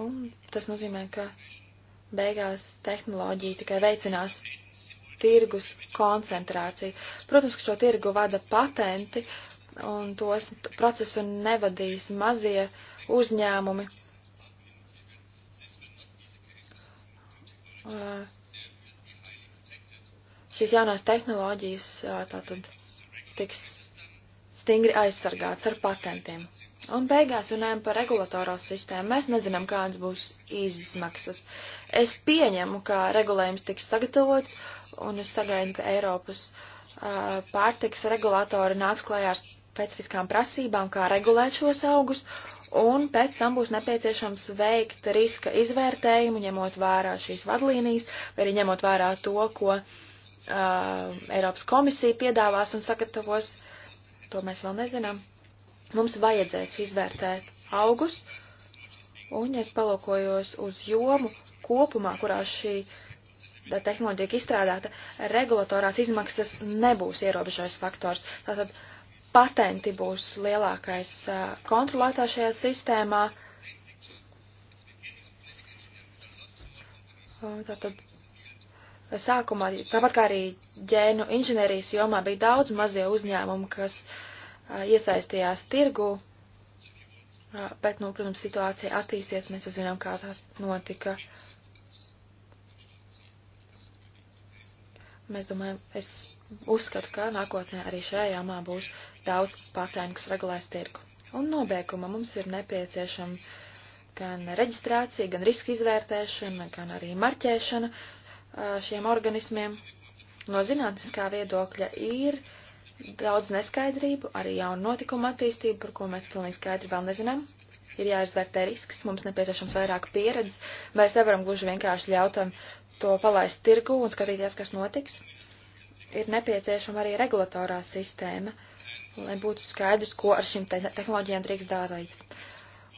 [SPEAKER 3] Un tas nozīmē, ka beigās tehnoloģija tikai veicinās tirgus koncentrāciju. Protams, ka šo tirgu vada patenti, un tos procesu nevadīs mazie uzņēmumi. šīs jaunās tehnoloģijas tātad tiks stingri aizsargāts ar patentiem. Un beigās runājam par regulatoro sistēmu. Mēs nezinām, kādas būs izmaksas. Es pieņemu, ka regulējums tiks sagatavots, un es sagaidu, ka Eiropas uh, pārtiks regulatori nāks klajā ar specifiskām prasībām, kā regulēt šos augus, un pēc tam būs nepieciešams veikt riska izvērtējumu, ņemot vērā šīs vadlīnijas, vai arī ņemot vērā to, ko uh, Eiropas komisija piedāvās un sagatavos. To mēs vēl nezinām. Mums vajadzēs izvērtēt augus, un ja es palūkojos uz jomu kopumā, kurā šī tā tehnoloģija tiek izstrādāta, regulatorās izmaksas nebūs ierobežojis faktors. Tātad uh, patenti būs lielākais kontrolētājs šajā sistēmā. Tātad sākumā, tāpat kā arī ģēnu inženierijas jomā, bija daudz mazie uzņēmumi, kas iesaistījās tirgu, bet, nu, protams, situācija attīsties, mēs uzzinām, kā tas notika. Mēs domājam, es uzskatu, ka nākotnē arī šajā jāmā būs daudz patēņu, kas regulēs tirgu. Un nobeiguma mums ir nepieciešama gan reģistrācija, gan riska izvērtēšana, gan arī marķēšana šiem organismiem. No zinātniskā viedokļa ir daudz neskaidrību, arī jaunu notikumu attīstību, par ko mēs pilnīgi skaidri vēl nezinām. Ir jāizvērtē risks, mums nepieciešams vairāk pieredzes, mēs nevaram gluži vienkārši ļautam to palaist tirgu un skatīties, kas notiks ir nepieciešama arī regulatorā sistēma, lai būtu skaidrs, ko ar šīm te tehnoloģijām drīkst darīt.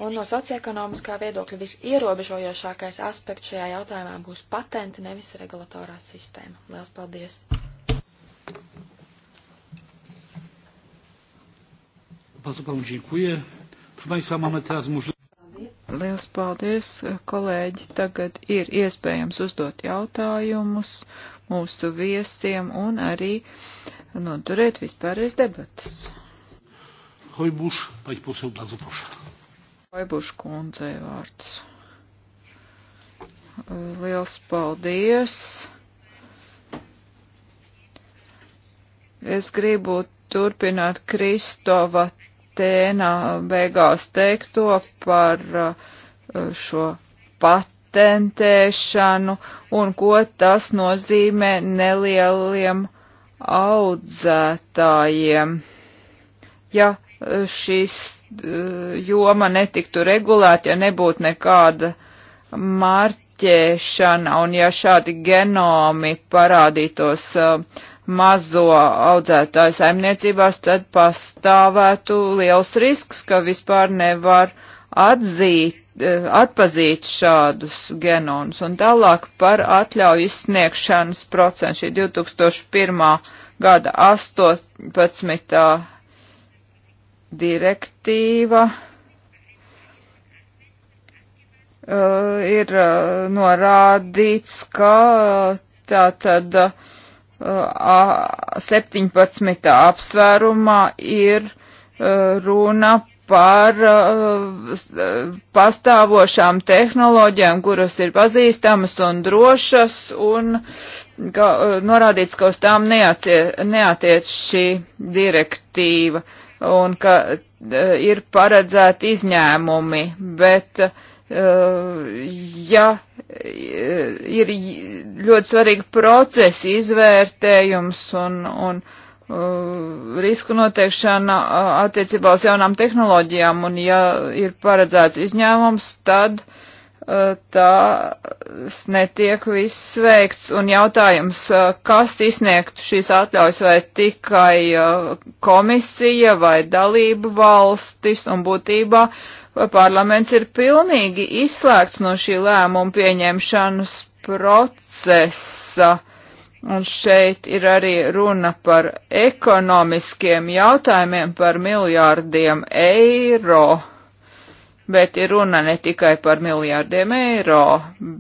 [SPEAKER 3] Un no socioekonomiskā viedokļa visierobežojošākais aspekts šajā jautājumā būs patenti, nevis regulatorā sistēma. Lielas paldies!
[SPEAKER 1] Lielas paldies, kolēģi! Tagad ir iespējams uzdot jautājumus mūsu viesiem un arī noturēt vispārējais debatas. Hojbuš, paņ posel, bardzo prošu. Hojbuš kundzei vārds. Liels paldies. Es gribu turpināt Kristova tēnā beigās teikto par uh, šo pat patentēšanu un ko tas nozīmē nelieliem audzētājiem. Ja šis eh, joma netiktu regulēta, ja nebūtu nekāda marķēšana un ja šādi genomi parādītos uh, mazo audzētāju saimniecībās, tad pastāvētu liels risks, ka vispār nevar uh, atzīt, eh, atpazīt šādus genonus. Un tālāk par atļauju izsniegšanas procentu šī 2001. gada 18. direktīva. Uh, ir uh, norādīts, ka uh, tā tad uh, 17. apsvērumā ir uh, runa par uh, uh, pastāvošām tehnoloģijām, kuras ir pazīstamas un drošas, un ka, uh, norādīts, ka uz tām neatie, neatiec šī direktīva, un ka uh, ir paredzēti izņēmumi, bet uh, ja uh, ir ļoti svarīgi procesi, izvērtējums un, un Uh, risku noteikšana uh, attiecībā uz jaunām tehnoloģijām, un ja ir paredzēts izņēmums, tad uh, tās netiek viss veikts. Un jautājums, kas izsniegtu šīs atļaujas, vai tikai komisija vai dalību valstis, un būtībā parlaments ir pilnīgi izslēgts no šī lēmuma pieņemšanas procesa. Uh, Un šeit ir arī runa par ekonomiskiem jautājumiem, par miljārdiem eiro, bet ir runa ne tikai par miljārdiem eiro,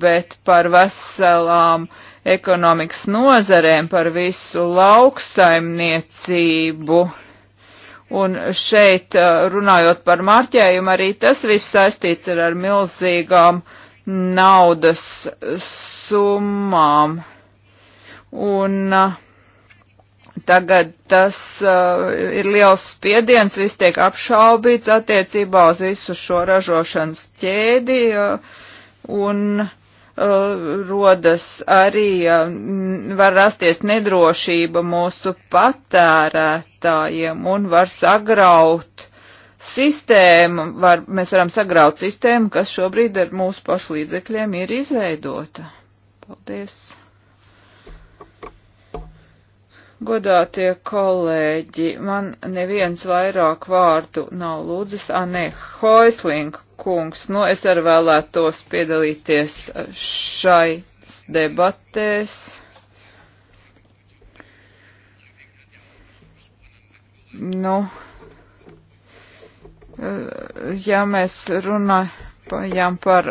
[SPEAKER 1] bet par veselām ekonomikas nozarēm, par visu lauksaimniecību. Un šeit, uh, runājot par marķējumu, arī tas viss saistīts ir ar milzīgām naudas summām Un uh, tagad tas uh, ir liels spiediens, viss tiek apšaubīts attiecībā uz visu šo ražošanas ķēdi, uh, un uh, rodas arī, uh, var rasties nedrošība mūsu patērētājiem un var sagraut sistēmu, var, mēs varam sagraut sistēmu, kas šobrīd ar mūsu pašu līdzekļiem ir izveidota. Paldies! Godātie kolēģi, man neviens vairāk vārdu nav lūdzis, a ne, Hoisling kungs, nu es arī vēlētos piedalīties šai debatēs. Nu, ja mēs runājam pajām par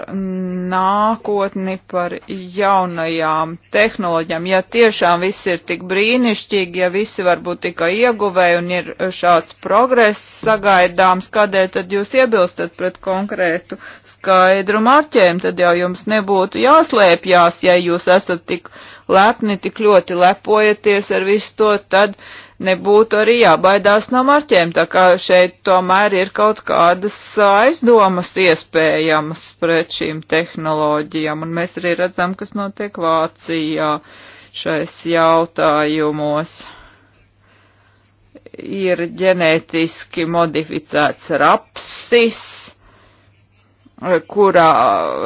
[SPEAKER 1] nākotni, par jaunajām tehnoloģijām. Ja tiešām viss ir tik brīnišķīgi, ja visi varbūt tikai ieguvēji un ir šāds progress sagaidāms, kādēļ tad jūs iebilstat pret konkrētu skaidru marķējumu, tad jau jums nebūtu jāslēpjās, ja jūs esat tik lepni, tik ļoti lepojaties ar visu to, tad nebūtu arī jābaidās no marķiem, tā kā šeit tomēr ir kaut kādas aizdomas iespējamas pret šīm tehnoloģijām, un mēs arī redzam, kas notiek Vācijā šais jautājumos. Ir ģenētiski modificēts rapsis, kurā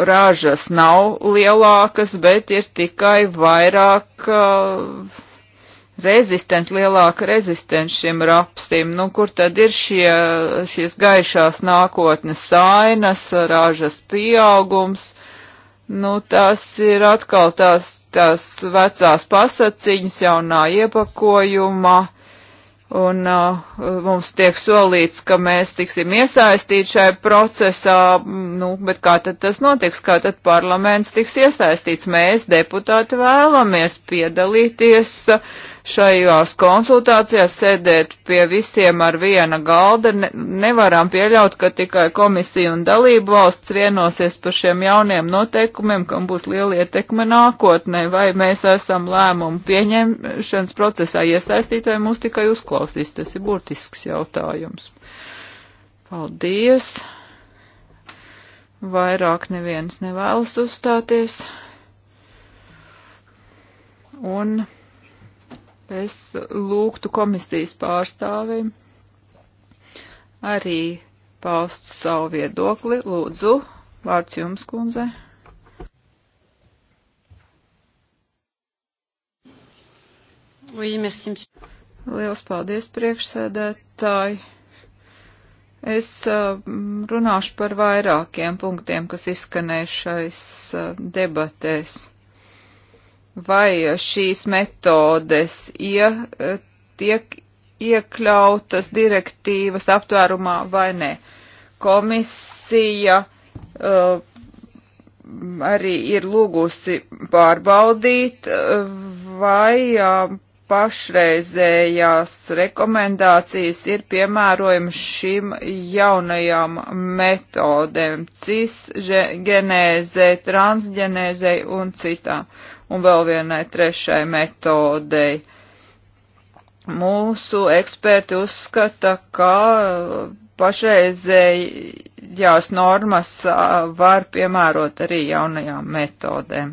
[SPEAKER 1] ražas nav lielākas, bet ir tikai vairāk uh, rezistents, lielāka rezistents šim rapsim. Nu, kur tad ir šie, šīs gaišās nākotnes sainas, ražas pieaugums? Nu, tas ir atkal tās, tās vecās pasaciņas jaunā iepakojumā. Un uh, mums tiek solīts, ka mēs tiksim iesaistīti šajā procesā, nu, bet kā tad tas notiks, kā tad parlaments tiks iesaistīts? Mēs, deputāti, vēlamies piedalīties uh, šajās konsultācijās sēdēt pie visiem ar viena galda. Ne, nevaram pieļaut, ka tikai komisija un dalību valsts vienosies par šiem jauniem noteikumiem, kam būs liela ietekme nākotnē, vai mēs esam lēmumu pieņemšanas procesā iesaistīti, vai mūs tikai uzklausīs. Tas ir būtisks jautājums. Paldies! Vairāk neviens nevēlas uzstāties. Un es lūgtu komisijas pārstāvim arī paust savu viedokli. Lūdzu, vārds jums, kundze. Oui, merci, monsieur. Liels paldies, priekšsēdētāji. Es runāšu par vairākiem punktiem, kas izskanējušais debatēs vai šīs metodes ie, tiek iekļautas direktīvas aptvērumā vai nē. Komisija uh, arī ir lūgusi pārbaudīt, uh, vai uh, pašreizējās rekomendācijas ir piemērojams šim jaunajām metodēm - cisgenēzē, transgenēzē un citām un vēl vienai trešai metodei. Mūsu eksperti uzskata, ka pašreizējās normas var piemērot arī jaunajām metodēm.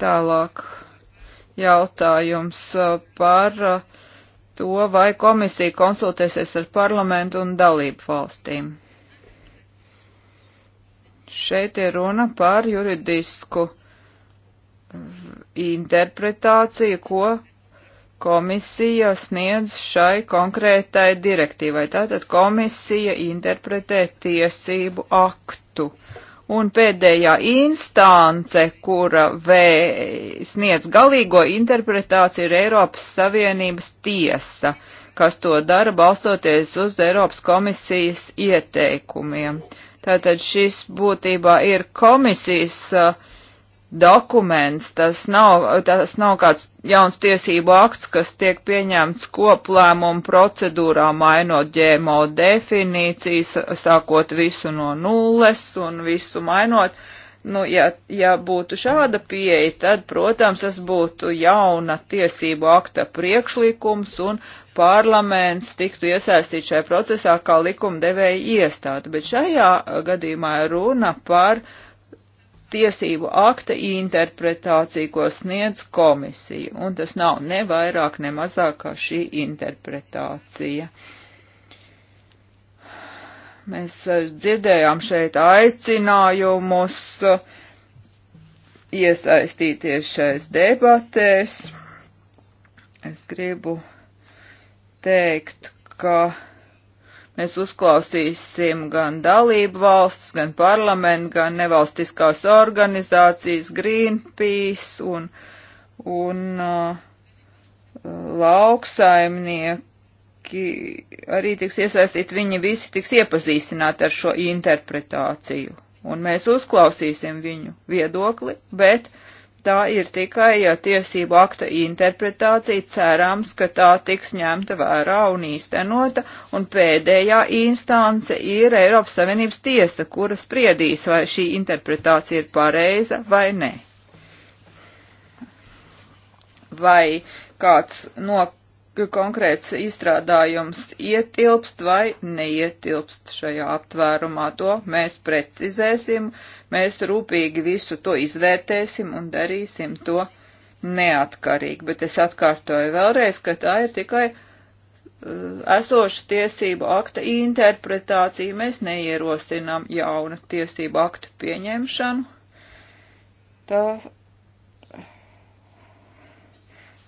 [SPEAKER 1] Tālāk jautājums par to, vai komisija konsultēsies ar parlamentu un dalību valstīm. Šeit ir runa par juridisku interpretāciju, ko komisija sniedz šai konkrētai direktīvai. Tātad komisija interpretē tiesību aktu. Un pēdējā instance, kura vē, sniedz galīgo interpretāciju, ir Eiropas Savienības tiesa, kas to dara balstoties uz Eiropas komisijas ieteikumiem. Uh, Tātad šis būtībā ir komisijas uh, dokuments, tas nav, tas nav kāds jauns tiesību akts, kas tiek pieņemts koplēmumu procedūrā, mainot ģēmo definīcijas, sākot visu no nulles un visu mainot. Uh, Nu, ja, ja būtu šāda pieeja, tad, protams, tas būtu jauna tiesību akta priekšlikums un parlaments tiktu iesaistīt šajā procesā kā likumdevēja iestāde. Bet šajā gadījumā runa par tiesību akta interpretāciju, ko sniedz komisija, un tas nav ne vairāk, ne mazāk kā šī interpretācija. Uh, Mēs e, dzirdējām šeit aicinājumus e, iesaistīties šais debatēs. Es gribu teikt, ka mēs uzklausīsim gan dalību valsts, gan parlamentu, gan nevalstiskās organizācijas, Greenpeace un, un uh, e, lauksaimnieku cilvēki arī tiks iesaistīti, viņi visi tiks iepazīstināti ar šo interpretāciju. Un mēs uzklausīsim viņu viedokli, bet tā ir tikai ja tiesību akta interpretācija, cerams, ka tā tiks ņemta vērā un īstenota, un pēdējā instance ir Eiropas Savienības tiesa, kura spriedīs, vai šī interpretācija ir pareiza vai nē. Vai kāds no ka konkrēts izstrādājums ietilpst vai neietilpst šajā aptvērumā. To mēs precizēsim, mēs rūpīgi visu to izvērtēsim un darīsim to neatkarīgi. Bet es atkārtoju vēlreiz, ka tā ir tikai uh, esoša tiesību akta interpretācija. Mēs neierosinām jauna tiesību akta pieņemšanu. Tā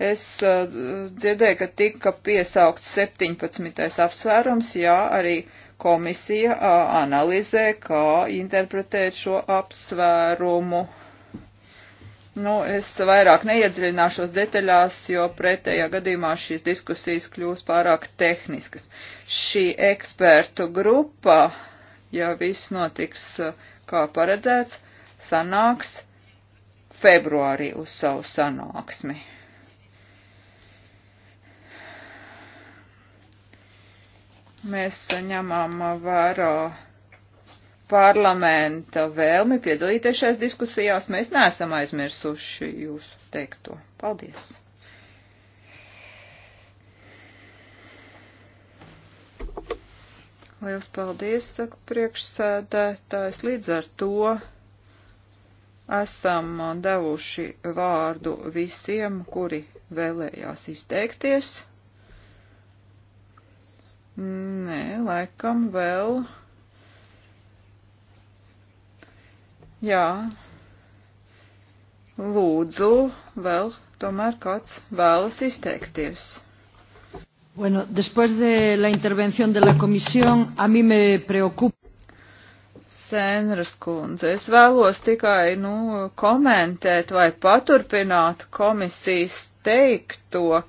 [SPEAKER 1] Es uh, dzirdēju, ka tika piesaukts 17. apsvērums, jā, arī komisija uh, analizē, kā interpretēt šo apsvērumu. Nu, es vairāk neiedziļināšos detaļās, jo pretējā gadījumā šīs diskusijas kļūs pārāk tehniskas. Šī ekspertu grupa, ja viss notiks uh, kā paredzēts, sanāks februārī uz savu sanāksmi. Mēs ņemam vērā parlamenta vēlmi piedalīties šajās diskusijās. Mēs neesam aizmirsuši jūsu teikto. Paldies! Liels paldies, saka priekšsēdētājs. Līdz ar to esam devuši vārdu visiem, kuri vēlējās izteikties. Nē, laikam vēl. Jā. Lūdzu, vēl tomēr kāds vēlas izteikties. Bueno, después de la intervención de la comisión, a mí me preocupa. Senras kundze, es vēlos tikai, nu, komentēt vai paturpināt komisijas teikto. Uh,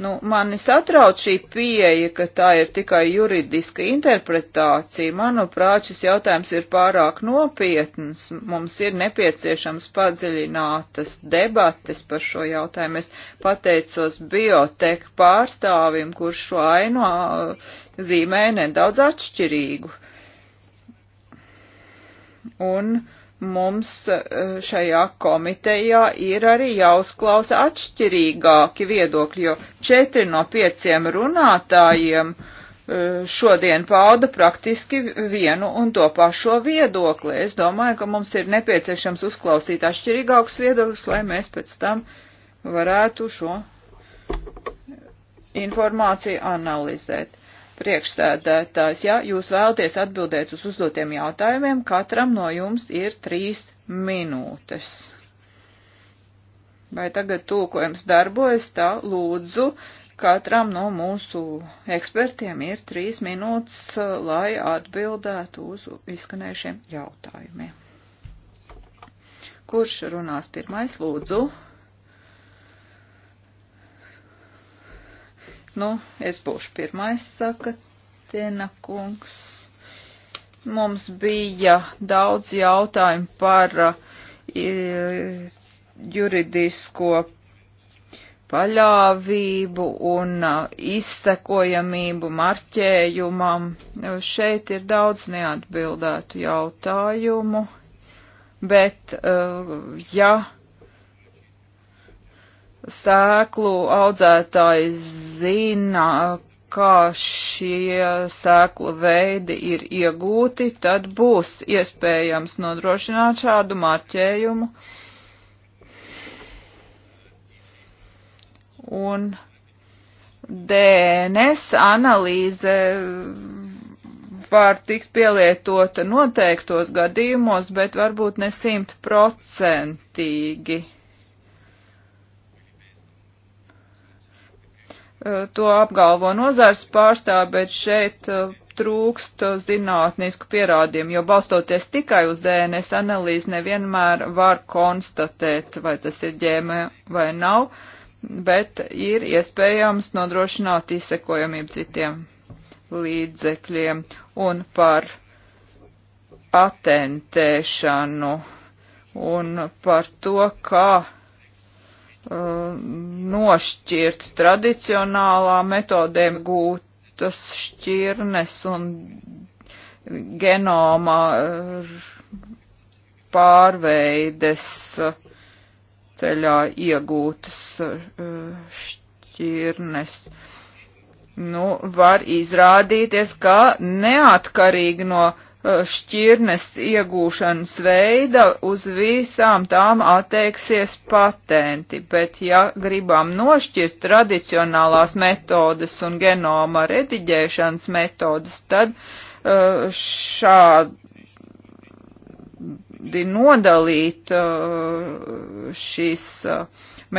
[SPEAKER 1] Nu, mani satrauc šī pieeja, ka tā ir tikai juridiska interpretācija. Manuprāt, šis jautājums ir pārāk nopietns. Mums ir nepieciešams padziļinātas debates par šo jautājumu. Es pateicos bioteka pārstāvim, kurš šo ainu zīmē nedaudz atšķirīgu. Un, uh, mums eh, šajā komitejā ir arī jāuzklausa atšķirīgāki viedokļi, jo četri no pieciem runātājiem eh, šodien pauda praktiski vienu un to pašo viedokli. Es domāju, ka mums ir nepieciešams uzklausīt atšķirīgākus viedokļus, lai mēs pēc tam varētu šo informāciju analizēt priekšsēdētājs, ja jūs vēlaties atbildēt uz uzdotiem jautājumiem, katram no jums ir trīs minūtes. Vai tagad tulkojums darbojas, tā lūdzu, katram no mūsu ekspertiem ir trīs minūtes, lai atbildētu uz izskanējušiem jautājumiem. Kurš runās pirmais, lūdzu? Nu, es būšu pirmais, saka Tena kungs. Mums bija daudz jautājumu par uh, juridisko paļāvību un uh, izsekojamību marķējumam. Šeit ir daudz neatbildētu jautājumu, bet uh, ja sēklu audzētāji zina, kā šie sēklu veidi ir iegūti, tad būs iespējams nodrošināt šādu marķējumu. Un DNS analīze var tikt pielietota noteiktos gadījumos, bet varbūt ne simtprocentīgi Eh, to apgalvo nozars pārstāv, bet šeit eh, trūkst zinātnisku pierādījumu, jo balstoties tikai uz DNS analīzi nevienmēr var konstatēt, vai tas ir ģēme vai nav, bet ir iespējams nodrošināt izsekojamību citiem līdzekļiem un par atentēšanu un par to, kā Uh, nošķirt tradicionālā metodēm gūtas šķirnes un genoma uh, pārveides uh, ceļā iegūtas šķirnes. Nu, var izrādīties, ka neatkarīgi no uh, Uh, šķirnes iegūšanas veida uz visām tām attieksies patenti, bet ja gribam nošķirt tradicionālās metodas un genoma rediģēšanas metodas, tad uh, šādi nodalīt uh, šīs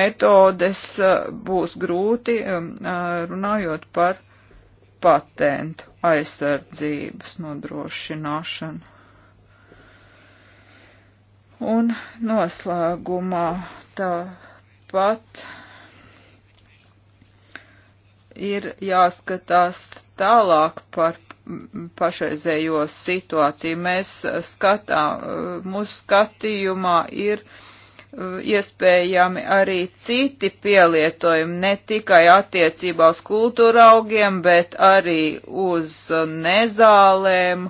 [SPEAKER 1] metodes būs grūti um, runājot par patentu aizsardzības nodrošināšanu. Un noslēgumā tāpat ir jāskatās tālāk par pašreizējo situāciju. Mēs skatām, mūsu skatījumā ir iespējami arī citi pielietojumi, ne tikai attiecībā uz kultūra augiem, bet arī uz uh, nezālēm,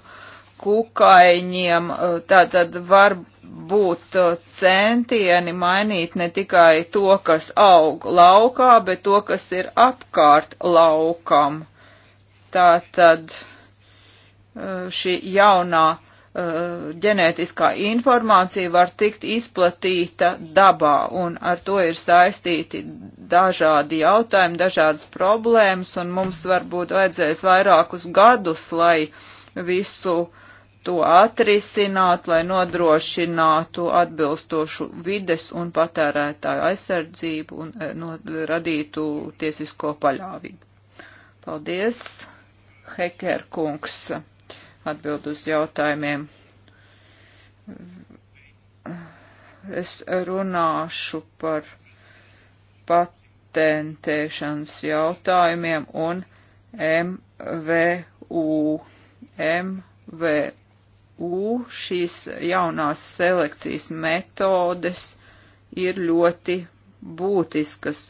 [SPEAKER 1] kukaiņiem. Uh, tātad var būt uh, centieni mainīt ne tikai to, kas aug laukā, bet to, kas ir apkārt laukam. Tātad šī jaunā Eh, ģenētiskā informācija var tikt izplatīta dabā, un ar to ir saistīti dažādi jautājumi, dažādas problēmas, un mums varbūt vajadzēs vairākus gadus, lai visu to atrisināt, lai nodrošinātu atbilstošu vides un patērētāju aizsardzību un eh, no, radītu tiesisko paļāvību. Paldies, Heker kungs! atbild uz jautājumiem. Es runāšu par patentēšanas jautājumiem un MVU. MVU šīs jaunās selekcijas metodes ir ļoti būtiskas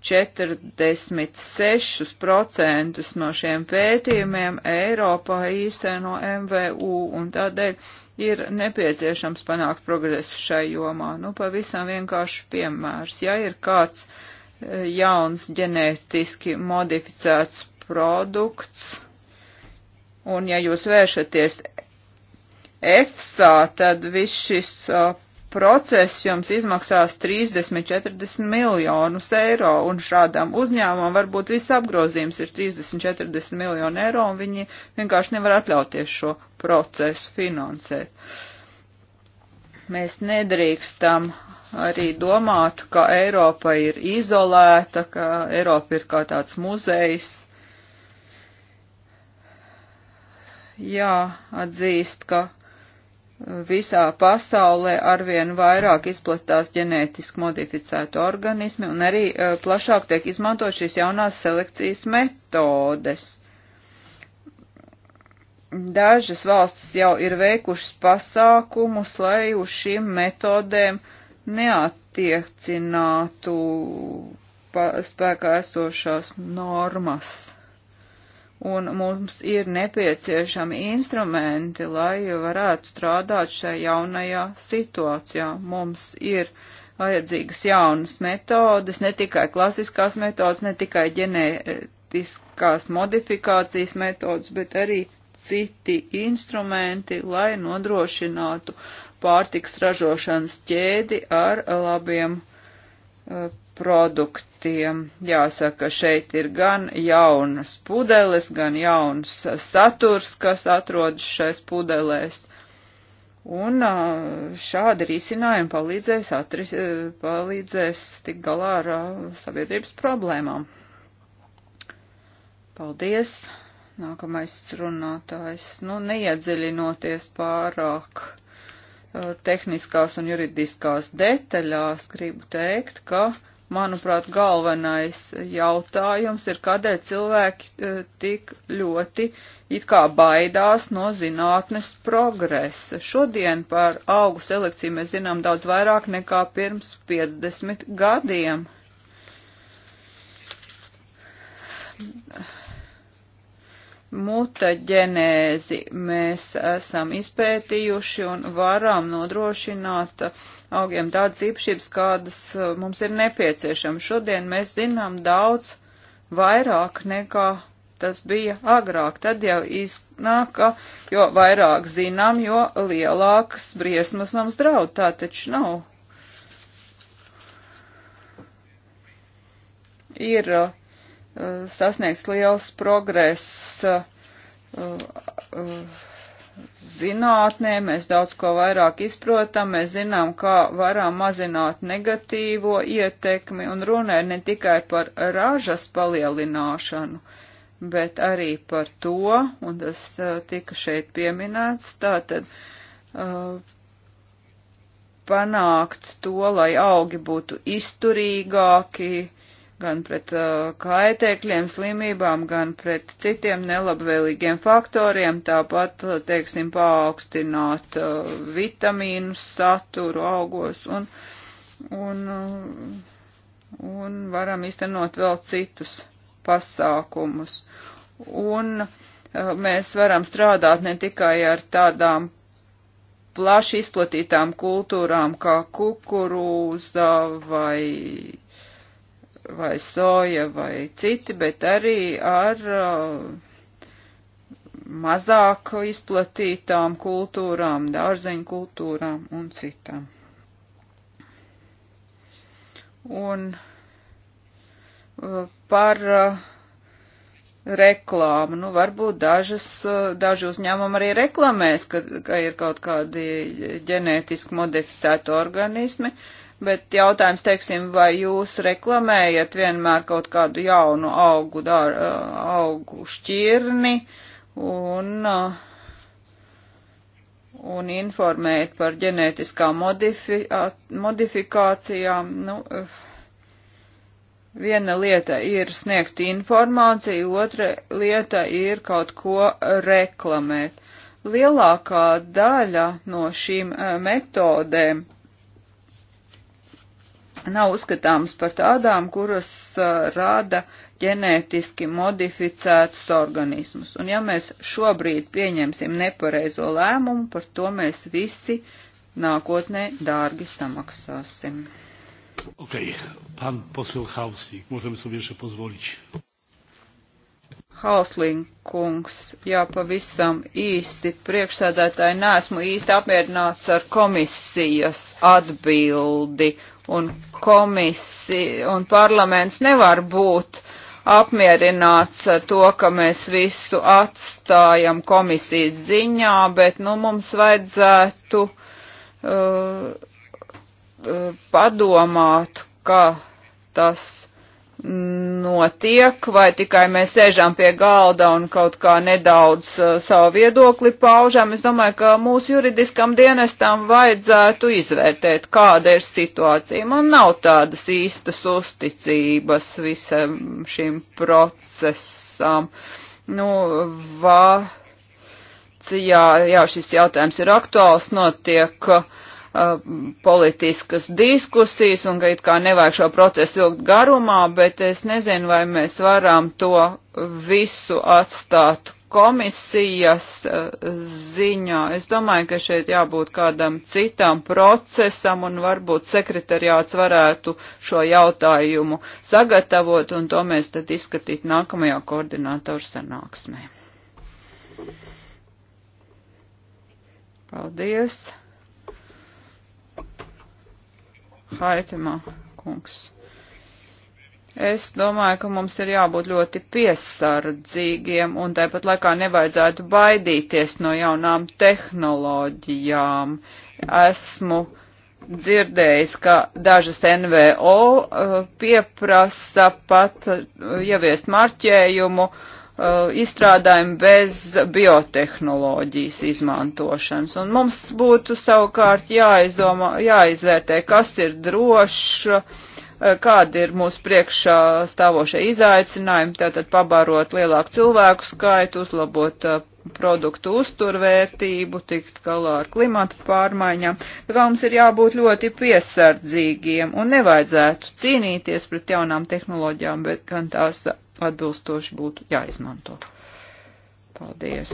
[SPEAKER 1] 46% no šiem pētījumiem Eiropā īsteno MVU, un tādēļ ir nepieciešams panākt progresu šai jomā. Nu, pavisam vienkārši piemērs. Ja ir kāds eh, jauns ģenētiski modificēts produkts, un ja jūs vēršaties EFSA, tad viss šis uh, process jums izmaksās 30-40 miljonus eiro, un šādam uzņēmumam varbūt viss apgrozījums ir 30-40 miljoni eiro, un viņi vienkārši nevar atļauties šo procesu finansēt. Mēs nedrīkstam arī domāt, ka Eiropa ir izolēta, ka Eiropa ir kā tāds muzejs. Jā, atzīst, ka visā pasaulē arvien vairāk izplatās ģenētiski modificēti organismi un arī e, plašāk tiek izmantot šīs jaunās selekcijas metodes. Dažas valstis jau ir veikušas pasākumus, lai uz šīm metodēm neattiecinātu spēkā esošās normas un mums ir nepieciešami instrumenti, lai varētu strādāt šajā jaunajā situācijā. Mums ir vajadzīgas jaunas metodes, ne tikai klasiskās metodes, ne tikai ģenētiskās modifikācijas metodes, bet arī citi instrumenti, lai nodrošinātu pārtiks ražošanas ķēdi ar labiem uh, produktiem. Jāsaka, šeit ir gan jaunas pudeles, gan jauns saturs, kas atrodas šais pudelēs. Un šādi risinājumi palīdzēs, atris, palīdzēs tik galā ar sabiedrības problēmām. Paldies! Nākamais runātājs. Nu, neiedziļinoties pārāk tehniskās un juridiskās detaļās, gribu teikt, ka uh, manuprāt, galvenais jautājums ir, kādēļ cilvēki e, tik ļoti it kā baidās no zinātnes progresa. Šodien par augu selekciju mēs zinām daudz vairāk nekā pirms 50 gadiem mutaģenēzi mēs esam izpētījuši un varam nodrošināt augiem tādas īpašības, kādas mums ir nepieciešama. Šodien mēs zinām daudz vairāk nekā tas bija agrāk. Tad jau iznāk, ka jo vairāk zinām, jo lielākas briesmas mums draud. Tā taču nav. Ir uh, Eh, sasniegts liels progress eh, eh, zinātnē, mēs daudz ko vairāk izprotam, mēs zinām, kā varam mazināt negatīvo ietekmi, un runa ir ne tikai par ražas palielināšanu, bet arī par to, un tas tika šeit pieminēts, tātad uh, panākt to, lai augi būtu izturīgāki, gan pret uh, kaitēkļiem, slimībām, gan pret citiem nelabvēlīgiem faktoriem, tāpat, uh, teiksim, paaugstināt uh, vitamīnu saturu augos un, un, uh, un varam iztenot vēl citus pasākumus. Un uh, mēs varam strādāt ne tikai ar tādām plaši izplatītām kultūrām kā kukurūza vai vai soja vai citi, bet arī ar uh, mazāk izplatītām kultūrām, dārzeņu kultūrām un citām. Un uh, par uh, reklāmu. Nu, varbūt dažas, daži uzņēmumi arī reklamēs, ka, ka ir kaut kādi ģenētiski modificēti organismi, uh, bet jautājums, teiksim, vai jūs reklamējat vienmēr kaut kādu jaunu augu, dar, uh, augu šķirni un, uh, un informējat par ģenētiskām modifi, modifikācijām. Nu, uh, viena lieta ir sniegt informāciju, otra lieta ir kaut ko reklamēt. Lielākā daļa no šīm metodēm nav uzskatāmas par tādām, kuras rada ģenētiski modificētus organismus. Un ja mēs šobrīd pieņemsim nepareizo lēmumu, par to mēs visi nākotnē dārgi samaksāsim. Okej, okay. pan poseł Hausling, możemy sobie jeszcze pozwolić. Hausling kungs, jā, pavisam īsti priekšsēdētāji, neesmu īsti apmierināts ar komisijas atbildi un komisija un parlaments nevar būt apmierināts ar to, ka mēs visu atstājam komisijas ziņā, bet nu mums vajadzētu uh, uh padomāt, kā tas notiek, vai tikai mēs sēžam pie galda un kaut kā nedaudz uh, savu viedokli paužam. Es domāju, ka mūsu juridiskam dienestam vajadzētu izvērtēt, kāda ir situācija. Man nav tādas īstas uzticības visam šim procesam. Nu, va, jā, jā, šis jautājums ir aktuāls, notiek. Uh, Uh, politiskas diskusijas un ka it kā nevajag šo procesu ilgt garumā, bet es nezinu, vai mēs varam to visu atstāt komisijas uh, ziņā. Es domāju, ka šeit jābūt kādam citam procesam un varbūt sekretariāts varētu šo jautājumu sagatavot un to mēs tad izskatīt nākamajā koordinātoru sanāksmē. Paldies! Haitimā kungs. Es domāju, ka mums ir jābūt ļoti piesardzīgiem un tāpat laikā nevajadzētu baidīties no jaunām tehnoloģijām. Esmu dzirdējis, ka dažas NVO uh, pieprasa pat uh, ieviest marķējumu uh, Uh, izstrādājumu bez biotehnoloģijas izmantošanas. Un mums būtu savukārt jāizdomā, jāizvērtē, kas ir droša, uh, kādi ir mūsu priekšā stāvošie izaicinājumi, tātad pabārot lielāku cilvēku skaitu, uzlabot uh, produktu uzturvērtību, tikt galā ar klimatu pārmaiņām. Tā kā mums ir jābūt ļoti piesardzīgiem un nevajadzētu cīnīties pret jaunām tehnoloģijām, bet gan tās atbilstoši būtu jāizmanto. Paldies!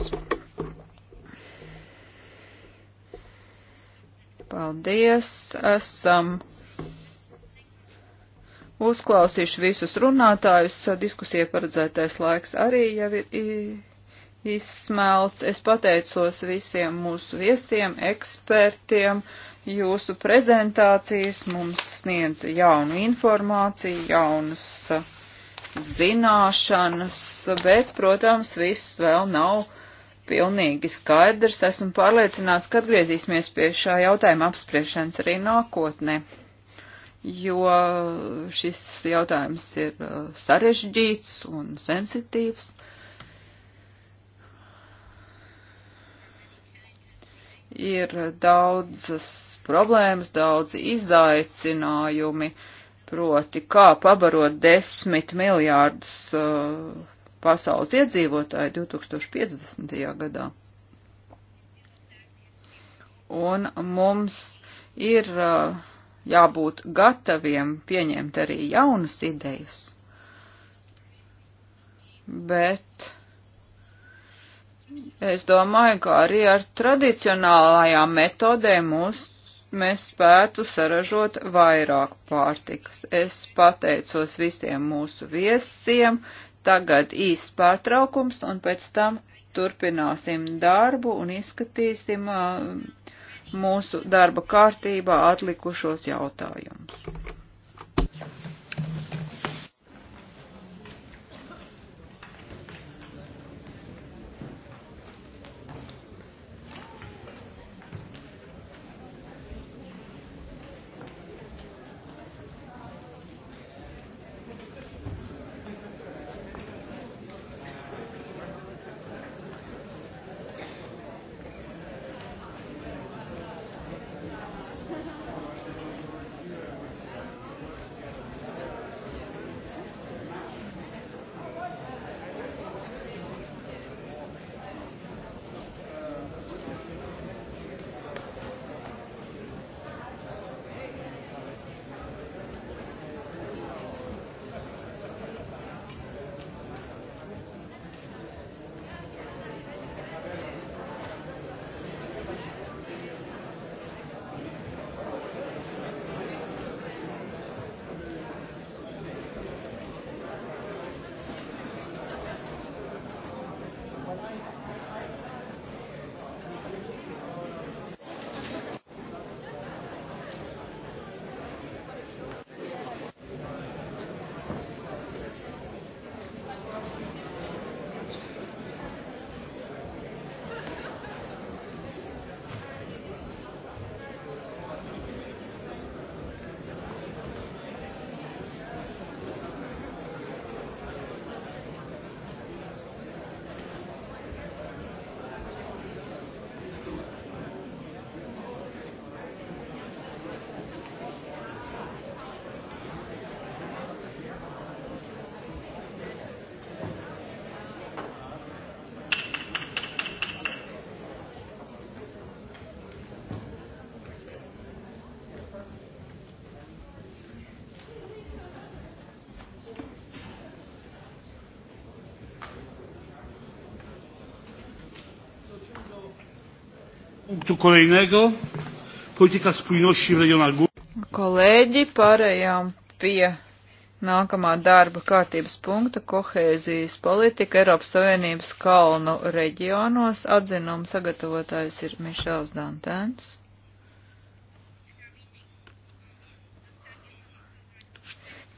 [SPEAKER 1] Paldies! Esam uzklausījuši visus runātājus. Diskusija paredzētais laiks arī jau ir izsmelts. Es pateicos visiem mūsu viesiem, ekspertiem. Jūsu prezentācijas mums sniedz jaunu informāciju, jaunas. Uh, zināšanas, bet, protams, viss vēl nav pilnīgi skaidrs. Esmu pārliecināts, ka atgriezīsimies pie šā jautājuma apspriešanas arī nākotnē, jo šis jautājums ir uh, sarežģīts un sensitīvs. Ir daudzas problēmas, daudzi izaicinājumi. Uh, proti kā pabarot desmit miljārdus uh, pasaules iedzīvotāju 2050. gadā. Un mums ir uh, jābūt gataviem pieņemt arī jaunas idejas, bet es domāju, ka arī ar tradicionālajām metodēm mūs mēs spētu saražot vairāk pārtikas. Es pateicos visiem mūsu viesiem, tagad īsts pārtraukums un pēc tam turpināsim darbu un izskatīsim uh, mūsu darba kārtībā atlikušos jautājumus.
[SPEAKER 2] punktu kolejnego. Polityka spójności w regionach górnych.
[SPEAKER 1] Kolēģi, pārējām pie nākamā darba kārtības punkta - kohēzijas politika Eiropas Savienības kalnu reģionos. Atzinumu sagatavotājs ir Mišels Dantēns.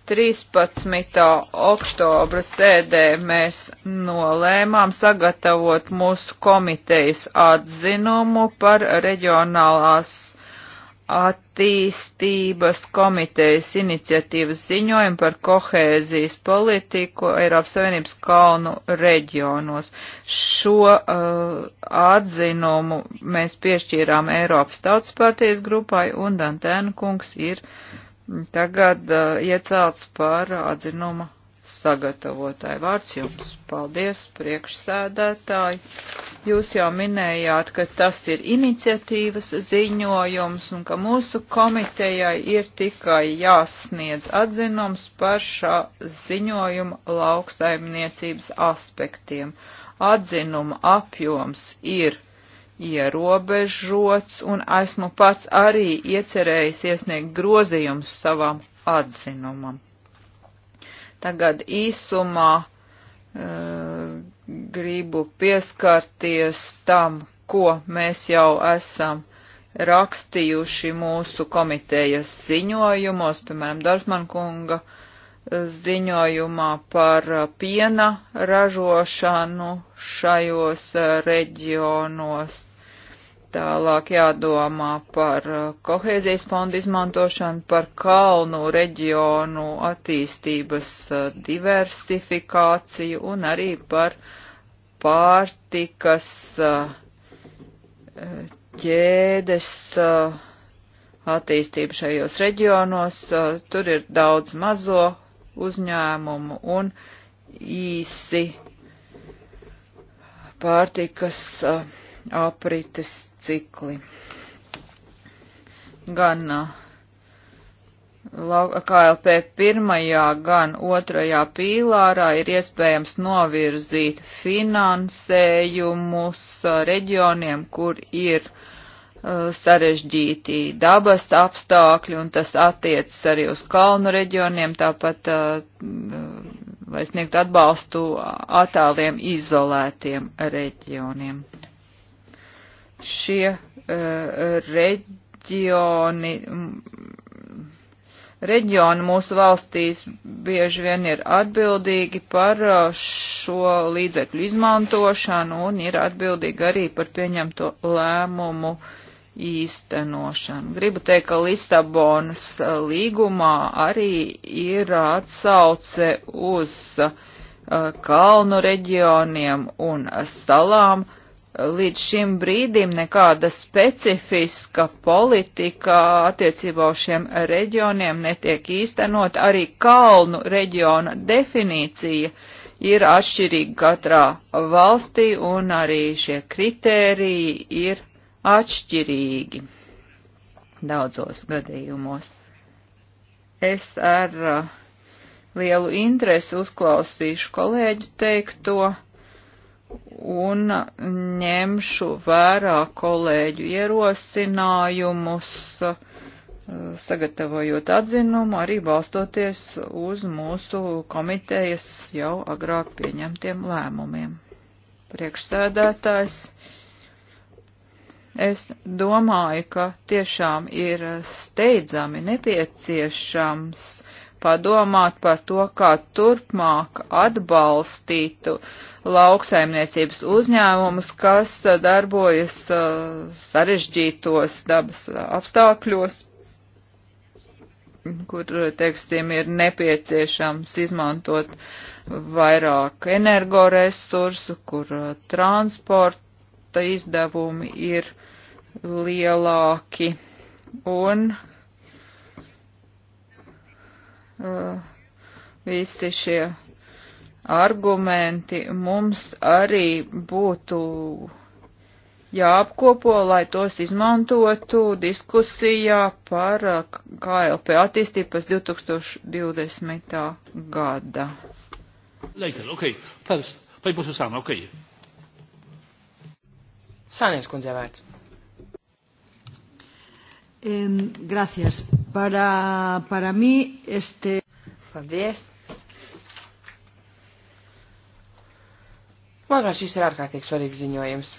[SPEAKER 1] 13. oktobra sēdē mēs nolēmām sagatavot mūsu komitejas atzinumu par reģionālās attīstības komitejas iniciatīvas ziņojumu par kohēzijas politiku Eiropas Savienības kalnu reģionos. Šo uh, atzinumu mēs piešķīrām Eiropas Tautas partijas grupai un Dantēna kungs ir uh, tagad uh, iecelts par atzinuma sagatavotāju. Vārds jums. Paldies, priekšsēdētāji. Jūs jau minējāt, ka tas ir iniciatīvas ziņojums un ka mūsu komitejai ir tikai jāsniedz atzinums par šā ziņojuma lauksaimniecības aspektiem. Atzinuma apjoms ir ierobežots, un esmu pats arī iecerējis iesniegt grozījumus savam atzinumam. Tagad īsumā uh, gribu pieskarties tam, ko mēs jau esam rakstījuši mūsu komitejas ziņojumos, piemēram, Dārfman kunga e, ziņojumā par piena ražošanu šajos e, reģionos Tālāk jādomā par uh, kohēzijas fondu izmantošanu, par kalnu reģionu attīstības uh, diversifikāciju un arī par pārtikas uh, ķēdes attīstību šajos reģionos. Tur ir daudz mazo uzņēmumu un īsi pārtikas uh, aprites cikli. Gan KLP pirmajā, gan otrajā pīlārā ir iespējams novirzīt finansējumus reģioniem, kur ir sarežģīti dabas apstākļi, un tas attiecas arī uz kalnu reģioniem, tāpat, lai sniegt atbalstu attāliem izolētiem reģioniem šie eh, reģioni, reģioni mūsu valstīs bieži vien ir atbildīgi par eh, šo līdzekļu izmantošanu un ir atbildīgi arī par pieņemto lēmumu īstenošanu. Gribu teikt, ka Lisabonas eh, līgumā arī ir atsauce uz kalnu reģioniem un salām, līdz šim brīdim nekāda specifiska politika attiecībā uz šiem reģioniem netiek īstenot. Arī kalnu reģiona definīcija ir atšķirīga katrā valstī un arī šie kritēriji ir atšķirīgi daudzos gadījumos. Es ar uh, lielu interesi uzklausīšu kolēģu teikto un ņemšu vērā kolēģu ierosinājumus, sagatavojot atzinumu, arī balstoties uz mūsu komitejas jau agrāk pieņemtiem lēmumiem. Priekšsēdētājs. Es domāju, ka tiešām ir steidzami nepieciešams uh, padomāt par to, kā turpmāk atbalstītu lauksaimniecības uzņēmumus, kas darbojas uh, sarežģītos dabas apstākļos, kur, teiksim, ir nepieciešams izmantot vairāk energoresursu, kur uh, transporta izdevumi ir lielāki un Eh, visi šie argumenti mums arī būtu jāapkopo, lai tos izmantotu diskusijā par eh, KLP attīstību pēc 2020. gada.
[SPEAKER 3] Later, okay. First, vai būs Susana, ok.
[SPEAKER 2] Sānies kundze vērts.
[SPEAKER 1] Eh, gracias. Para, para mí, este. Paldies. Manuprāt,
[SPEAKER 2] šis ir ārkārtīgi svarīgs ziņojums.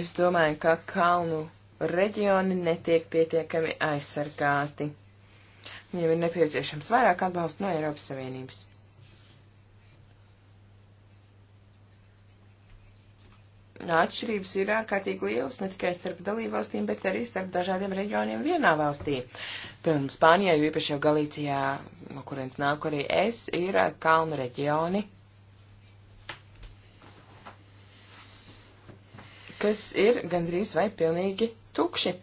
[SPEAKER 2] Es domāju, ka kalnu reģioni netiek pietiekami aizsargāti. Viņiem ir nepieciešams vairāk atbalsta no Eiropas Savienības. atšķirības ir ārkārtīgi lielas ne tikai starp dalībvalstīm, bet arī starp dažādiem reģioniem vienā valstī. Piemēram, Spānijā, jo īpaši jau Galīcijā, no kurienes nāku arī es, ir kalnu reģioni, kas ir gandrīz vai pilnīgi tukši.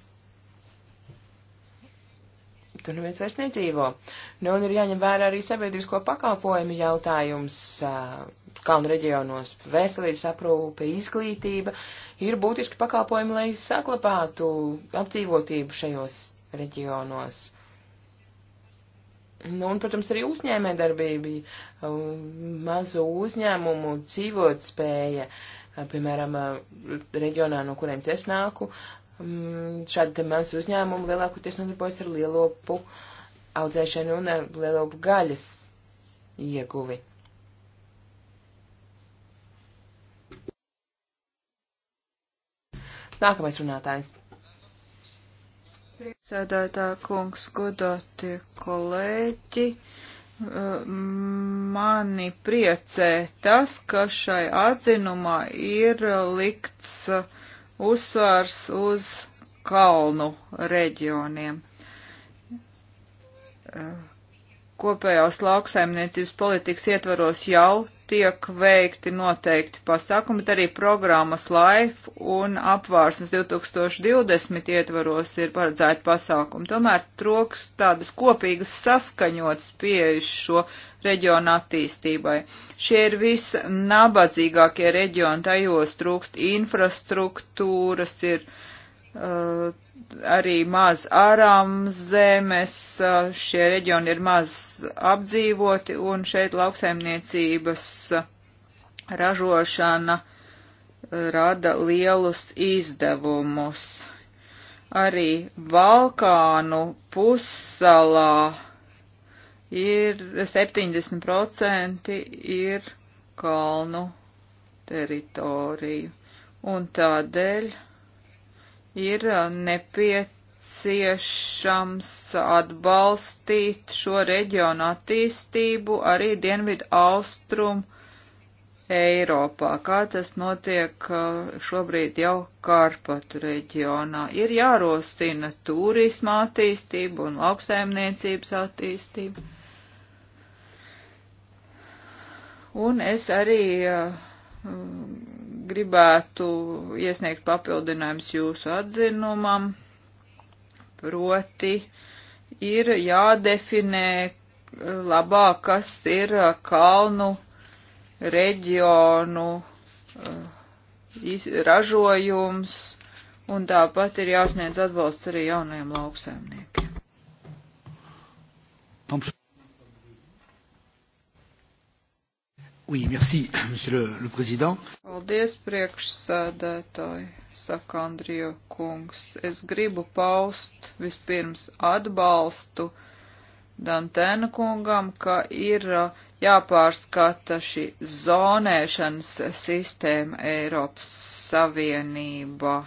[SPEAKER 2] Tur neviens vairs nedzīvo. Nu, un ir jāņem vērā arī sabiedrisko pakalpojumu jautājums. Uh, kalnu reģionos veselības aprūpe, izglītība ir būtiski pakalpojumi, lai saglabātu apdzīvotību šajos reģionos. Nu, un, protams, arī uzņēmē darbība, um, mazu uzņēmumu dzīvot spēja, uh, piemēram, uh, reģionā, no kurienes es nāku, um, šādi mazi uzņēmumi lielākoties nodarbojas ar lielopu audzēšanu un lielopu gaļas ieguvi. Nākamais runātājs.
[SPEAKER 1] Priekšsēdētā kungs, godātie kolēģi. Eh, mani priecē tas, ka šai atzinumā ir likts eh, uzsvars uz kalnu reģioniem. Eh, kopējās lauksaimniecības politikas ietvaros jau tiek veikti noteikti pasākumi, bet arī programmas LIFE un apvārsnes 2020 ietvaros ir paredzēti pasākumi. Tomēr troks tādas kopīgas saskaņotas pieejas šo reģionu attīstībai. Šie ir visnabadzīgākie reģioni, tajos trūkst infrastruktūras, ir uh, Uh, arī maz ārām zemes, uh, šie reģioni ir maz apdzīvoti un šeit lauksaimniecības ražošana eh, rada lielus izdevumus. Arī Balkānu pussalā ir 70% ir kalnu teritoriju un tādēļ ir uh, nepieciešams atbalstīt šo reģionu attīstību arī dienvidu austrumu Eiropā, kā tas notiek uh, šobrīd jau Karpatu reģionā. Ir jārosina turisma attīstība un lauksaimniecības attīstība. Un es arī uh, gribētu iesniegt papildinājums jūsu atzinumam, proti ir jādefinē eh, labāk, kas ir eh, kalnu reģionu eh, ražojums, un tāpat ir jāsniedz atbalsts arī jaunajiem lauksēmniekiem. Oui, merci, monsieur le, le président. Paldies, priekšsēdētāji, saka Andrija kungs. Es gribu paust vispirms atbalstu Dantēna kungam, ka ir jāpārskata šī zonēšanas sistēma Eiropas Savienībā.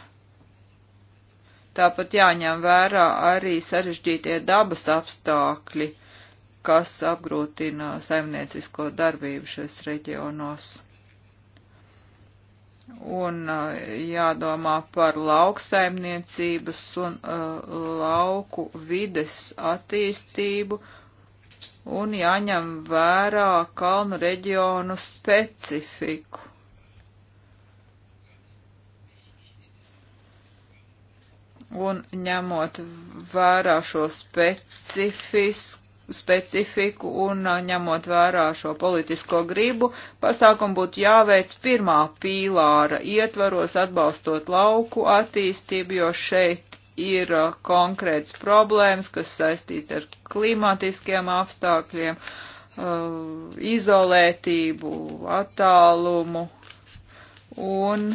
[SPEAKER 1] Tāpat jāņem vērā arī sarežģītie dabas apstākļi kas apgrūtina saimniecisko darbību šajos reģionos. Un uh, jādomā par lauksaimniecības un uh, lauku vides attīstību un jāņem vērā kalnu reģionu specifiku. Un ņemot vērā šo specifisku specifiku un ņemot vērā šo politisko gribu, pasākumu būtu jāveic pirmā pīlāra ietvaros atbalstot lauku attīstību, jo šeit ir konkrēts problēmas, kas saistīts ar klimatiskiem apstākļiem, izolētību, attālumu un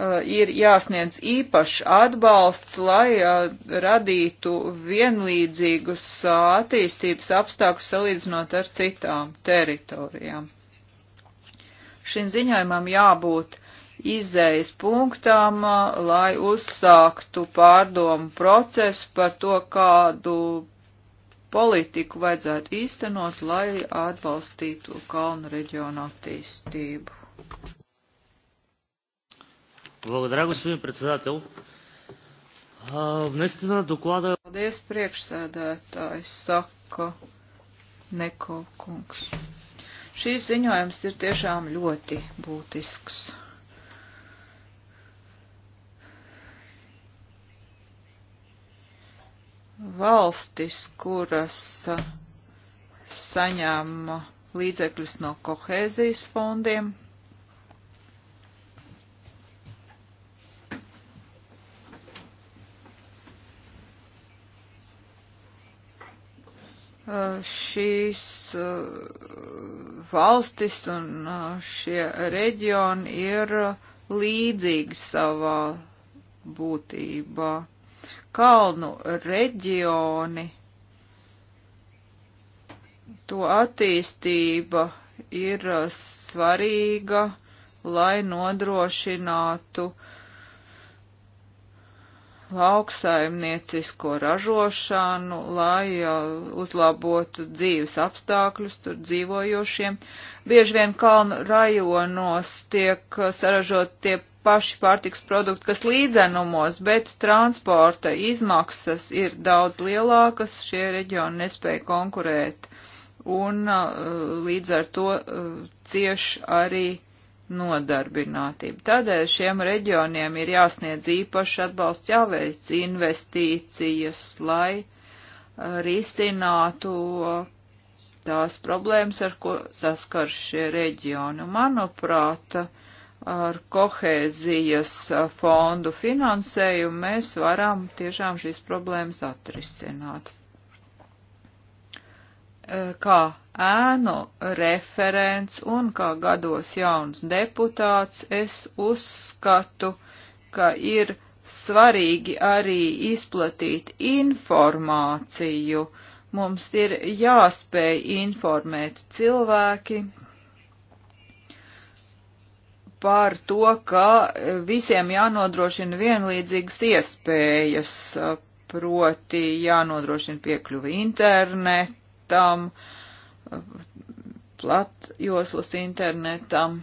[SPEAKER 1] Uh, ir jāsniedz īpašs atbalsts, lai uh, radītu vienlīdzīgus attīstības apstākļus salīdzinot ar citām teritorijām. Šim ziņojumam jābūt izējas punktām, uh, lai uzsāktu pārdomu procesu par to, kādu politiku vajadzētu īstenot, lai atbalstītu kalnu reģionu attīstību.
[SPEAKER 2] Благодаря, господин председател.
[SPEAKER 1] Наистина доклада... Paldies, priekšsēdētājs, saka Neko kungs. Šīs ziņojums ir tiešām ļoti būtisks. Valstis, kuras saņēma līdzekļus no kohēzijas fondiem, Eh, šīs eh, valstis un eh, šie reģioni ir līdzīgi savā būtībā. Kalnu reģioni, to attīstība ir svarīga, lai nodrošinātu uh, lauksaimniecisko ražošanu, lai uh, uzlabotu dzīves apstākļus tur dzīvojošiem. Bieži vien kalnu rajonos tiek saražot tie paši pārtiks produkti, kas līdzenumos, bet transporta izmaksas ir daudz lielākas, šie reģioni nespēja konkurēt, un uh, līdz ar to uh, cieš arī nodarbinātību. Tādēļ šiem reģioniem ir jāsniedz īpaši atbalsts, jāveic investīcijas, lai eh, risinātu tās problēmas, ar ko saskar šie reģioni. Manuprāt, ar kohēzijas fondu finansējumu mēs varam tiešām šīs problēmas atrisināt. Eh, kā ēnu referents un kā gados jauns deputāts, es uzskatu, ka ir svarīgi arī izplatīt informāciju. Mums ir jāspēj informēt cilvēki par to, ka visiem jānodrošina vienlīdzīgas iespējas, proti jānodrošina piekļuvi internetam, uh, platjoslas internetam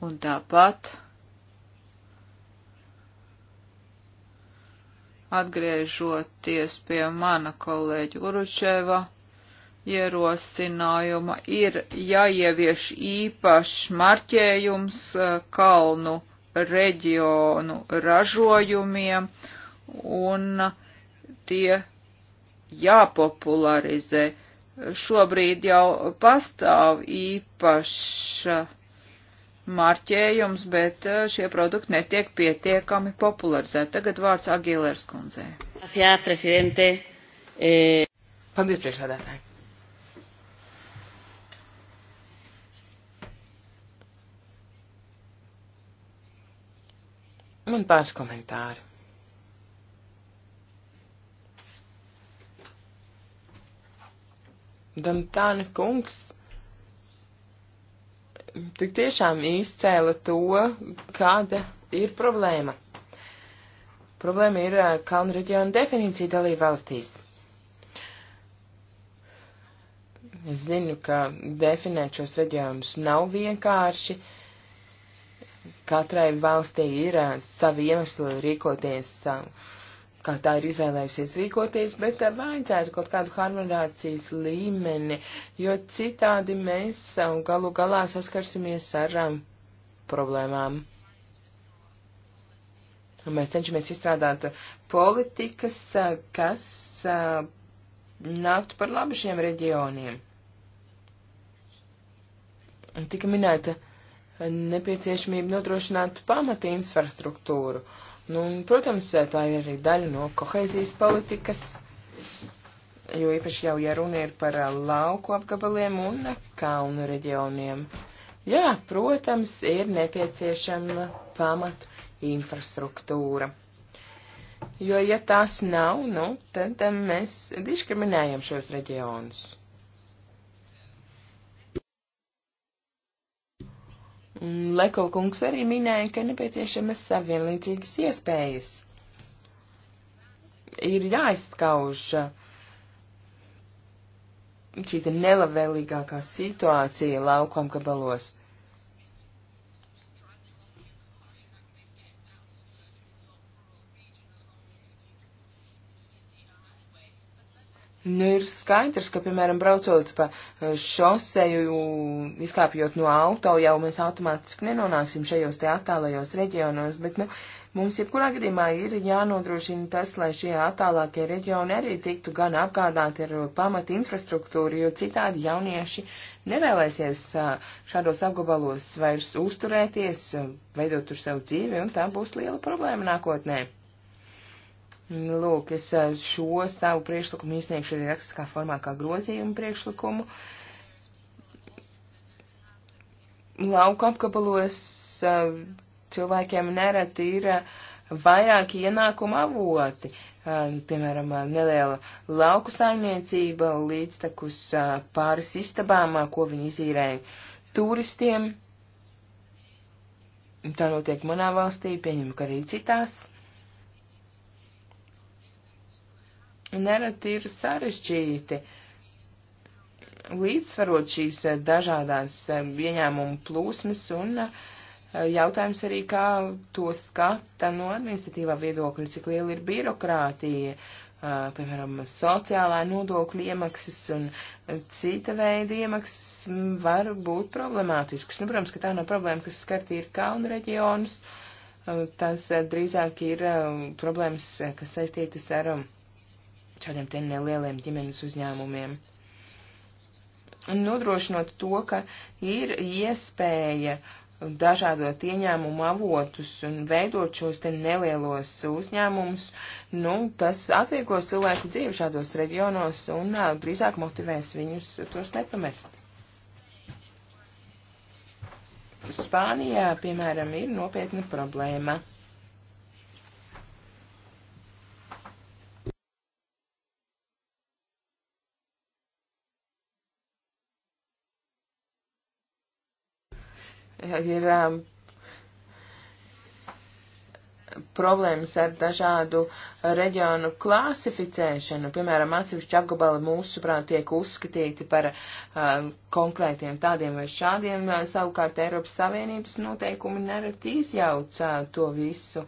[SPEAKER 1] un tāpat atgriežoties pie mana kolēģa Uručeva ierosinājuma, ir jāievieš īpašs marķējums eh, kalnu reģionu ražojumiem un tie jāpopularizē šobrīd jau pastāv īpaša marķējums, bet eh, šie produkti netiek pietiekami popularizēti. Tagad vārds Agilērs kundzē. Eh, Paldies, priekšsēdētāji.
[SPEAKER 2] Man pāris komentāri. Dantāna kungs tik tiešām izcēla to, kāda ir problēma. Problēma ir eh, kalnu reģiona definīcija dalība valstīs. Es zinu, ka definēt šos reģionus nav vienkārši. Katrai valstī ir eh, savi iemesli rīkoties uh, kā tā ir izvēlējusies rīkoties, bet eh, vajadzētu kaut kādu harmonizācijas līmeni, jo citādi mēs eh, galu galā saskarsimies ar um, problēmām. Mēs cenšamies izstrādāt politikas, eh, kas nāktu par labu šiem reģioniem. Tika minēta nepieciešamība nodrošināt pamata infrastruktūru. Uh, Nu, un, protams, tā ir arī daļa no kohēzijas politikas, jo īpaši jau, ja runa ir par lauku apgabaliem un kalnu reģioniem. Jā, protams, ir nepieciešama pamatu infrastruktūra. Jo, ja tās nav, nu, tad mēs diskriminējam šos reģionus. Leko kungs arī minēja, ka nepieciešamas savienlīdzīgas iespējas. Ir jāizskauž šī nelabvēlīgākā situācija lauku apgabalos. Nu, ir skaidrs, ka, piemēram, braucot pa eh, šoseju, izkāpjot no auto, jau mēs automātiski nenonāksim šajos te attālajos reģionos, bet, nu, mums jebkurā gadījumā ir jānodrošina tas, lai šie attālākie reģioni arī tiktu gan apgādāti ar pamat infrastruktūru, jo citādi jaunieši nevēlēsies eh, šādos apgabalos vairs uzturēties, veidot tur savu dzīvi, un tā būs liela problēma nākotnē. Lūk, es eh, šo savu priekšlikumu izniegšu arī rakstiskā formā kā grozījumu priekšlikumu. Lauka apkabalos eh, cilvēkiem nereti ir eh, vairāk ienākuma avoti, piemēram, neliela lauku saimniecība līdz takus pāris istabām, ko viņi izīrēja turistiem. Tā notiek manā valstī, pieņem, ka arī citās. nereti ir sarežģīti līdzsvarot šīs eh, dažādās eh, ieņēmumu plūsmas un eh, jautājums arī, kā to skata no administratīvā viedokļa, cik liela ir birokrātija, piemēram, sociālā nodokļa iemaksas un cita veida iemaksas var būt problemātiskas. Nu, protams, ka tā nav problēma, kas skart ir kalnu reģionus, tas drīzāk ir problēmas, kas saistītas ar um, šādiem te nelieliem ģimenes uzņēmumiem. Un nodrošinot to, ka ir iespēja dažādot ieņēmumu avotus un veidot šos te nelielos uzņēmumus, nu, tas atvieglos cilvēku dzīvi šādos reģionos un uh, drīzāk motivēs viņus tos nepamest. Spānijā, piemēram, ir nopietna problēma ir um, problēmas ar dažādu reģionu klasificēšanu. Piemēram, atsevišķi apgabali mūsuprāt tiek uzskatīti par uh, konkrētiem tādiem vai šādiem, uh, savukārt Eiropas Savienības noteikumi nereti izjauc uh, to visu.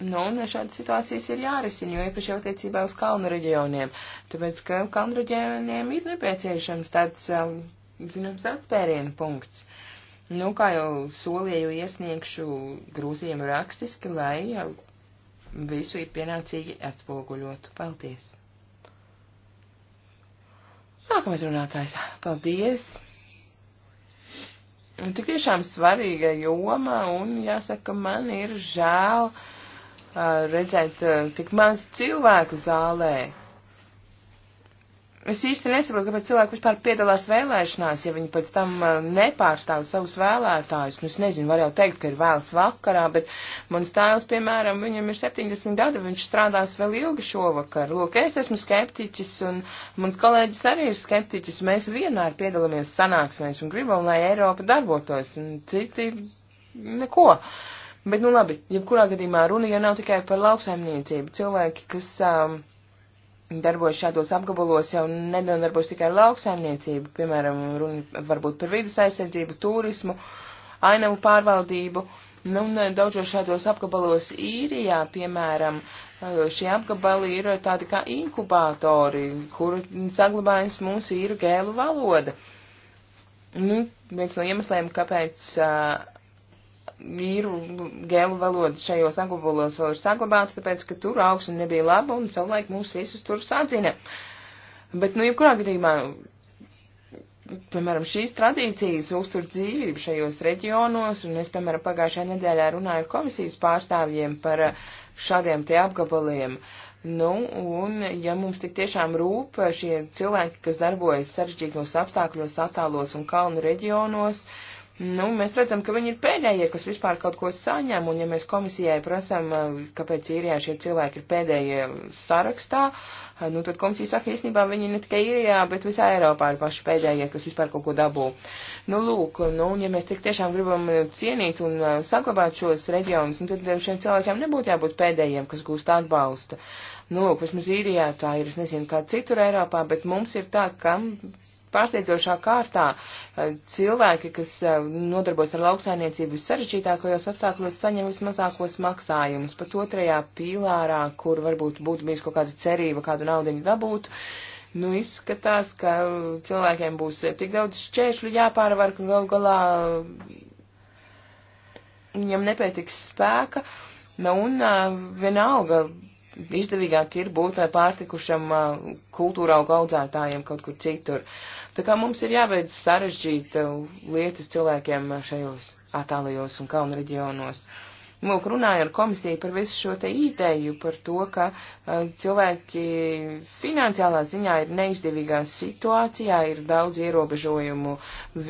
[SPEAKER 2] Nu, un šādas situācijas ir jārisina, jo īpaši attiecībā uz kalnu reģioniem, tāpēc, ka kalnu reģioniem ir nepieciešams tāds uh, zināms, atspērienu punkts. Nu, kā jau solīju, iesniegšu grūzījumu rakstiski, lai jau visu ir pienācīgi atspoguļotu. Paldies! Nākamais runātājs. Paldies! Un tik tiešām svarīga joma, un jāsaka, man ir žēl uh, redzēt uh, tik maz cilvēku zālē. Es īsti nesaprotu, kāpēc cilvēki vispār piedalās vēlēšanās, ja viņi pēc tam uh, nepārstāv savus vēlētājus. Nu, es nezinu, var jau teikt, ka ir vēls vakarā, bet mans tēls, piemēram, viņam ir 70 gadi, viņš strādās vēl ilgi šovakar. Lūk, es esmu skeptiķis, un mans kolēģis arī ir skeptiķis. Mēs vienmēr piedalāmies sanāksmēs un gribam, lai Eiropa darbotos, un citi neko. Bet, nu labi, jebkurā gadījumā runa jau nav tikai par lauksaimniecību. Cilvēki, kas. Um, darbojas šādos apgabalos, jau nedarbojas tikai lauksaimniecību, piemēram, runa varbūt par vidas aizsardzību, turismu, ainavu pārvaldību. Nu, un e, daudzos šādos apgabalos īrijā, piemēram, e, šie apgabali ir tādi kā inkubātori, kur saglabājas mūsu īru gēlu valoda. Nu, viens no iemesliem, kāpēc uh, īru gēlu valoda šajos aglobulos vēl ir saglabāta, tāpēc, ka tur augsne nebija laba un savulaik mūs visus tur sadzina. Bet, nu, jebkurā gadījumā, piemēram, šīs tradīcijas uztur dzīvību šajos reģionos, un es, piemēram, pagājušajā nedēļā runāju ar komisijas pārstāvjiem par eh, šādiem te apgabaliem. Nu, un ja mums tik tiešām rūp šie cilvēki, kas darbojas sarežģītos apstākļos, attālos un kalnu reģionos, uh, Nu, mēs redzam, ka viņi ir pēdējie, kas vispār kaut ko saņem, un ja mēs komisijai prasam, eh, kāpēc īrijā šie cilvēki ir pēdējie sarakstā, eh, nu, tad komisija saka, īstenībā viņi ne tikai īrijā, bet visā Eiropā ir paši pēdējie, kas vispār kaut ko dabū. Nu, lūk, nu, ja mēs tik tiešām gribam eh, cienīt un saglabāt šos reģionus, nu, tad šiem cilvēkiem nebūtu jābūt pēdējiem, kas gūst atbalstu. Nu, lūk, vismaz īrijā tā ir, es nezinu, kā citur Eiropā, bet mums ir tā, ka pārsteidzošā kārtā eh, cilvēki, kas eh, nodarbojas ar lauksainiecību sarežģītākajos apstākļos, saņem vismazākos maksājumus. Pat otrajā pīlārā, kur varbūt būtu bijis kaut kāda cerība, kādu naudiņu dabūt, nu izskatās, ka cilvēkiem būs eh, tik daudz šķēršļu jāpārvar, ka gal galā viņam nepietiks spēka. Nu, un vienalga izdevīgāk ir būt pārtikušam kultūra auga audzētājiem kaut kur citur. Uh, Tā kā mums ir jābeidz sarežģīt uh, lietas cilvēkiem uh, šajos attālajos un kalnu reģionos. Lūk, runāju ar komisiju par visu šo te ideju, par to, ka uh, cilvēki finansiālā ziņā ir neizdevīgā situācijā, ir daudz ierobežojumu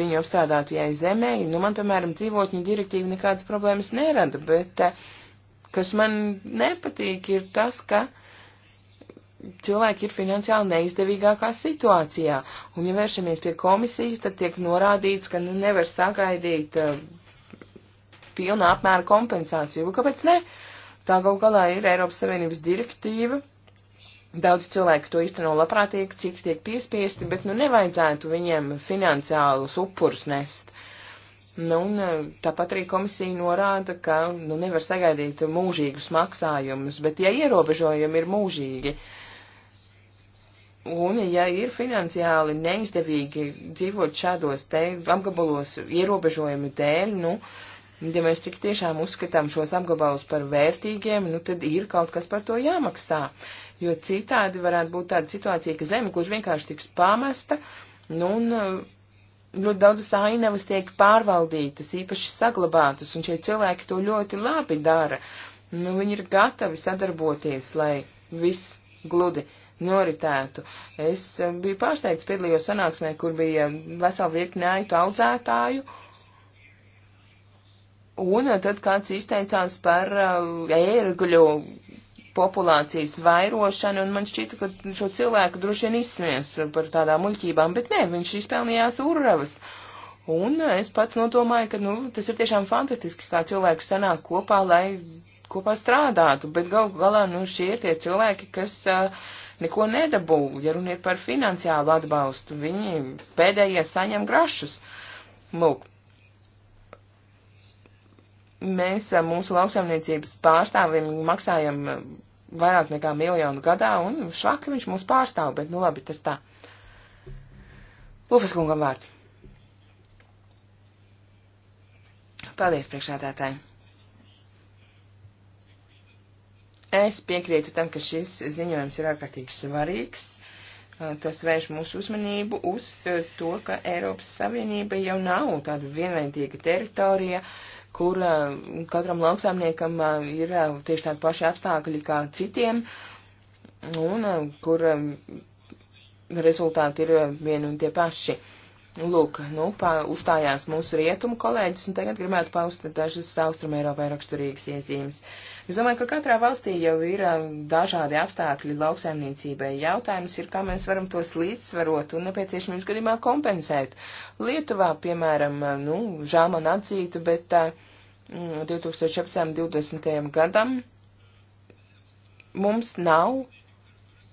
[SPEAKER 2] viņu apstrādātajai zemē. Nu, man, piemēram, dzīvotņu direktīva nekādas problēmas nerada, bet uh, kas man nepatīk ir tas, ka uh, cilvēki ir finansiāli neizdevīgākā situācijā. Un, ja vēršamies pie komisijas, tad tiek norādīts, ka nu, nevar sagaidīt uh, eh, pilnā apmēra kompensāciju. Un, kāpēc ne? Tā gal galā ir Eiropas Savienības direktīva. Daudz cilvēku to īsteno labprātīgi, citi tiek piespiesti, bet nu nevajadzētu viņiem finansiālus upurus nest. Nu, un, eh, tāpat arī komisija norāda, ka nu, nevar sagaidīt mūžīgus maksājumus, bet ja ierobežojumi ir mūžīgi, uh, Un, ja ir finansiāli neizdevīgi dzīvot šādos te apgabalos ierobežojumu dēļ, nu, ja mēs tik tiešām uzskatām šos apgabalus par vērtīgiem, nu, tad ir kaut kas par to jāmaksā. Jo citādi varētu būt tāda situācija, ka zeme, kurš vienkārši tiks pamesta, nu, un nu, ļoti daudzas ainavas tiek pārvaldītas, īpaši saglabātas, un šie cilvēki to ļoti labi dara. Nu, viņi ir gatavi sadarboties, lai viss gludi noritētu. Es eh, biju pārsteigts, piedalījos sanāksmē, kur bija vesela virkne aitu audzētāju. Un eh, tad kāds izteicās par eh, ērgļu populācijas vairošanu, un man šķita, ka šo cilvēku droši vien izsmies par tādām muļķībām, bet nē, viņš izpelnījās urravas. Un es pats nodomāju, ka nu, tas ir tiešām fantastiski, kā cilvēki sanāk kopā, lai kopā strādātu, bet gal galā nu, šie ir tie cilvēki, kas uh, neko nedabū, ja runa ir par finansiālu atbalstu, viņi pēdējie saņem grašus. Lūk, mēs mūsu lauksaimniecības pārstāvim maksājam vairāk nekā miljonu gadā, un švaki viņš mūs pārstāv, bet nu labi, tas tā. Lūfas kungam vārds. Paldies, priekšādātāji. Es piekrītu tam, ka šis ziņojums ir ārkārtīgi svarīgs. Uh, tas vērš mūsu uzmanību uz uh, to, ka Eiropas Savienība jau nav tāda vienveidīga teritorija, kur uh, katram lauksaimniekam ir tieši tādi paši apstākļi kā citiem, un kur um, rezultāti ir vien un tie paši. Uh, Lūk, nu, pā, uzstājās mūsu rietumu kolēģis, un tagad gribētu paust dažas austrumu Eiropai raksturīgas iezīmes. Es domāju, ka katrā valstī jau ir um, dažādi apstākļi lauksaimniecībai. Jautājums ir, kā mēs varam tos līdzsvarot un nepieciešamības gadījumā kompensēt. Lietuvā, piemēram, um, nu, žēl man atzītu, bet uh, mm, 2014. 20. gadam mums nav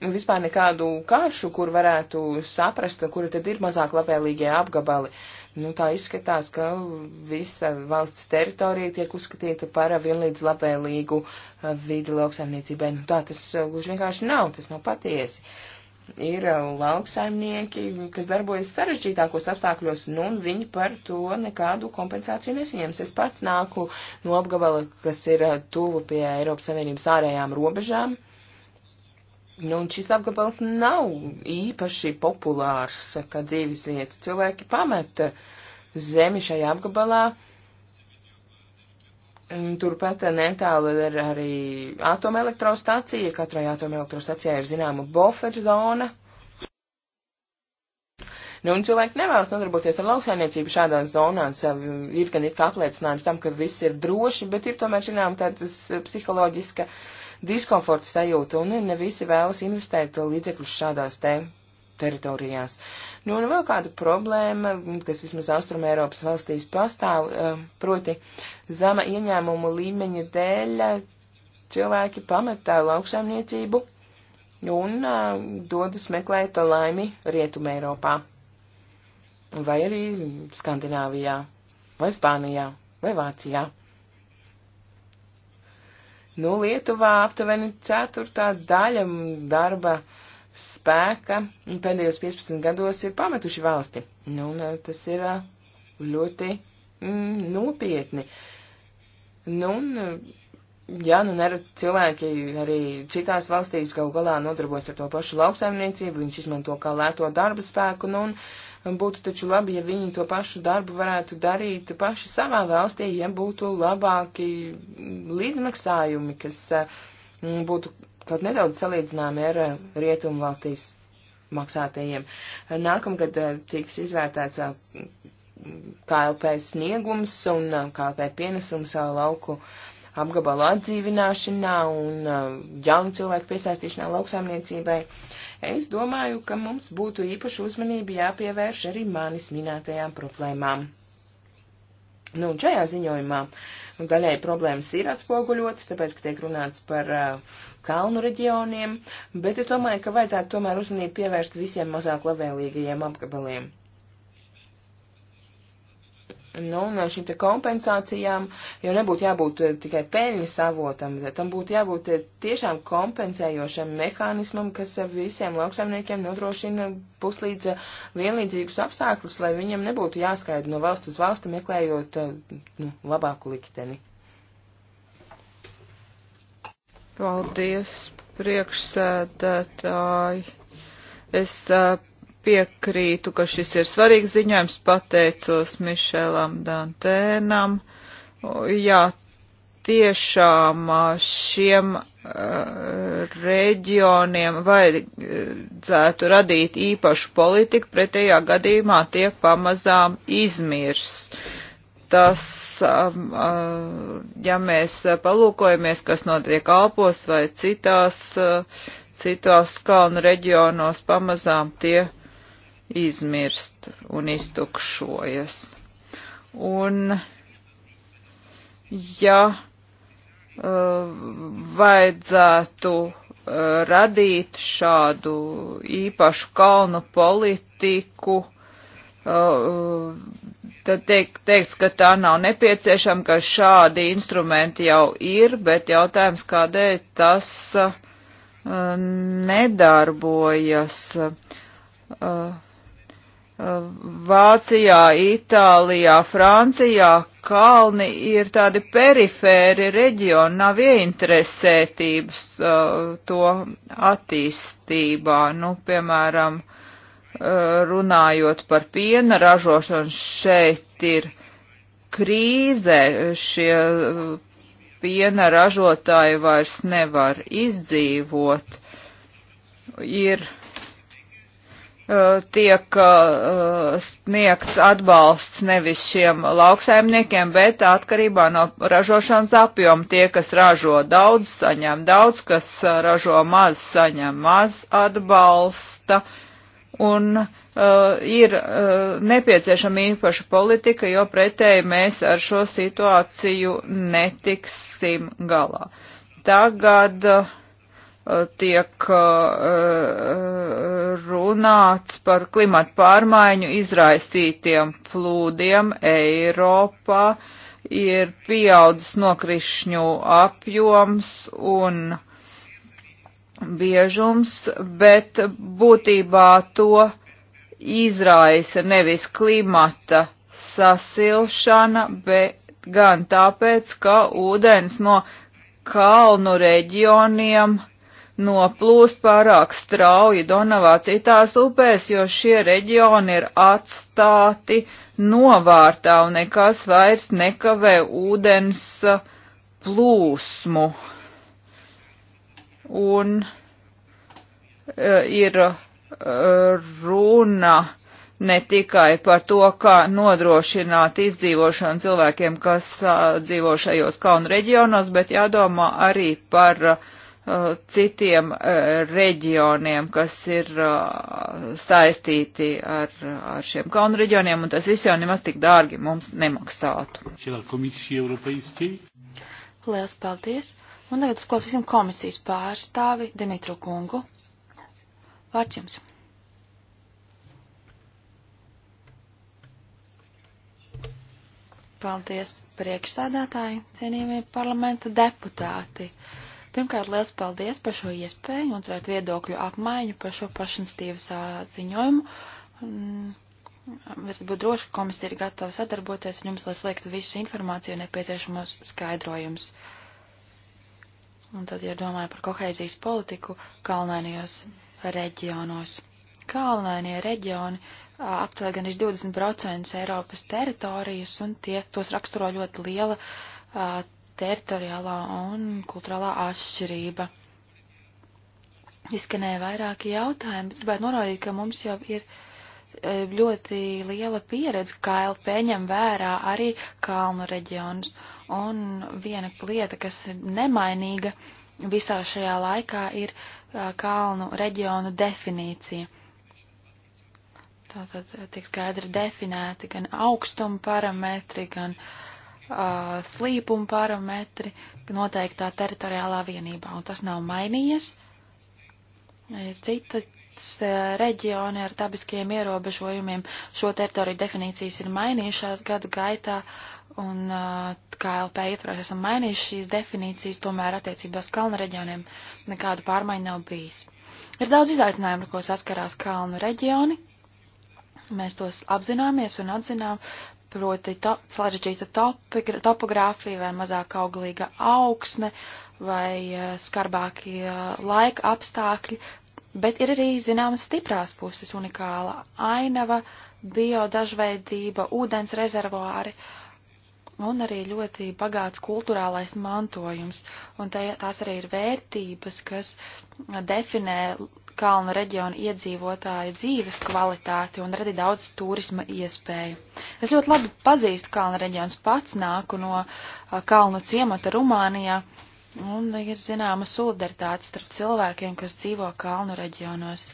[SPEAKER 2] vispār nekādu karšu, kur varētu saprast, kuri tad ir mazāk labvēlīgie apgabali. Nu, tā izskatās, ka visa valsts teritorija tiek uzskatīta par vienlīdz labvēlīgu uh, vidi lauksaimniecībai. Nu, tā tas uh, gluži vienkārši nav, tas nav patiesi. Ir uh, lauksaimnieki, kas darbojas sarežģītākos apstākļos, nu, un viņi par to nekādu kompensāciju nesaņems. Es pats nāku no apgabala, kas ir tuvu pie Eiropas Savienības ārējām robežām Nu, un šis apgabals nav īpaši populārs kā dzīvesvieta. Cilvēki pameta zemi šajā apgabalā. Turpat netālu ir arī atomelektrostacija. Katrai atomelektrostacijai ir zināma buffer zona. Nu, un cilvēki nevēlas nodarboties ar lauksainiecību šādās zonās. Ir gan ir kā apliecinājums tam, ka viss ir droši, bet ir tomēr, zinām, tādas psiholoģiska uh, diskomforta sajūta, un ne visi vēlas investēt līdzekļus šādās te teritorijās. Nu, un vēl kāda problēma, kas vismaz Austrum Eiropas valstīs pastāv, eh, proti zema ieņēmumu līmeņa dēļ eh, cilvēki pametā lauksaimniecību un eh, dodas meklēt laimi Rietum Eiropā. Vai arī Skandināvijā, vai Spānijā, vai Vācijā. Nu, Lietuvā aptuveni ceturtā daļa darba spēka pēdējos 15 gados ir pametuši valsti. Nu, un eh, tas ir eh, ļoti mm, nopietni. Nu, un, eh, jā, nu, nerad cilvēki arī citās valstīs gal galā nodarbojas ar to pašu lauksaimniecību, viņas izmanto kā lēto darba spēku, nu, un Būtu taču labi, ja viņi to pašu darbu varētu darīt paši savā valstī, ja būtu labāki līdzmaksājumi, kas mm, būtu kaut nedaudz salīdzināmi ar eh, rietumu valstīs maksātajiem. Nākamgad eh, tiks izvērtēts eh, KLP sniegums un KLP pienesums lauku apgabalu atdzīvināšanā un jaunu cilvēku piesaistīšanā lauksaimniecībai. Uh, Es domāju, ka mums būtu īpaši uzmanība jāpievērš arī manis minētajām problēmām. Nu, un šajā ziņojumā nu, daļai problēmas ir atspoguļotas, tāpēc, ka tiek runāts par uh, kalnu reģioniem, bet es domāju, ka vajadzētu tomēr uzmanību pievērst visiem mazāk labvēlīgajiem apgabaliem. Nu, un šīm te kompensācijām jau nebūtu jābūt eh, tikai peļņas avotam, bet tam būtu jābūt eh, tiešām kompensējošam mehānismam, kas eh, visiem lauksaimniekiem nodrošina puslīdz vienlīdzīgus apstākļus, lai viņam nebūtu jāskraida no valsts uz valsti meklējot nu, labāku likteni.
[SPEAKER 1] Paldies, priekšsēdētāji. Es uh, piekrītu, ka šis ir svarīgs ziņojums, pateicos Mišelam Dantēnam. Jā, tiešām šiem reģioniem vajadzētu radīt īpašu politiku, pretējā gadījumā tie pamazām izmirs. Tas, ja mēs palūkojamies, kas notiek Alpos vai citās, citās kalnu reģionos, pamazām tie izmirst un iztukšojas. Un ja uh, vajadzētu uh, radīt šādu īpašu kalnu politiku, uh, tad teik, teiks, ka tā nav nepieciešama, ka šādi instrumenti jau ir, bet jautājums, kādēļ tas nedarbojas. Uh, Vācijā, Itālijā, Francijā kalni ir tādi perifēri reģioni, nav ieinteresētības uh, to attīstībā. Nu, piemēram, uh, runājot par piena ražošanu, šeit ir krīze, šie uh, piena ražotāji vairs nevar izdzīvot. Ir Eh, tiek uh, sniegts atbalsts nevis šiem lauksaimniekiem, bet atkarībā no ražošanas apjoma. Tie, kas ražo daudz, saņem daudz, kas eh, ražo maz, saņem maz atbalsta. Un uh, ir uh, nepieciešama īpaša politika, jo pretēji mēs ar šo situāciju netiksim galā. Tagad uh, tiek uh, runāts par klimatu pārmaiņu izraisītiem plūdiem Eiropā, ir pieaudzis nokrišņu apjoms un biežums, bet būtībā to izraisa nevis klimata sasilšana, bet gan tāpēc, ka ūdens no kalnu reģioniem noplūst pārāk strauji Donavā citās upēs, jo šie reģioni ir atstāti novārtā un nekas vairs nekavē ūdens uh, plūsmu. Un uh, ir uh, runa ne tikai par to, kā nodrošināt izdzīvošanu cilvēkiem, kas dzīvo šajos kalnu reģionos, bet jādomā arī par uh, Uh, citiem uh, reģioniem, kas ir uh, saistīti ar, ar šiem kalnu reģioniem, un tas viss jau nemaz tik dārgi mums nemaksātu.
[SPEAKER 3] Lielas paldies! Un tagad uzklausīsim komisijas pārstāvi Dimitru Kungu. Vārds jums! Paldies priekšsādātāji, cienījamie parlamenta deputāti! Uh, Pirmkārt, liels paldies par šo iespēju un turēt viedokļu apmaiņu par šo pašinstīvas ziņojumu. Mm, es būtu droši, ka komisija ir gatava sadarboties ar jums, lai sliektu visu informāciju un nepieciešamos skaidrojumus. Un tad, ja domāju par kohēzijas politiku kalnainajos reģionos. Kalnainie reģioni aptver gan iz 20% Eiropas teritorijas, un tie tos raksturo ļoti liela a, teritoriālā un kulturālā atšķirība. Izskanēja vairāki jautājumi, bet gribētu norādīt, ka mums jau ir e, ļoti liela pieredze, kā LP ņem vērā arī kalnu reģionus. Un viena lieta, kas ir nemainīga visā šajā laikā, ir e, kalnu reģionu definīcija. Tātad tiek skaidri definēti gan augstuma parametri, gan uh, uh, slīpuma parametri noteiktā teritoriālā vienībā, un tas nav mainījies. Citas uh, reģioni ar dabiskiem ierobežojumiem šo teritoriju definīcijas ir mainījušās gadu gaitā, un uh, KLP ietvaros esam mainījuši šīs definīcijas, tomēr attiecībās kalnu reģioniem nekādu pārmaiņu nav bijis. Ir daudz izaicinājumu, ar ko saskarās kalnu reģioni. Mēs tos apzināmies un atzinām, proti to, sarežģīta topogrāfija vai mazāk auglīga augsne vai eh, skarbākie eh, laika apstākļi, bet ir arī zināmas stiprās puses - unikāla ainava, biodažveidība, ūdens rezervāri un arī ļoti bagāts kultūrālais mantojums. Un tā, tās arī ir vērtības, kas definē kalnu reģionu iedzīvotāju dzīves kvalitāti un rada daudz turisma iespēju. Es ļoti labi pazīstu kalnu reģionus pats, nāku no kalnu ciemata Rumānijā, un ir zināma solidaritāte starp cilvēkiem, kas dzīvo kalnu reģionos.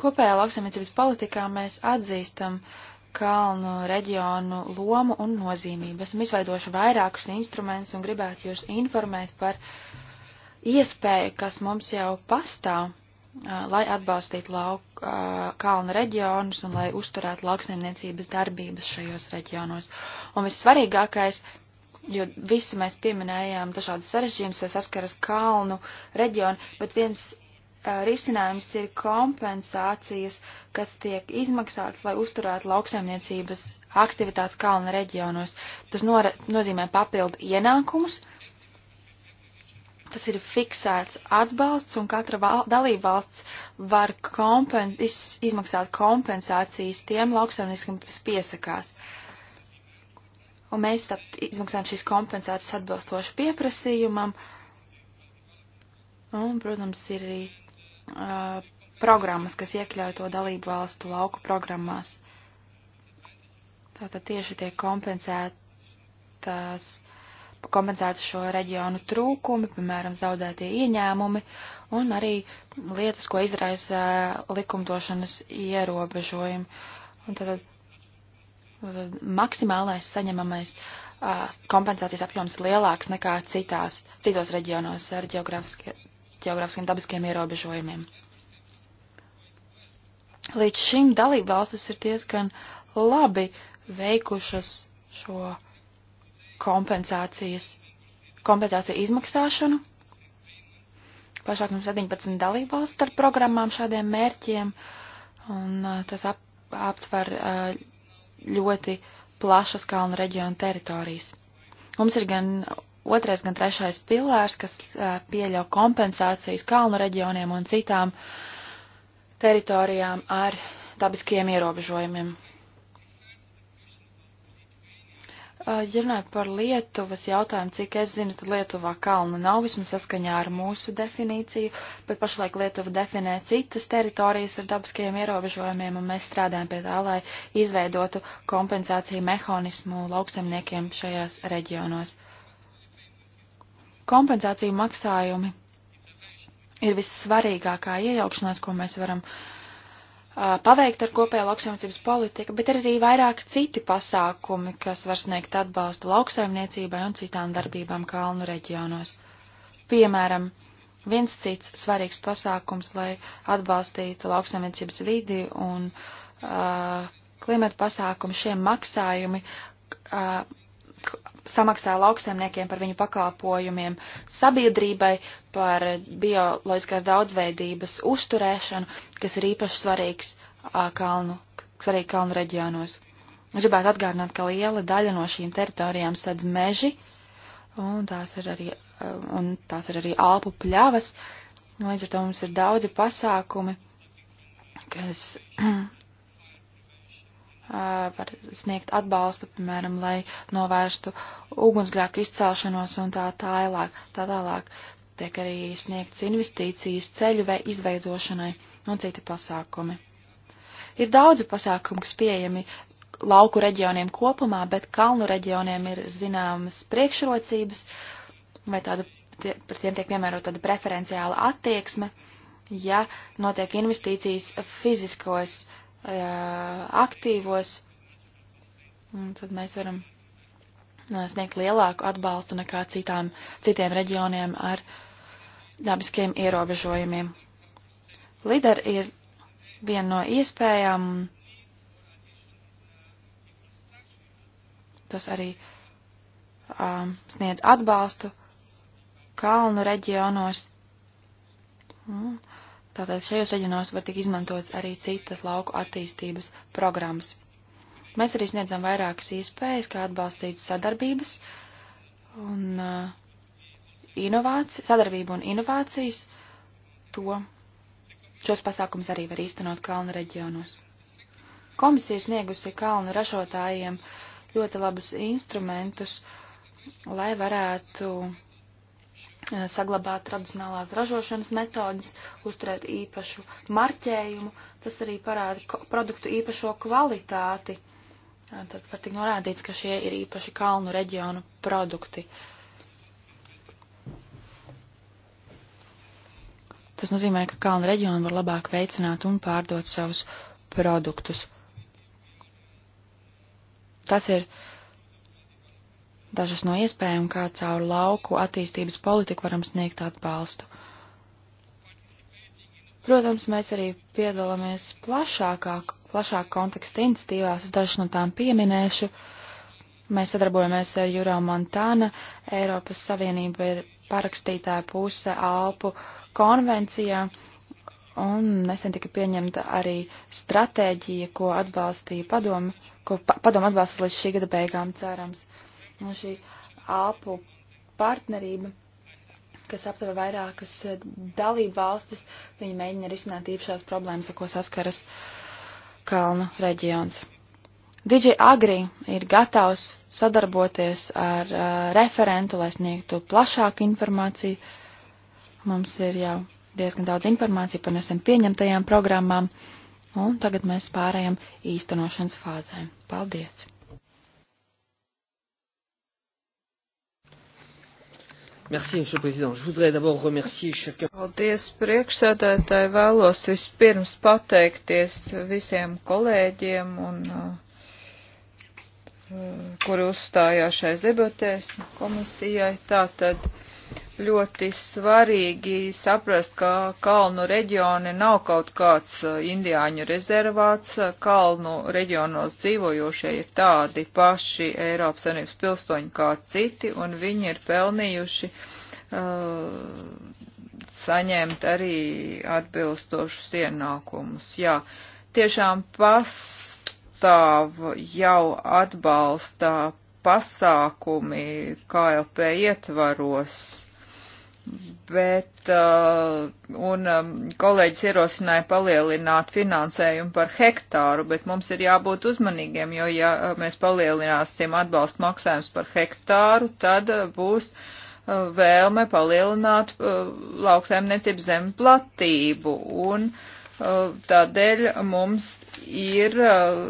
[SPEAKER 3] Kopējā lauksamniecības politikā mēs atzīstam uh, kalnu reģionu lomu un nozīmību. Esmu izveidojuši vairākus instrumentus un gribētu jūs informēt par iespēju, kas mums jau pastāv, lai atbalstītu lauk, kalnu reģionus un lai uzturētu lauksaimniecības darbības šajos reģionos. Un vissvarīgākais, jo visi mēs pieminējām dažādas sarežģījumus, jo saskaras kalnu reģionu, bet viens risinājums ir kompensācijas, kas tiek izmaksātas, lai uzturētu lauksaimniecības aktivitātes kalna reģionos. Tas nora, nozīmē papildu ienākumus. Tas ir fiksēts atbalsts, un katra val, dalība valsts var kompen, iz, izmaksāt kompensācijas tiem lauksaimniekiem, kas piesakās. Un mēs tad izmaksājam šīs kompensācijas atbilstoši pieprasījumam. Un, protams, ir arī uh, programmas, kas iekļauj to dalību valstu lauku programmās. Tātad tieši tiek kompensētas, kompensētas šo reģionu trūkumi, piemēram, zaudētie ieņēmumi un arī lietas, ko izraisa likumdošanas ierobežojumi. Un tātad maksimālais saņemamais uh, kompensācijas apjoms ir lielāks nekā citās, citos reģionos ar ģeogrāfiskiem dabiskiem ierobežojumiem. Līdz šim dalība valstis ir diezgan labi veikušas šo kompensācijas, kompensāciju izmaksāšanu. Pašāk mums 17 dalība valsts ar programmām šādiem mērķiem, un uh, tas ap, aptver uh, ļoti plašas kalnu reģionu teritorijas. Mums ir gan otrais gan trešais pilārs, kas pieļauj kompensācijas kalnu reģioniem un citām teritorijām ar dabiskiem ierobežojumiem. Ja runājam par Lietuvas jautājumu, cik es zinu, tad Lietuvā kalna nav vismaz saskaņā ar mūsu definīciju, bet pašlaik Lietuva definē citas teritorijas ar dabiskajiem ierobežojumiem, un mēs strādājam pie tā, lai izveidotu kompensāciju mehānismu lauksemniekiem šajās reģionos. Uh, Kompensāciju maksājumi ir vissvarīgākā iejaukšanās, ko mēs varam uh, paveikt ar kopējo lauksaimniecības politiku, bet ir arī vairāk citi pasākumi, kas var sniegt atbalstu lauksaimniecībai un citām darbībām kalnu reģionos. Piemēram, viens cits svarīgs pasākums, lai atbalstītu lauksaimniecības vidi un uh, klimata pasākumu šiem maksājumi uh, samaksā lauksaimniekiem par viņu pakalpojumiem sabiedrībai, par bioloģiskās daudzveidības uzturēšanu, kas ir īpaši svarīgs kalnu, svarīgi kalnu reģionos. Gribētu atgādināt, ka liela daļa no šīm teritorijām sadz meži, un tās ir arī, un tās ir arī alpu pļavas, līdz ar to mums ir daudzi pasākumi, kas var sniegt atbalstu, piemēram, lai novērstu ugunsgrēku izcelšanos un tā tālāk. Tā tālāk tiek arī sniegts investīcijas ceļu vai izveidošanai un citi pasākumi. Ir daudzi pasākumi, kas pieejami lauku reģioniem kopumā, bet kalnu reģioniem ir zināmas priekšrocības vai tāda, tie, par tiem tiek piemērota tāda preferenciāla attieksme, ja notiek investīcijas fiziskos uh, aktīvos, un tad mēs varam sniegt lielāku atbalstu nekā citām, citiem reģioniem ar dabiskiem ierobežojumiem. Lider ir viena no iespējām, tas arī um, sniedz atbalstu kalnu reģionos. Mm. Tātad šajos reģionos var tik izmantots arī citas lauku attīstības programmas. Mēs arī sniedzam vairākas iespējas, kā atbalstīt sadarbības un uh, inovācijas, sadarbību un inovācijas. To šos pasākums arī var īstenot kalnu reģionos. Komisija ir sniegusi kalnu ražotājiem ļoti labus instrumentus, lai varētu Eh, saglabāt tradicionālās ražošanas metodas, uzturēt īpašu marķējumu. Tas arī parāda produktu īpašo kvalitāti. Eh, tad var tik norādīts, ka šie ir īpaši kalnu reģionu produkti. Tas nozīmē, ka kalnu reģioni var labāk veicināt un pārdot savus produktus. Tas ir uh, dažas no iespējām, kā caur lauku attīstības politiku varam sniegt atbalstu. Protams, mēs arī piedalāmies plašākā, plašāk konteksta institīvās, dažas no tām pieminēšu. Mēs sadarbojamies ar Jurā Montāna, Eiropas Savienība ir parakstītāja puse Alpu konvencijā, un nesen tika pieņemta arī stratēģija, ko atbalstīja padomu, ko pa, padomu atbalsta līdz šī gada beigām cerams. Uh, Un šī āpu partnerība, kas aptver vairākas eh, dalību valstis, viņi mēģina risināt īpašās problēmas, ar ko saskaras kalnu reģions. DJ Agri ir gatavs sadarboties ar uh, referentu, lai sniegtu plašāku informāciju. Mums ir jau diezgan daudz informāciju par nesen pieņemtajām programmām, un tagad mēs pārējām īstenošanas fāzēm. Paldies!
[SPEAKER 1] Merci, Monsieur le Président. Je voudrais d'abord remercier chacun. Paldies, priekšsēdētāji. Vēlos vispirms pateikties visiem kolēģiem, un, uh, kuri uzstājās šais debatēs komisijai. Tātad ļoti svarīgi saprast, ka kalnu reģioni nav kaut kāds uh, indiāņu rezervāts. Kalnu reģionos dzīvojošie ir tādi paši Eiropas Savienības pilsoņi kā citi, un viņi ir pelnījuši uh, saņemt arī atbilstošus ienākumus. Jā, tiešām pastāv jau atbalstā pasākumi KLP ietvaros bet uh, un um, kolēģis ierosināja palielināt finansējumu par hektāru, bet mums ir jābūt uzmanīgiem, jo ja uh, mēs palielināsim atbalstu maksājums par hektāru, tad uh, būs vēlme palielināt lauksaimniecības zemi platību un uh, Eh, tādēļ mums ir eh,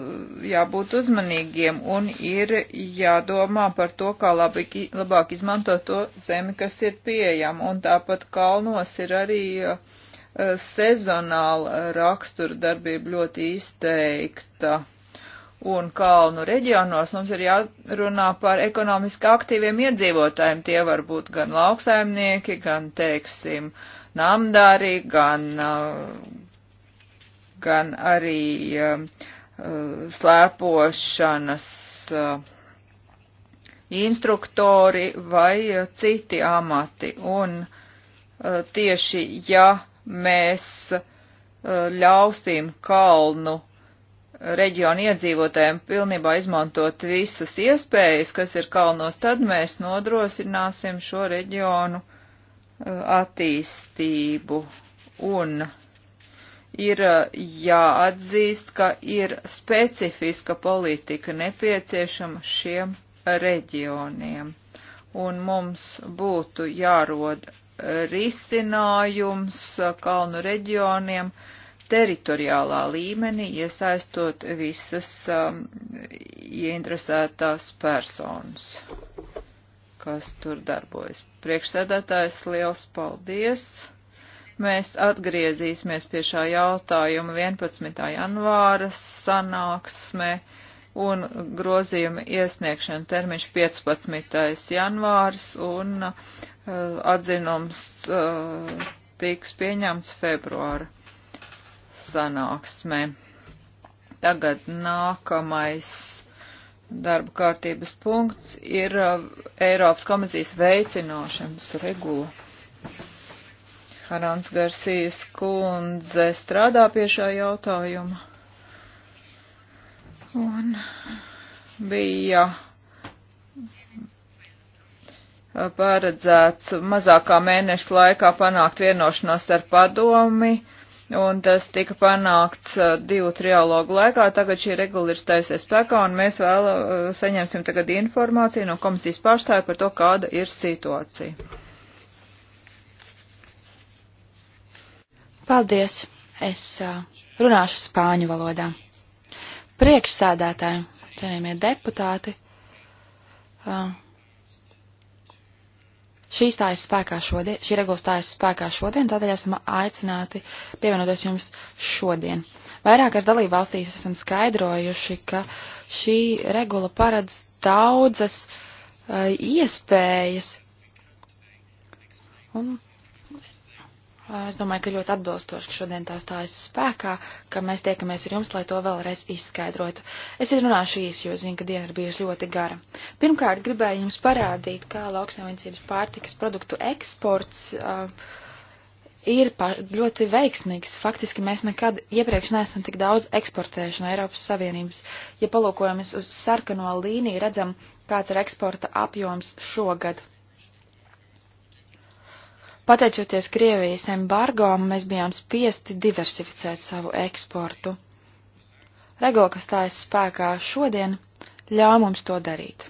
[SPEAKER 1] jābūt uzmanīgiem un ir jādomā par to, kā labi, labāk izmantot to zemi, kas ir pieejama. Un tāpat kalnos ir arī eh, sezonāla rakstura darbība ļoti izteikta. Un kalnu reģionos mums ir jārunā par ekonomiski aktīviem iedzīvotājiem. Tie var būt gan lauksaimnieki, gan, teiksim, namdāri, gan uh, gan arī um, uh, slēpošanas uh, instruktori vai uh, citi amati. Un tieši ja mēs ļausim kalnu reģionu iedzīvotājiem pilnībā izmantot visas iespējas, kas ir kalnos, tad mēs nodrosināsim šo reģionu attīstību un ir uh, jāatzīst, ka ir specifiska politika nepieciešama šiem reģioniem, un mums būtu jārod risinājums uh, kalnu reģioniem teritoriālā līmenī, iesaistot visas um, ieinteresētās personas, kas tur darbojas. Priekšsēdētājs liels paldies! Mēs atgriezīsimies pie šā jautājuma 11. janvāra sanāksmē un grozījuma iesniegšana termiņš 15. janvārs un uh, atzinums uh, tiks pieņemts februāra sanāksmē. Tagad nākamais darba kārtības punkts ir uh, Eiropas komisijas veicināšanas regula. Harāns Garsijas kundze strādā pie šā jautājuma. Un bija paredzēts mazākā mēneša laikā panākt vienošanos ar padomi, un tas tika panākts uh, divu trialogu laikā. Tagad šī regula ir stājusies spēkā, un mēs vēl uh, saņemsim tagad informāciju no komisijas pārstāja par to, kāda ir situācija.
[SPEAKER 3] Paldies! Es uh, runāšu spāņu valodā. Priekšsēdētāji, cienījamie deputāti, uh, šī stājas spēkā šodien, šī regula stājas spēkā šodien, tādēļ esam aicināti pievienoties jums šodien. Vairākās dalībvalstīs esam skaidrojuši, ka šī regula paredz daudzas uh, iespējas. Un Es domāju, ka ļoti atbilstoši, ka šodien tā stājas spēkā, ka mēs tiekamies ar jums, lai to vēlreiz izskaidrotu. Es izrunāšu īsi, jo zinu, ka diena ir bijusi ļoti gara. Pirmkārt, gribēju jums parādīt, kā lauksaimniecības pārtikas produktu eksports uh, ir ļoti veiksmīgs. Faktiski mēs nekad iepriekš neesam tik daudz eksportējuši no Eiropas Savienības. Ja palūkojamies uz sarkano līniju, redzam, kāds ir eksporta apjoms šogad Pateicoties Krievijas embargom, mēs bijām spiesti diversificēt savu eksportu. Regula, kas stājas spēkā šodien, ļauj mums to darīt.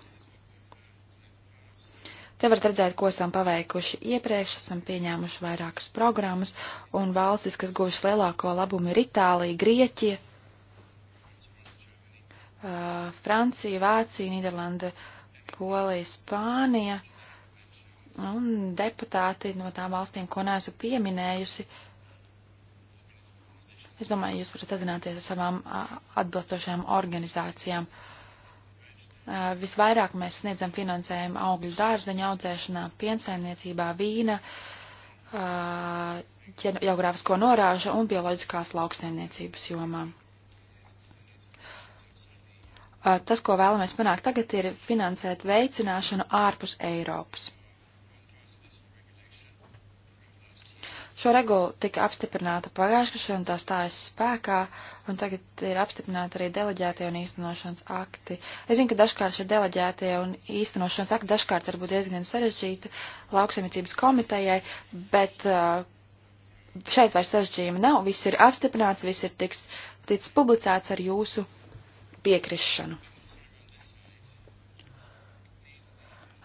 [SPEAKER 3] Te var redzēt, ko esam paveikuši iepriekš, esam pieņēmuši vairākas programmas, un valstis, kas guvušas lielāko labumu, ir Itālija, Grieķija, Francija, Vācija, Nīderlanda, Polija, Spānija. Un deputāti no tām valstīm, ko neesmu pieminējusi, es domāju, jūs varat sazināties ar savām atbilstošajām organizācijām. Visvairāk mēs sniedzam finansējumu augļu dārzeņu audzēšanā, piensaimniecībā, vīna, geogrāfisko norāžu un bioloģiskās lauksaimniecības jomā. Tas, ko vēlamies panākt tagad, ir finansēt veicināšanu ārpus Eiropas. Šo regulu tika apstiprināta pagājušajā gadā, un tā stājas spēkā, un tagad ir apstiprināta arī deleģētie un īstenošanas akti. Es zinu, ka dažkārt šie deleģētie un īstenošanas akti dažkārt var būt diezgan sarežģīti lauksaimniecības komitejai, bet uh, šeit vairs sarežģījuma nav. Viss ir apstiprināts, viss ir tiks, tiks publicēts ar jūsu piekrišanu.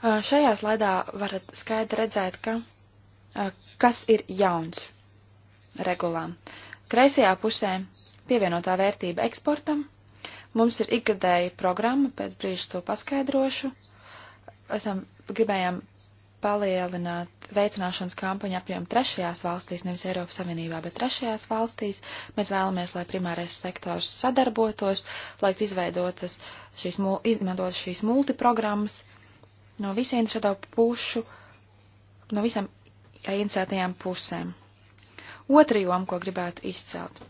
[SPEAKER 3] Uh, šajā slaidā varat skaidri redzēt, ka uh, kas ir jauns regulām. Kreisajā pusē pievienotā vērtība eksportam. Mums ir ikgadēja programma, pēc brīža to paskaidrošu. Esam gribējām palielināt veicināšanas kampaņu apjomu trešajās valstīs, nevis Eiropas Savienībā, bet trešajās valstīs. Mēs vēlamies, lai primārais sektors sadarbotos, lai izveidotas šīs, izmantot šīs multiprogrammas no visiem šādā pušu, no visām inicētajām pusēm. Otra joma, ko gribētu izcelt.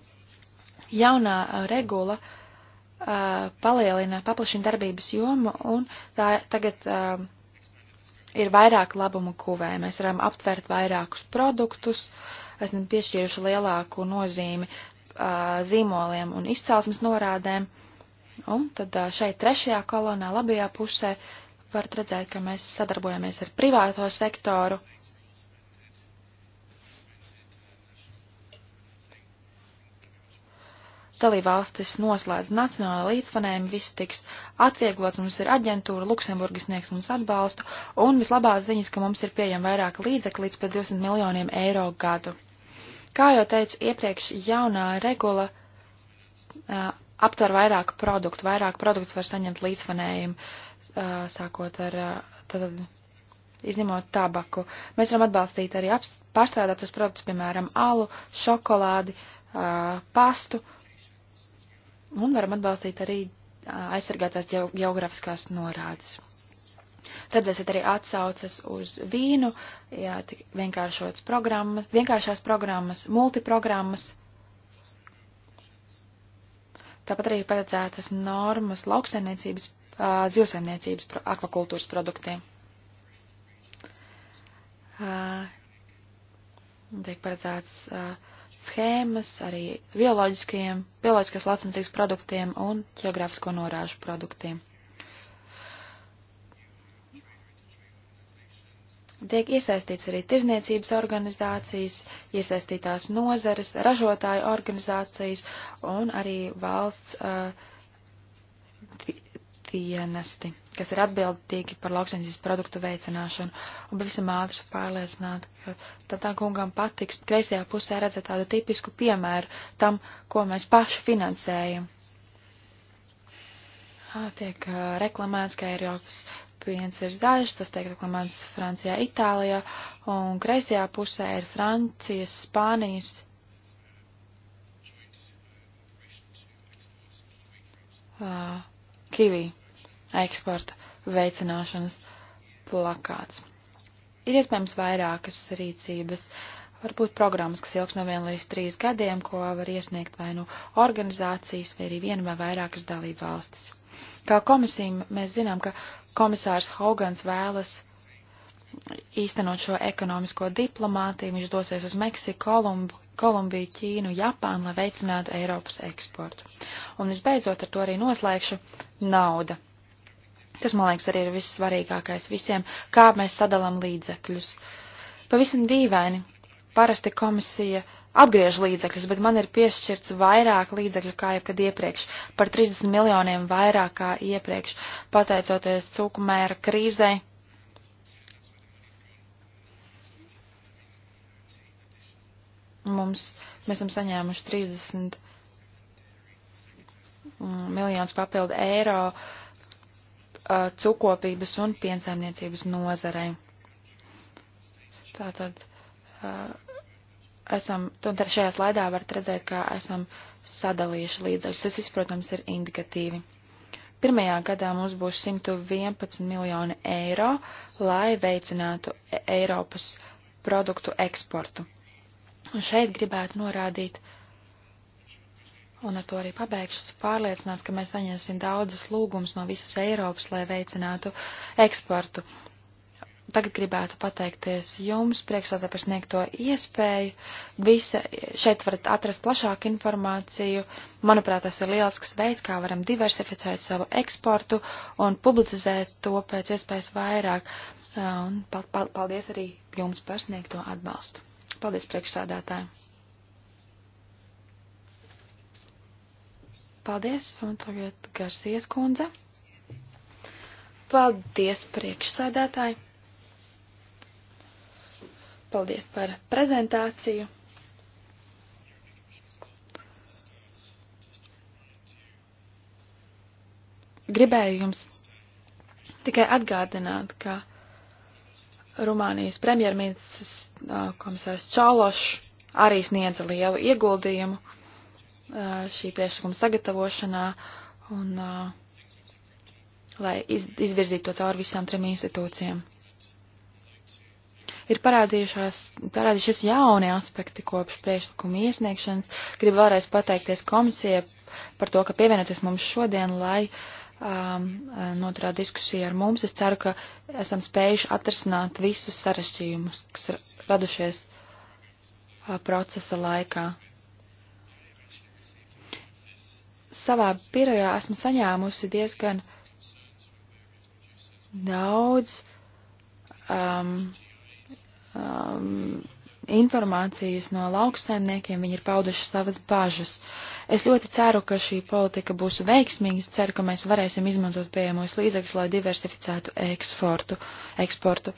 [SPEAKER 3] Jaunā uh, regula uh, palielina, paplašina darbības jomu un tā tagad uh, ir vairāk labumu kuvēja. Mēs varam aptvert vairākus produktus, esam piešķīruši lielāku nozīmi zīmoliem un izcelsmes norādēm. Un tad šeit trešajā kolonā, labajā pusē, var redzēt, ka mēs sadarbojamies ar privāto sektoru dalībvalstis noslēdz nacionāla līdzfanējuma, viss tiks atvieglots, mums ir aģentūra, Luksemburga sniegs mums atbalstu, un vislabās ziņas, ka mums ir pieejama vairāk līdzekļu līdz pat 200 miljoniem eiro gadu. Kā jau teicu iepriekš, jaunā regula uh, aptver vairāk produktu, vairāk produktu var saņemt līdzfanējumu, uh, sākot ar, uh, tad, izņemot tabaku. Mēs varam atbalstīt arī pārstrādātus produktus, piemēram, alu, šokolādi, uh, pastu un varam atbalstīt arī aizsargātās geogrāfiskās norādes. Redzēsiet arī atsaucas uz vīnu, jā, tik vienkāršotas programmas, vienkāršās programmas, multiprogrammas. Tāpat arī ir paredzētas normas lauksaimniecības, zivsaimniecības, akvakultūras produktiem. Tiek paredzēts uh, schēmas arī bioloģiskajiem, bioloģiskās lauksmatikas produktiem un ķeogrāfisko norāžu produktiem. Tiek iesaistīts arī tirzniecības organizācijas, iesaistītās nozares, ražotāju organizācijas un arī valsts uh, dienesti kas ir atbildīgi par lauksaimniecības produktu veicināšanu, un pavisam ātri pārliecināt, ka tad tā kungam patiks kreisajā pusē redzēt tādu tipisku piemēru tam, ko mēs paši finansējam. Ā, tiek uh, reklamēts, ka Eiropas piens ir zaļš, tas tiek reklamēts Francijā, Itālijā, un kreisajā pusē ir Francijas, Spānijas. Uh, kiwi eksporta veicināšanas plakāts. Ir iespējams vairākas rīcības, varbūt programmas, kas ilgs no 1 līdz 3 gadiem, ko var iesniegt vai nu organizācijas, vai arī viena vai vairākas dalība valstis. Kā komisija mēs zinām, ka komisārs Haugans vēlas īstenot šo ekonomisko diplomātiju, viņš dosies uz Meksiku, Kolumbu, Kolumbiju, Ķīnu, Japānu, lai veicinātu Eiropas eksportu. Un visbeidzot ar to arī noslēgšu nauda. Tas, man liekas, arī ir vissvarīgākais visiem, kā mēs sadalām līdzekļus. Pavisam dīvaini. Parasti komisija apgriež līdzekļus, bet man ir piešķirts vairāk līdzekļu kā jebkad iepriekš, par 30 miljoniem vairāk kā iepriekš, pateicoties cūkumēra krīzei. Mums, mēs esam saņēmuši 30 mm, miljonus papildu eiro uh, Uh, cukopības un piensaimniecības nozarei. Tātad uh, esam, un šajā slaidā varat redzēt, kā esam sadalījuši līdzekļus. Tas, protams, ir indikatīvi. Pirmajā gadā mums būs 111 miljoni eiro, lai veicinātu e- Eiropas produktu eksportu. Un šeit gribētu norādīt uh, Un ar to arī pabeigšu. Esmu pārliecināts, ka mēs saņemsim daudzus lūgumus no visas Eiropas, lai veicinātu eksportu. Tagad gribētu pateikties jums, priekšstādā par sniegto iespēju. Visa, šeit varat atrast plašāku informāciju. Manuprāt, tas ir lielisks veids, kā varam diversificēt savu eksportu un publicizēt to pēc iespējas vairāk. Un paldies arī jums par sniegto atbalstu. Paldies priekšsādātājiem! Paldies, un tagad Garsies kundze. Paldies, priekšsēdētāji. Paldies par prezentāciju. gribēju jums tikai atgādināt, ka Rumānijas premjerministrs komisārs Čālošs arī sniedza lielu ieguldījumu Uh, šī priekšlikuma sagatavošanā un uh, lai izvirzītu to cauri visām trim institūcijām. Ir parādījušies jauni aspekti kopš priekšlikuma iesniegšanas. Gribu vēlreiz pateikties komisijai par to, ka pievienoties mums šodien, lai um, noturētu diskusiju ar mums. Es ceru, ka esam spējuši atrasināt visus sarešķījumus, kas radušies uh, procesa laikā. savā birojā esmu saņēmusi diezgan daudz um, um, informācijas no lauksaimniekiem, viņi ir pauduši savas bažas. Es ļoti ceru, ka šī politika būs veiksmīga, es ceru, ka mēs varēsim izmantot pieejamos līdzekļus, lai diversificētu eksportu, eksportu.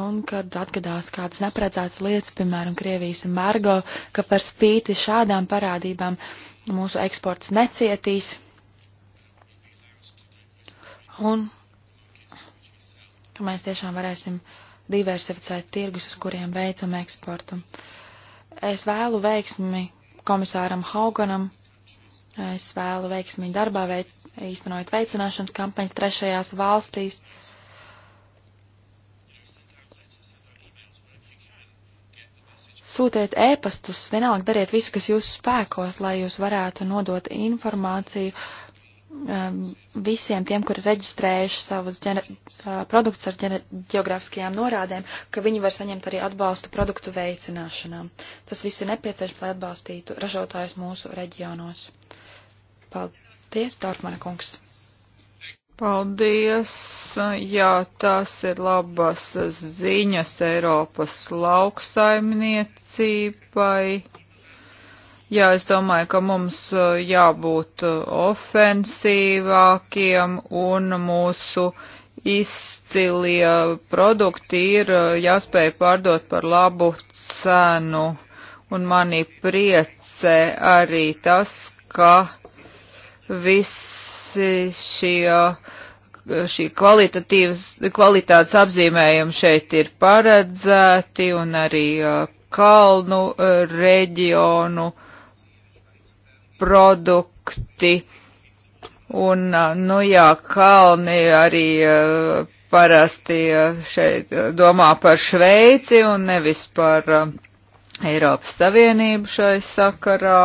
[SPEAKER 3] Un kad atgadās kādas neparedzētas lietas, piemēram, Krievijas embargo, ka par spīti šādām parādībām uh, mūsu eksports necietīs. Un ka mēs tiešām varēsim diversificēt tirgus, uz kuriem veicam eksportu. Es vēlu veiksmi komisāram Hauganam, es vēlu veiksmi darbā, veid, īstenojot veicināšanas kampaņas trešajās valstīs. Uh, sūtiet ēpastus, vienalga dariet visu, kas jūsu spēkos, lai jūs varētu nodot informāciju um, visiem tiem, kuri reģistrējuši savus ģene, uh, produktus ar ģene, geogrāfiskajām norādēm, ka viņi var saņemt arī atbalstu produktu veicināšanām. Tas viss ir nepieciešams, lai atbalstītu ražotājus mūsu reģionos.
[SPEAKER 1] Paldies, Dortmana kungs! Paldies! Jā, tās ir labas ziņas Eiropas lauksaimniecībai. Jā, es domāju, ka mums uh, jābūt uh, ofensīvākiem un mūsu izcilie produkti ir uh, jāspēj pārdot par labu cenu. Un mani priecē arī tas, ka viss visi šie šī kvalitātes apzīmējumi šeit ir paredzēti un arī kalnu reģionu produkti. Un, nu jā, kalni arī parasti šeit domā par Šveici un nevis par Eiropas Savienību šai sakarā.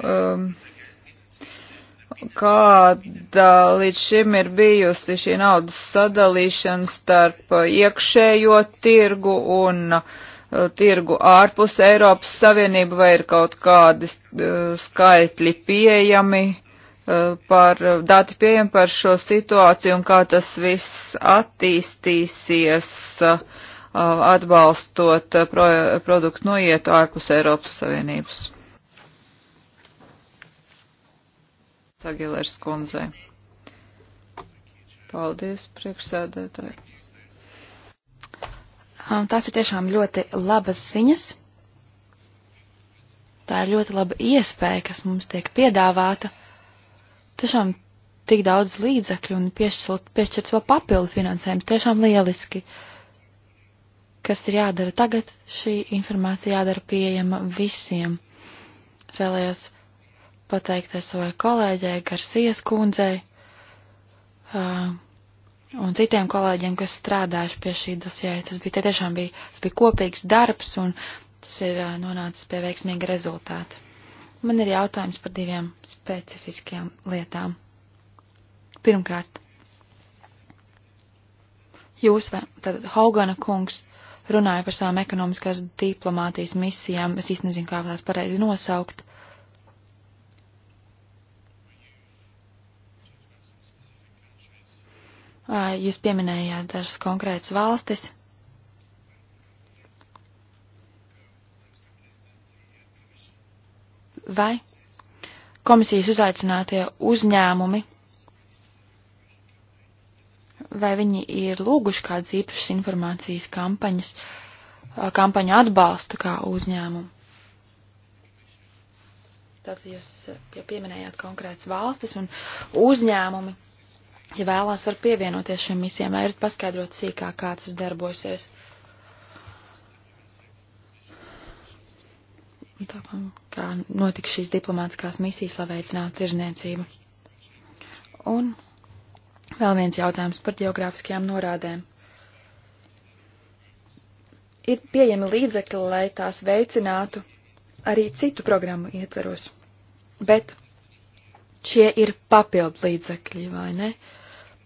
[SPEAKER 1] Um, kāda līdz šim ir bijusi šī naudas sadalīšana starp iekšējo tirgu un uh, tirgu ārpus Eiropas Savienību, vai ir kaut kādi uh, skaitļi pieejami uh, par dati pieejami par šo situāciju un kā tas viss attīstīsies atbalstot pro, produktu noietu ārpus Eiropas Savienības. Agilērs kundzei. Paldies, priekšsēdētāji.
[SPEAKER 3] Um, tās ir tiešām ļoti labas ziņas. Tā ir ļoti laba iespēja, kas mums tiek piedāvāta. Tiešām tik daudz līdzekļu un piešķirts vēl papildu finansējums. Tiešām lieliski. Kas ir jādara tagad? Šī informācija jādara pieejama visiem. Es vēlējos pateikties savai kolēģei Garcijas kundzei uh, un citiem kolēģiem, kas strādājuši pie šī dosjē. Tas bija tiešām bija, tas bija kopīgs darbs un tas ir uh, nonācis pie veiksmīga rezultāta. Man ir jautājums par diviem specifiskajām lietām. Pirmkārt, jūs vai tātad Haugana kungs runāja par savām ekonomiskās diplomātijas misijām, es īsti nezinu, kā tās pareizi nosaukt. Jūs pieminējāt dažas konkrētas valstis. Vai komisijas uzaicinātie uzņēmumi, vai viņi ir lūguši kādas īpašas informācijas kampaņas, kampaņu atbalsta kā uzņēmumu? Tātad jūs pieminējāt konkrētas valstis un uzņēmumi Ja vēlās, var pievienoties šiem misijām, vai ir paskaidrot sīkāk, kā tas darbosies. Tāpam, kā notika šīs diplomātiskās misijas, lai veicinātu tirzniecību. Un vēl viens jautājums par geogrāfiskajām norādēm. Ir pieejami līdzekļi, lai tās veicinātu arī citu programmu ietveros, bet šie ir papildu līdzekļi, vai ne? Uh,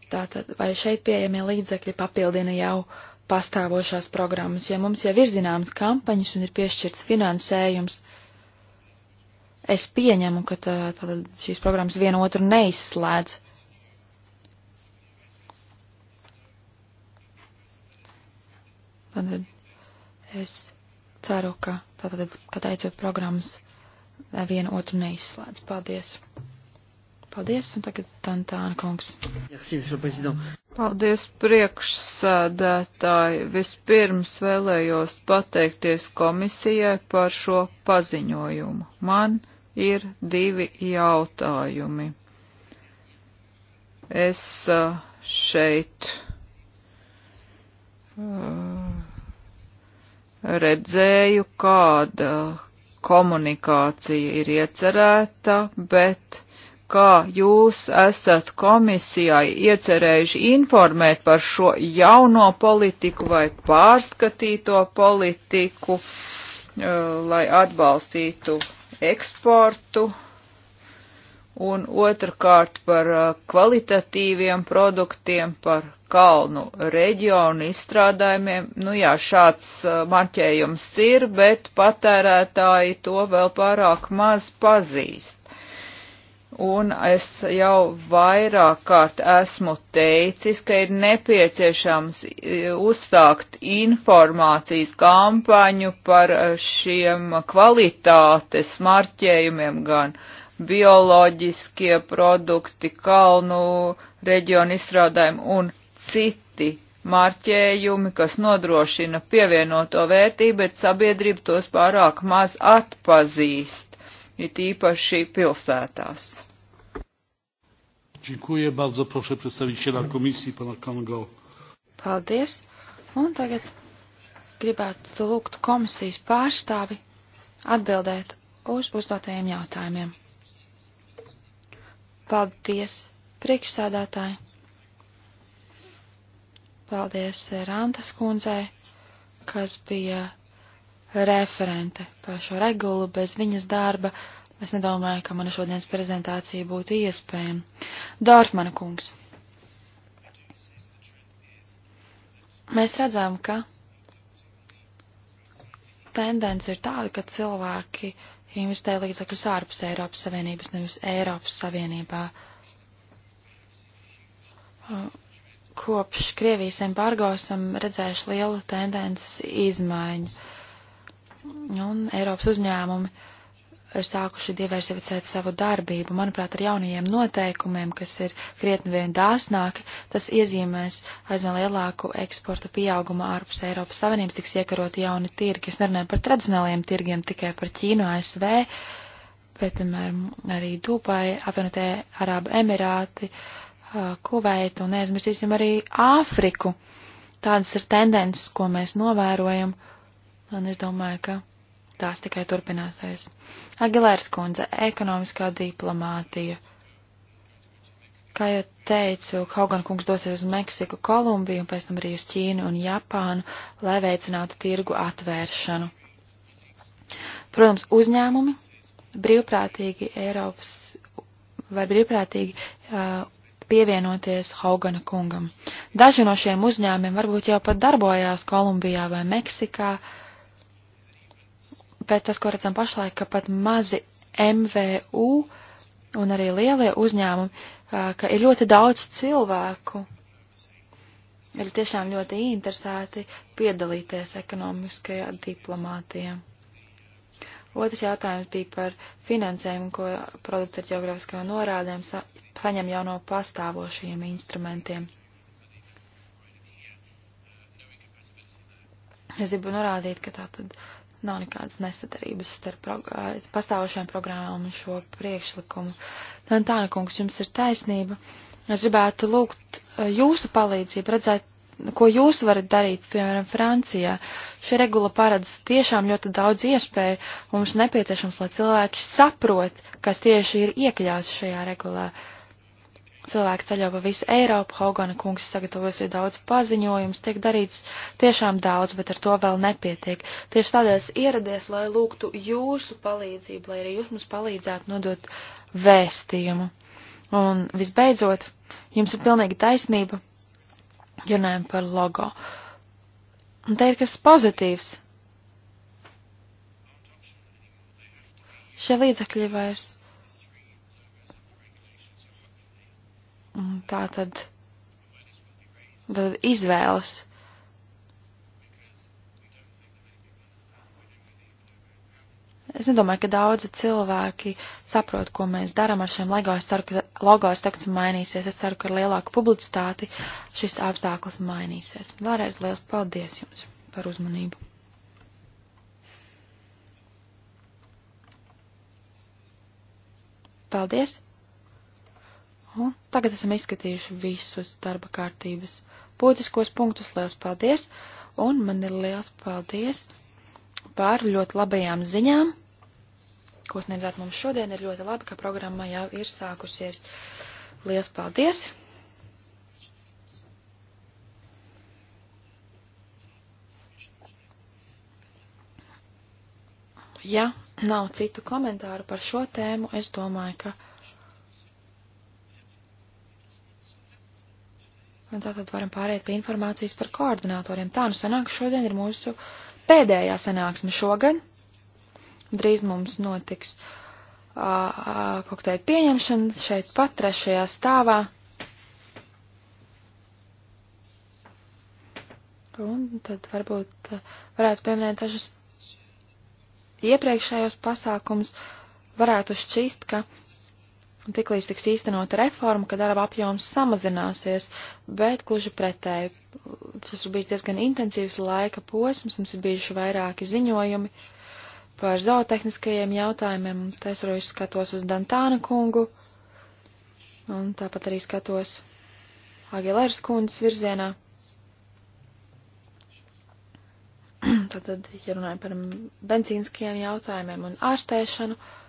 [SPEAKER 3] Tātad, vai šeit pieejamie līdzekļi papildina jau pastāvošās programmas, jo mums jau ir zināmas kampaņas un ir piešķirts finansējums. Es pieņemu, ka tā, tā, šīs programmas vienu otru neizslēdz. Tad es ceru, ka, tātad, ka teicot programmas vienu otru neizslēdz. Paldies! Paldies, un tagad Tantāna kungs.
[SPEAKER 1] Paldies, priekšsādātāji. Vispirms vēlējos pateikties komisijai par šo paziņojumu. Man ir divi jautājumi. Es uh, šeit uh, redzēju, kāda komunikācija ir iecerēta, bet kā jūs esat komisijai iecerējuši informēt par šo jauno politiku vai pārskatīto politiku, eh, lai atbalstītu eksportu, un otrkārt par eh, kvalitatīviem produktiem, par kalnu reģionu izstrādājumiem. Nu jā, šāds eh, marķējums ir, bet patērētāji to vēl pārāk maz pazīst Un es jau vairāk kārt esmu teicis, ka ir nepieciešams e, uzsākt informācijas kampaņu par e, šiem kvalitātes marķējumiem gan bioloģiskie produkti, kalnu reģionu izstrādājumi un citi marķējumi, kas nodrošina pievienoto vērtību, bet sabiedrība tos pārāk maz atpazīst it īpaši pilsētās. Dziękuję bardzo. Proszę przedstawiciela komisji, pana Kango.
[SPEAKER 3] Paldies. Un tagad gribētu lūgt komisijas pārstāvi atbildēt uz uzdotajiem jautājumiem. Paldies, priekšsādātāji. Paldies Rantas kundzei, kas bija referente par šo regulu. Bez viņas darba es nedomāju, ka mana šodienas prezentācija būtu iespējama. Dārfmana kungs. Mēs redzam, ka tendence ir tāda, ka cilvēki investē līdzekļus ārpus Eiropas Savienības, nevis Eiropas Savienībā. Kopš Krievijas embargo esam redzējuši lielu tendences izmaiņu un Eiropas uzņēmumi ir sākuši diversificēt savu darbību. Manuprāt, ar jaunajiem noteikumiem, kas ir krietni vien dāsnāki, tas iezīmēs aizvien lielāku eksporta pieaugumu ārpus Eiropas Savienības, tiks iekaroti jauni tirgi. Es nerunāju par tradicionālajiem tirgiem, tikai par Ķīnu, ASV, bet, piemēram, arī Dubai, apvienotie Arābu Emirāti, Kuveitu un neaizmirsīsim arī Āfriku. Tādas ir tendences, ko mēs novērojam. Uh, Un es domāju, ka tās tikai turpināsies. Agilērs kundze, ekonomiskā diplomātija. Kā jau teicu, Haugan kungs dosies uz Meksiku, Kolumbiju un pēc tam arī uz Ķīnu un Japānu, lai veicinātu tirgu atvēršanu. Protams, uzņēmumi brīvprātīgi Eiropas var brīvprātīgi uh, pievienoties Haugana kungam. Daži no šiem uzņēmumiem varbūt jau pat darbojās Kolumbijā vai Meksikā, uh, bet tas, ko redzam pašlaik, ka pat mazi MVU un arī lielie uzņēmumi, ka ir ļoti daudz cilvēku, ir tiešām ļoti interesēti piedalīties ekonomiskajā diplomātijā. Otrs jautājums bija par finansējumu, ko produkti ar ģeogrāfiskajām norādēm sa saņem jau no pastāvošajiem instrumentiem. Es gribu norādīt, ka tātad Nav nekādas nesadarības starp prog pastāvošajām programmām un šo priekšlikumu. Tantāna kungs, jums ir taisnība. Es gribētu lūgt eh, jūsu palīdzību, redzēt, ko jūs varat darīt, piemēram, Francijā. Šī regula paredz tiešām ļoti daudz iespēju, un mums nepieciešams, lai cilvēki saprot, kas tieši ir iekļauts šajā regulā. Uh, Cilvēki ceļo pa visu Eiropu, Hogana kungs sagatavos ir daudz paziņojums, tiek darīts tiešām daudz, bet ar to vēl nepietiek. Tieši tādēļ ieradies, lai lūgtu jūsu palīdzību, lai arī jūs mums palīdzētu nodot vēstījumu. Un visbeidzot, jums ir pilnīgi taisnība, runājam par logo. Un te ir kas pozitīvs. Šie līdzekļi vairs Mm, tā tad, tad izvēles. Es nedomāju, ka daudzi cilvēki saprot, ko mēs darām ar šiem logo. Es ceru, ka logo es tagad mainīsies. Es ceru, ka ar lielāku publicitāti šis apstākļus mainīsies. Vēlreiz liels paldies jums par uzmanību. Paldies! Un nu, tagad esam izskatījuši visus darba kārtības būtiskos punktus. Liels paldies! Un man ir liels paldies par ļoti labajām ziņām, ko sniedzāt mums šodien. Ir ļoti labi, ka programma jau ir sākusies. Liels paldies! Ja nav citu komentāru par šo tēmu, es domāju, ka Un tātad varam pāriet pie informācijas par koordinatoriem. Tā nu sanāk, šodien ir mūsu pēdējā sanāksme šogad. Drīz mums notiks uh, kokteļu pieņemšana šeit pat trešajā stāvā. Un tad varbūt varētu pieminēt dažus iepriekšējos pasākums. Varētu šķist, ka tiklīdz tiks īstenota reforma, ka darba apjoms samazināsies, bet kluži pretēji. Tas ir bijis diezgan intensīvs laika posms, mums ir bijuši vairāki ziņojumi par zootehniskajiem jautājumiem. Taisroju skatos uz Dantāna kungu, un tāpat arī skatos Agilēras kundas virzienā. Tātad, ja runājam par benzīniskajiem jautājumiem un ārstēšanu, uh,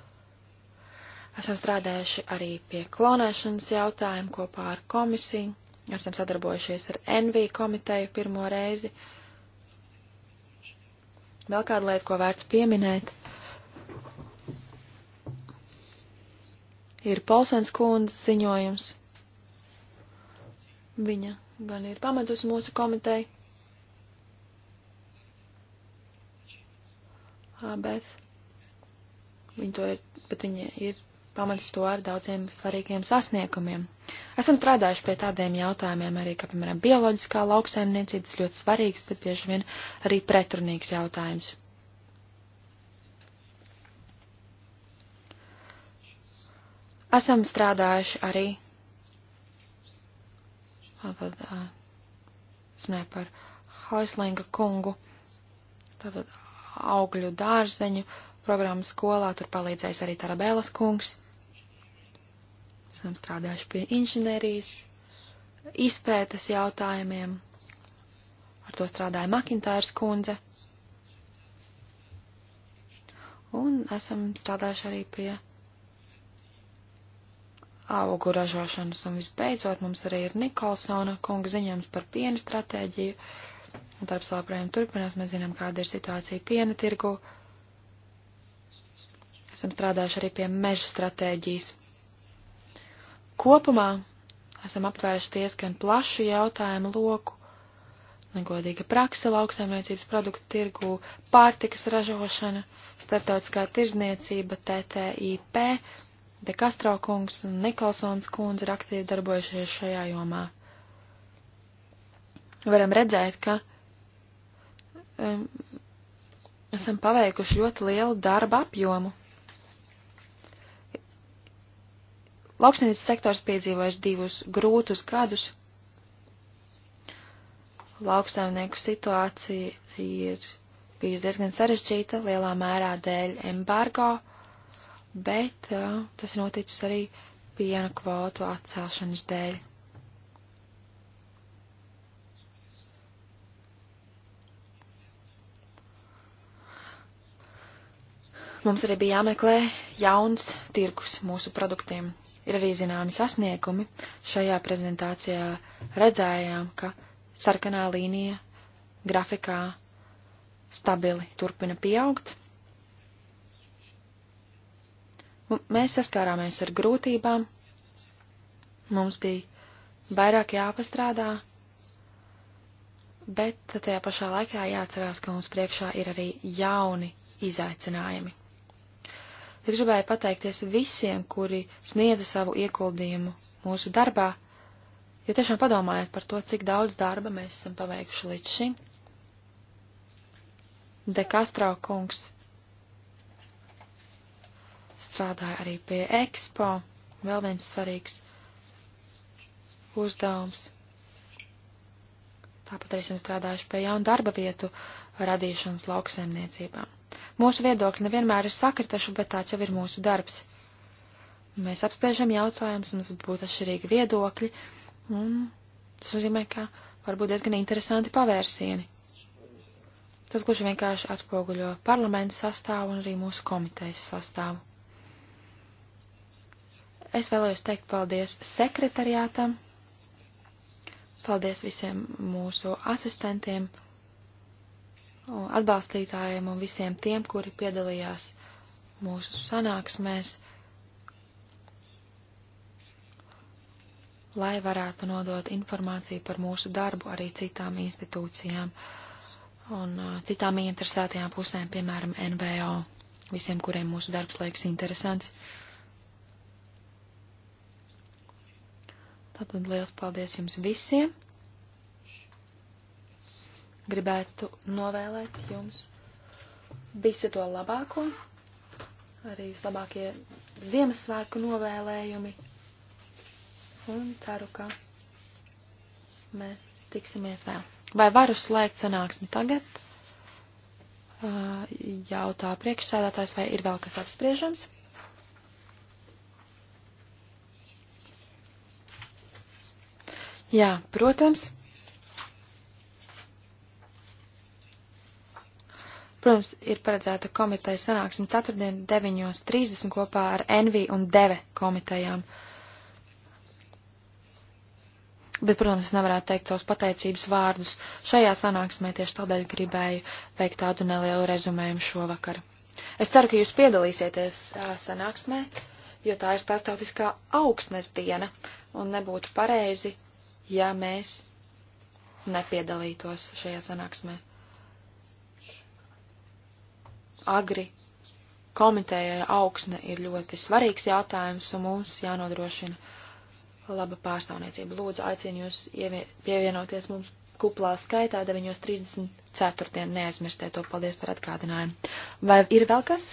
[SPEAKER 3] Esam strādājuši arī pie klonēšanas jautājumu kopā ar komisiju. Esam sadarbojušies ar NV komiteju pirmo reizi. Vēl kāda lieta, ko vērts pieminēt, ir Polsens kundzes ziņojums. Viņa gan ir pametusi mūsu komiteju, ah, bet viņa to ir, bet viņa ir pamatus to ar daudziem svarīgiem sasniegumiem. Esam strādājuši pie tādiem jautājumiem arī, kā, piemēram, bioloģiskā lauksaimniecība, tas ļoti svarīgs, bet bieži vien arī pretrunīgs jautājums. Esam strādājuši arī, tātad, es runāju par Hauslinga kungu, tātad augļu dārzeņu, programmu skolā, tur palīdzēs arī Tarabēlas kungs. Esam strādājuši pie inženērijas, izpētes jautājumiem. Ar to strādāja Makintārs kundze. Un esam strādājuši arī pie augu ražošanas. Un visbeidzot, mums arī ir Nikolsona kunga ziņojums par piena stratēģiju. Un darbs labprājām turpinās. Mēs zinām, kāda ir situācija piena tirgu. Esam strādājuši arī pie meža stratēģijas. Kopumā esam apvērši diezgan plašu jautājumu loku - negodīga praksa lauksaimniecības produktu tirgū, pārtikas ražošana, starptautiskā tirzniecība, TTIP, De Castro kungs un Nikolsons kundze ir aktīvi darbojušies šajā jomā. Varam redzēt, ka um, esam paveikuši ļoti lielu darba apjomu. Lauksnības sektors piedzīvojis divus grūtus gadus. Lauksaimnieku situācija ir bijusi diezgan sarežģīta lielā mērā dēļ embargo, bet uh, tas ir noticis arī piena kvotu atcelšanas dēļ. mums arī bija jāmeklē jauns tirgus mūsu produktiem ir arī zināmi sasniegumi. Šajā prezentācijā redzējām, ka sarkanā līnija grafikā stabili turpina pieaugt. M mēs saskārāmies ar grūtībām, mums bija vairāk jāpastrādā, bet tajā pašā laikā jāatcerās, ka mums priekšā ir arī jauni izaicinājumi. Es gribēju pateikties visiem, kuri sniedza savu ieguldījumu mūsu darbā, jo tiešām padomājiet par to, cik daudz darba mēs esam paveikuši līdz šim. De Castro kungs strādāja arī pie Expo, vēl viens svarīgs uzdevums. Tāpat arī esam strādājuši pie jaunu darba vietu radīšanas lauksaimniecībām. Mūsu viedokļi nevienmēr ir sakritaši, bet tāds jau ir mūsu darbs. Mēs apspriežam jautājumus, mums būtu atšķirīgi viedokļi, un tas nozīmē, ka varbūt diezgan interesanti pavērsieni. Tas gluži vienkārši atspoguļo parlamentu sastāvu un arī mūsu komitejas sastāvu. Es vēlējos teikt paldies sekretariātam, paldies visiem mūsu asistentiem Nu, atbalstītājiem un visiem tiem, kuri piedalījās mūsu sanāksmēs, lai varētu nodot informāciju par mūsu darbu arī citām institūcijām un citām ieinteresētajām pusēm, piemēram, NVO, visiem, kuriem mūsu darbs liekas interesants. Tātad liels paldies jums visiem! gribētu novēlēt jums visu to labāko, arī vislabākie Ziemassvētku novēlējumi. Un ceru, ka mēs tiksimies vēl. Vai varu slēgt sanāksmi tagad? Uh, jautā priekšsēdētājs, vai ir vēl kas apspriežams? Jā, protams. Protams, ir paredzēta komiteja sanāksim ceturtdien 9.30 kopā ar NV un DEVE komitejām. Bet, protams, es nevarētu teikt savus pateicības vārdus šajā sanāksmē, tieši tādēļ gribēju veikt tādu nelielu rezumējumu šovakar. Es ceru, ka jūs piedalīsieties sanāksmē, jo tā ir startautiskā augsnes diena, un nebūtu pareizi, ja mēs nepiedalītos šajā sanāksmē agri komitējai augsne ir ļoti svarīgs jautājums, un mums jānodrošina laba pārstāvniecība. Lūdzu, aicinu jūs pievienoties mums kuplā skaitā 9.34. Neaizmirstiet to. Paldies par atgādinājumu. Vai ir vēl kas?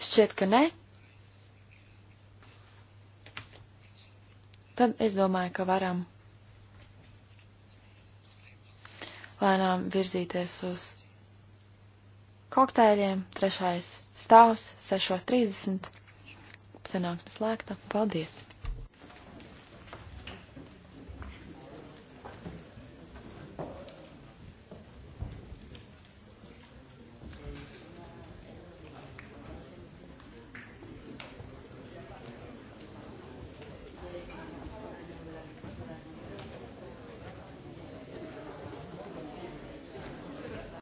[SPEAKER 3] Šķiet, ka nē. Tad es domāju, ka varam lēnām virzīties uz kokteiļiem, trešais stāvs, 6.30. Sanāksme slēgta. Paldies!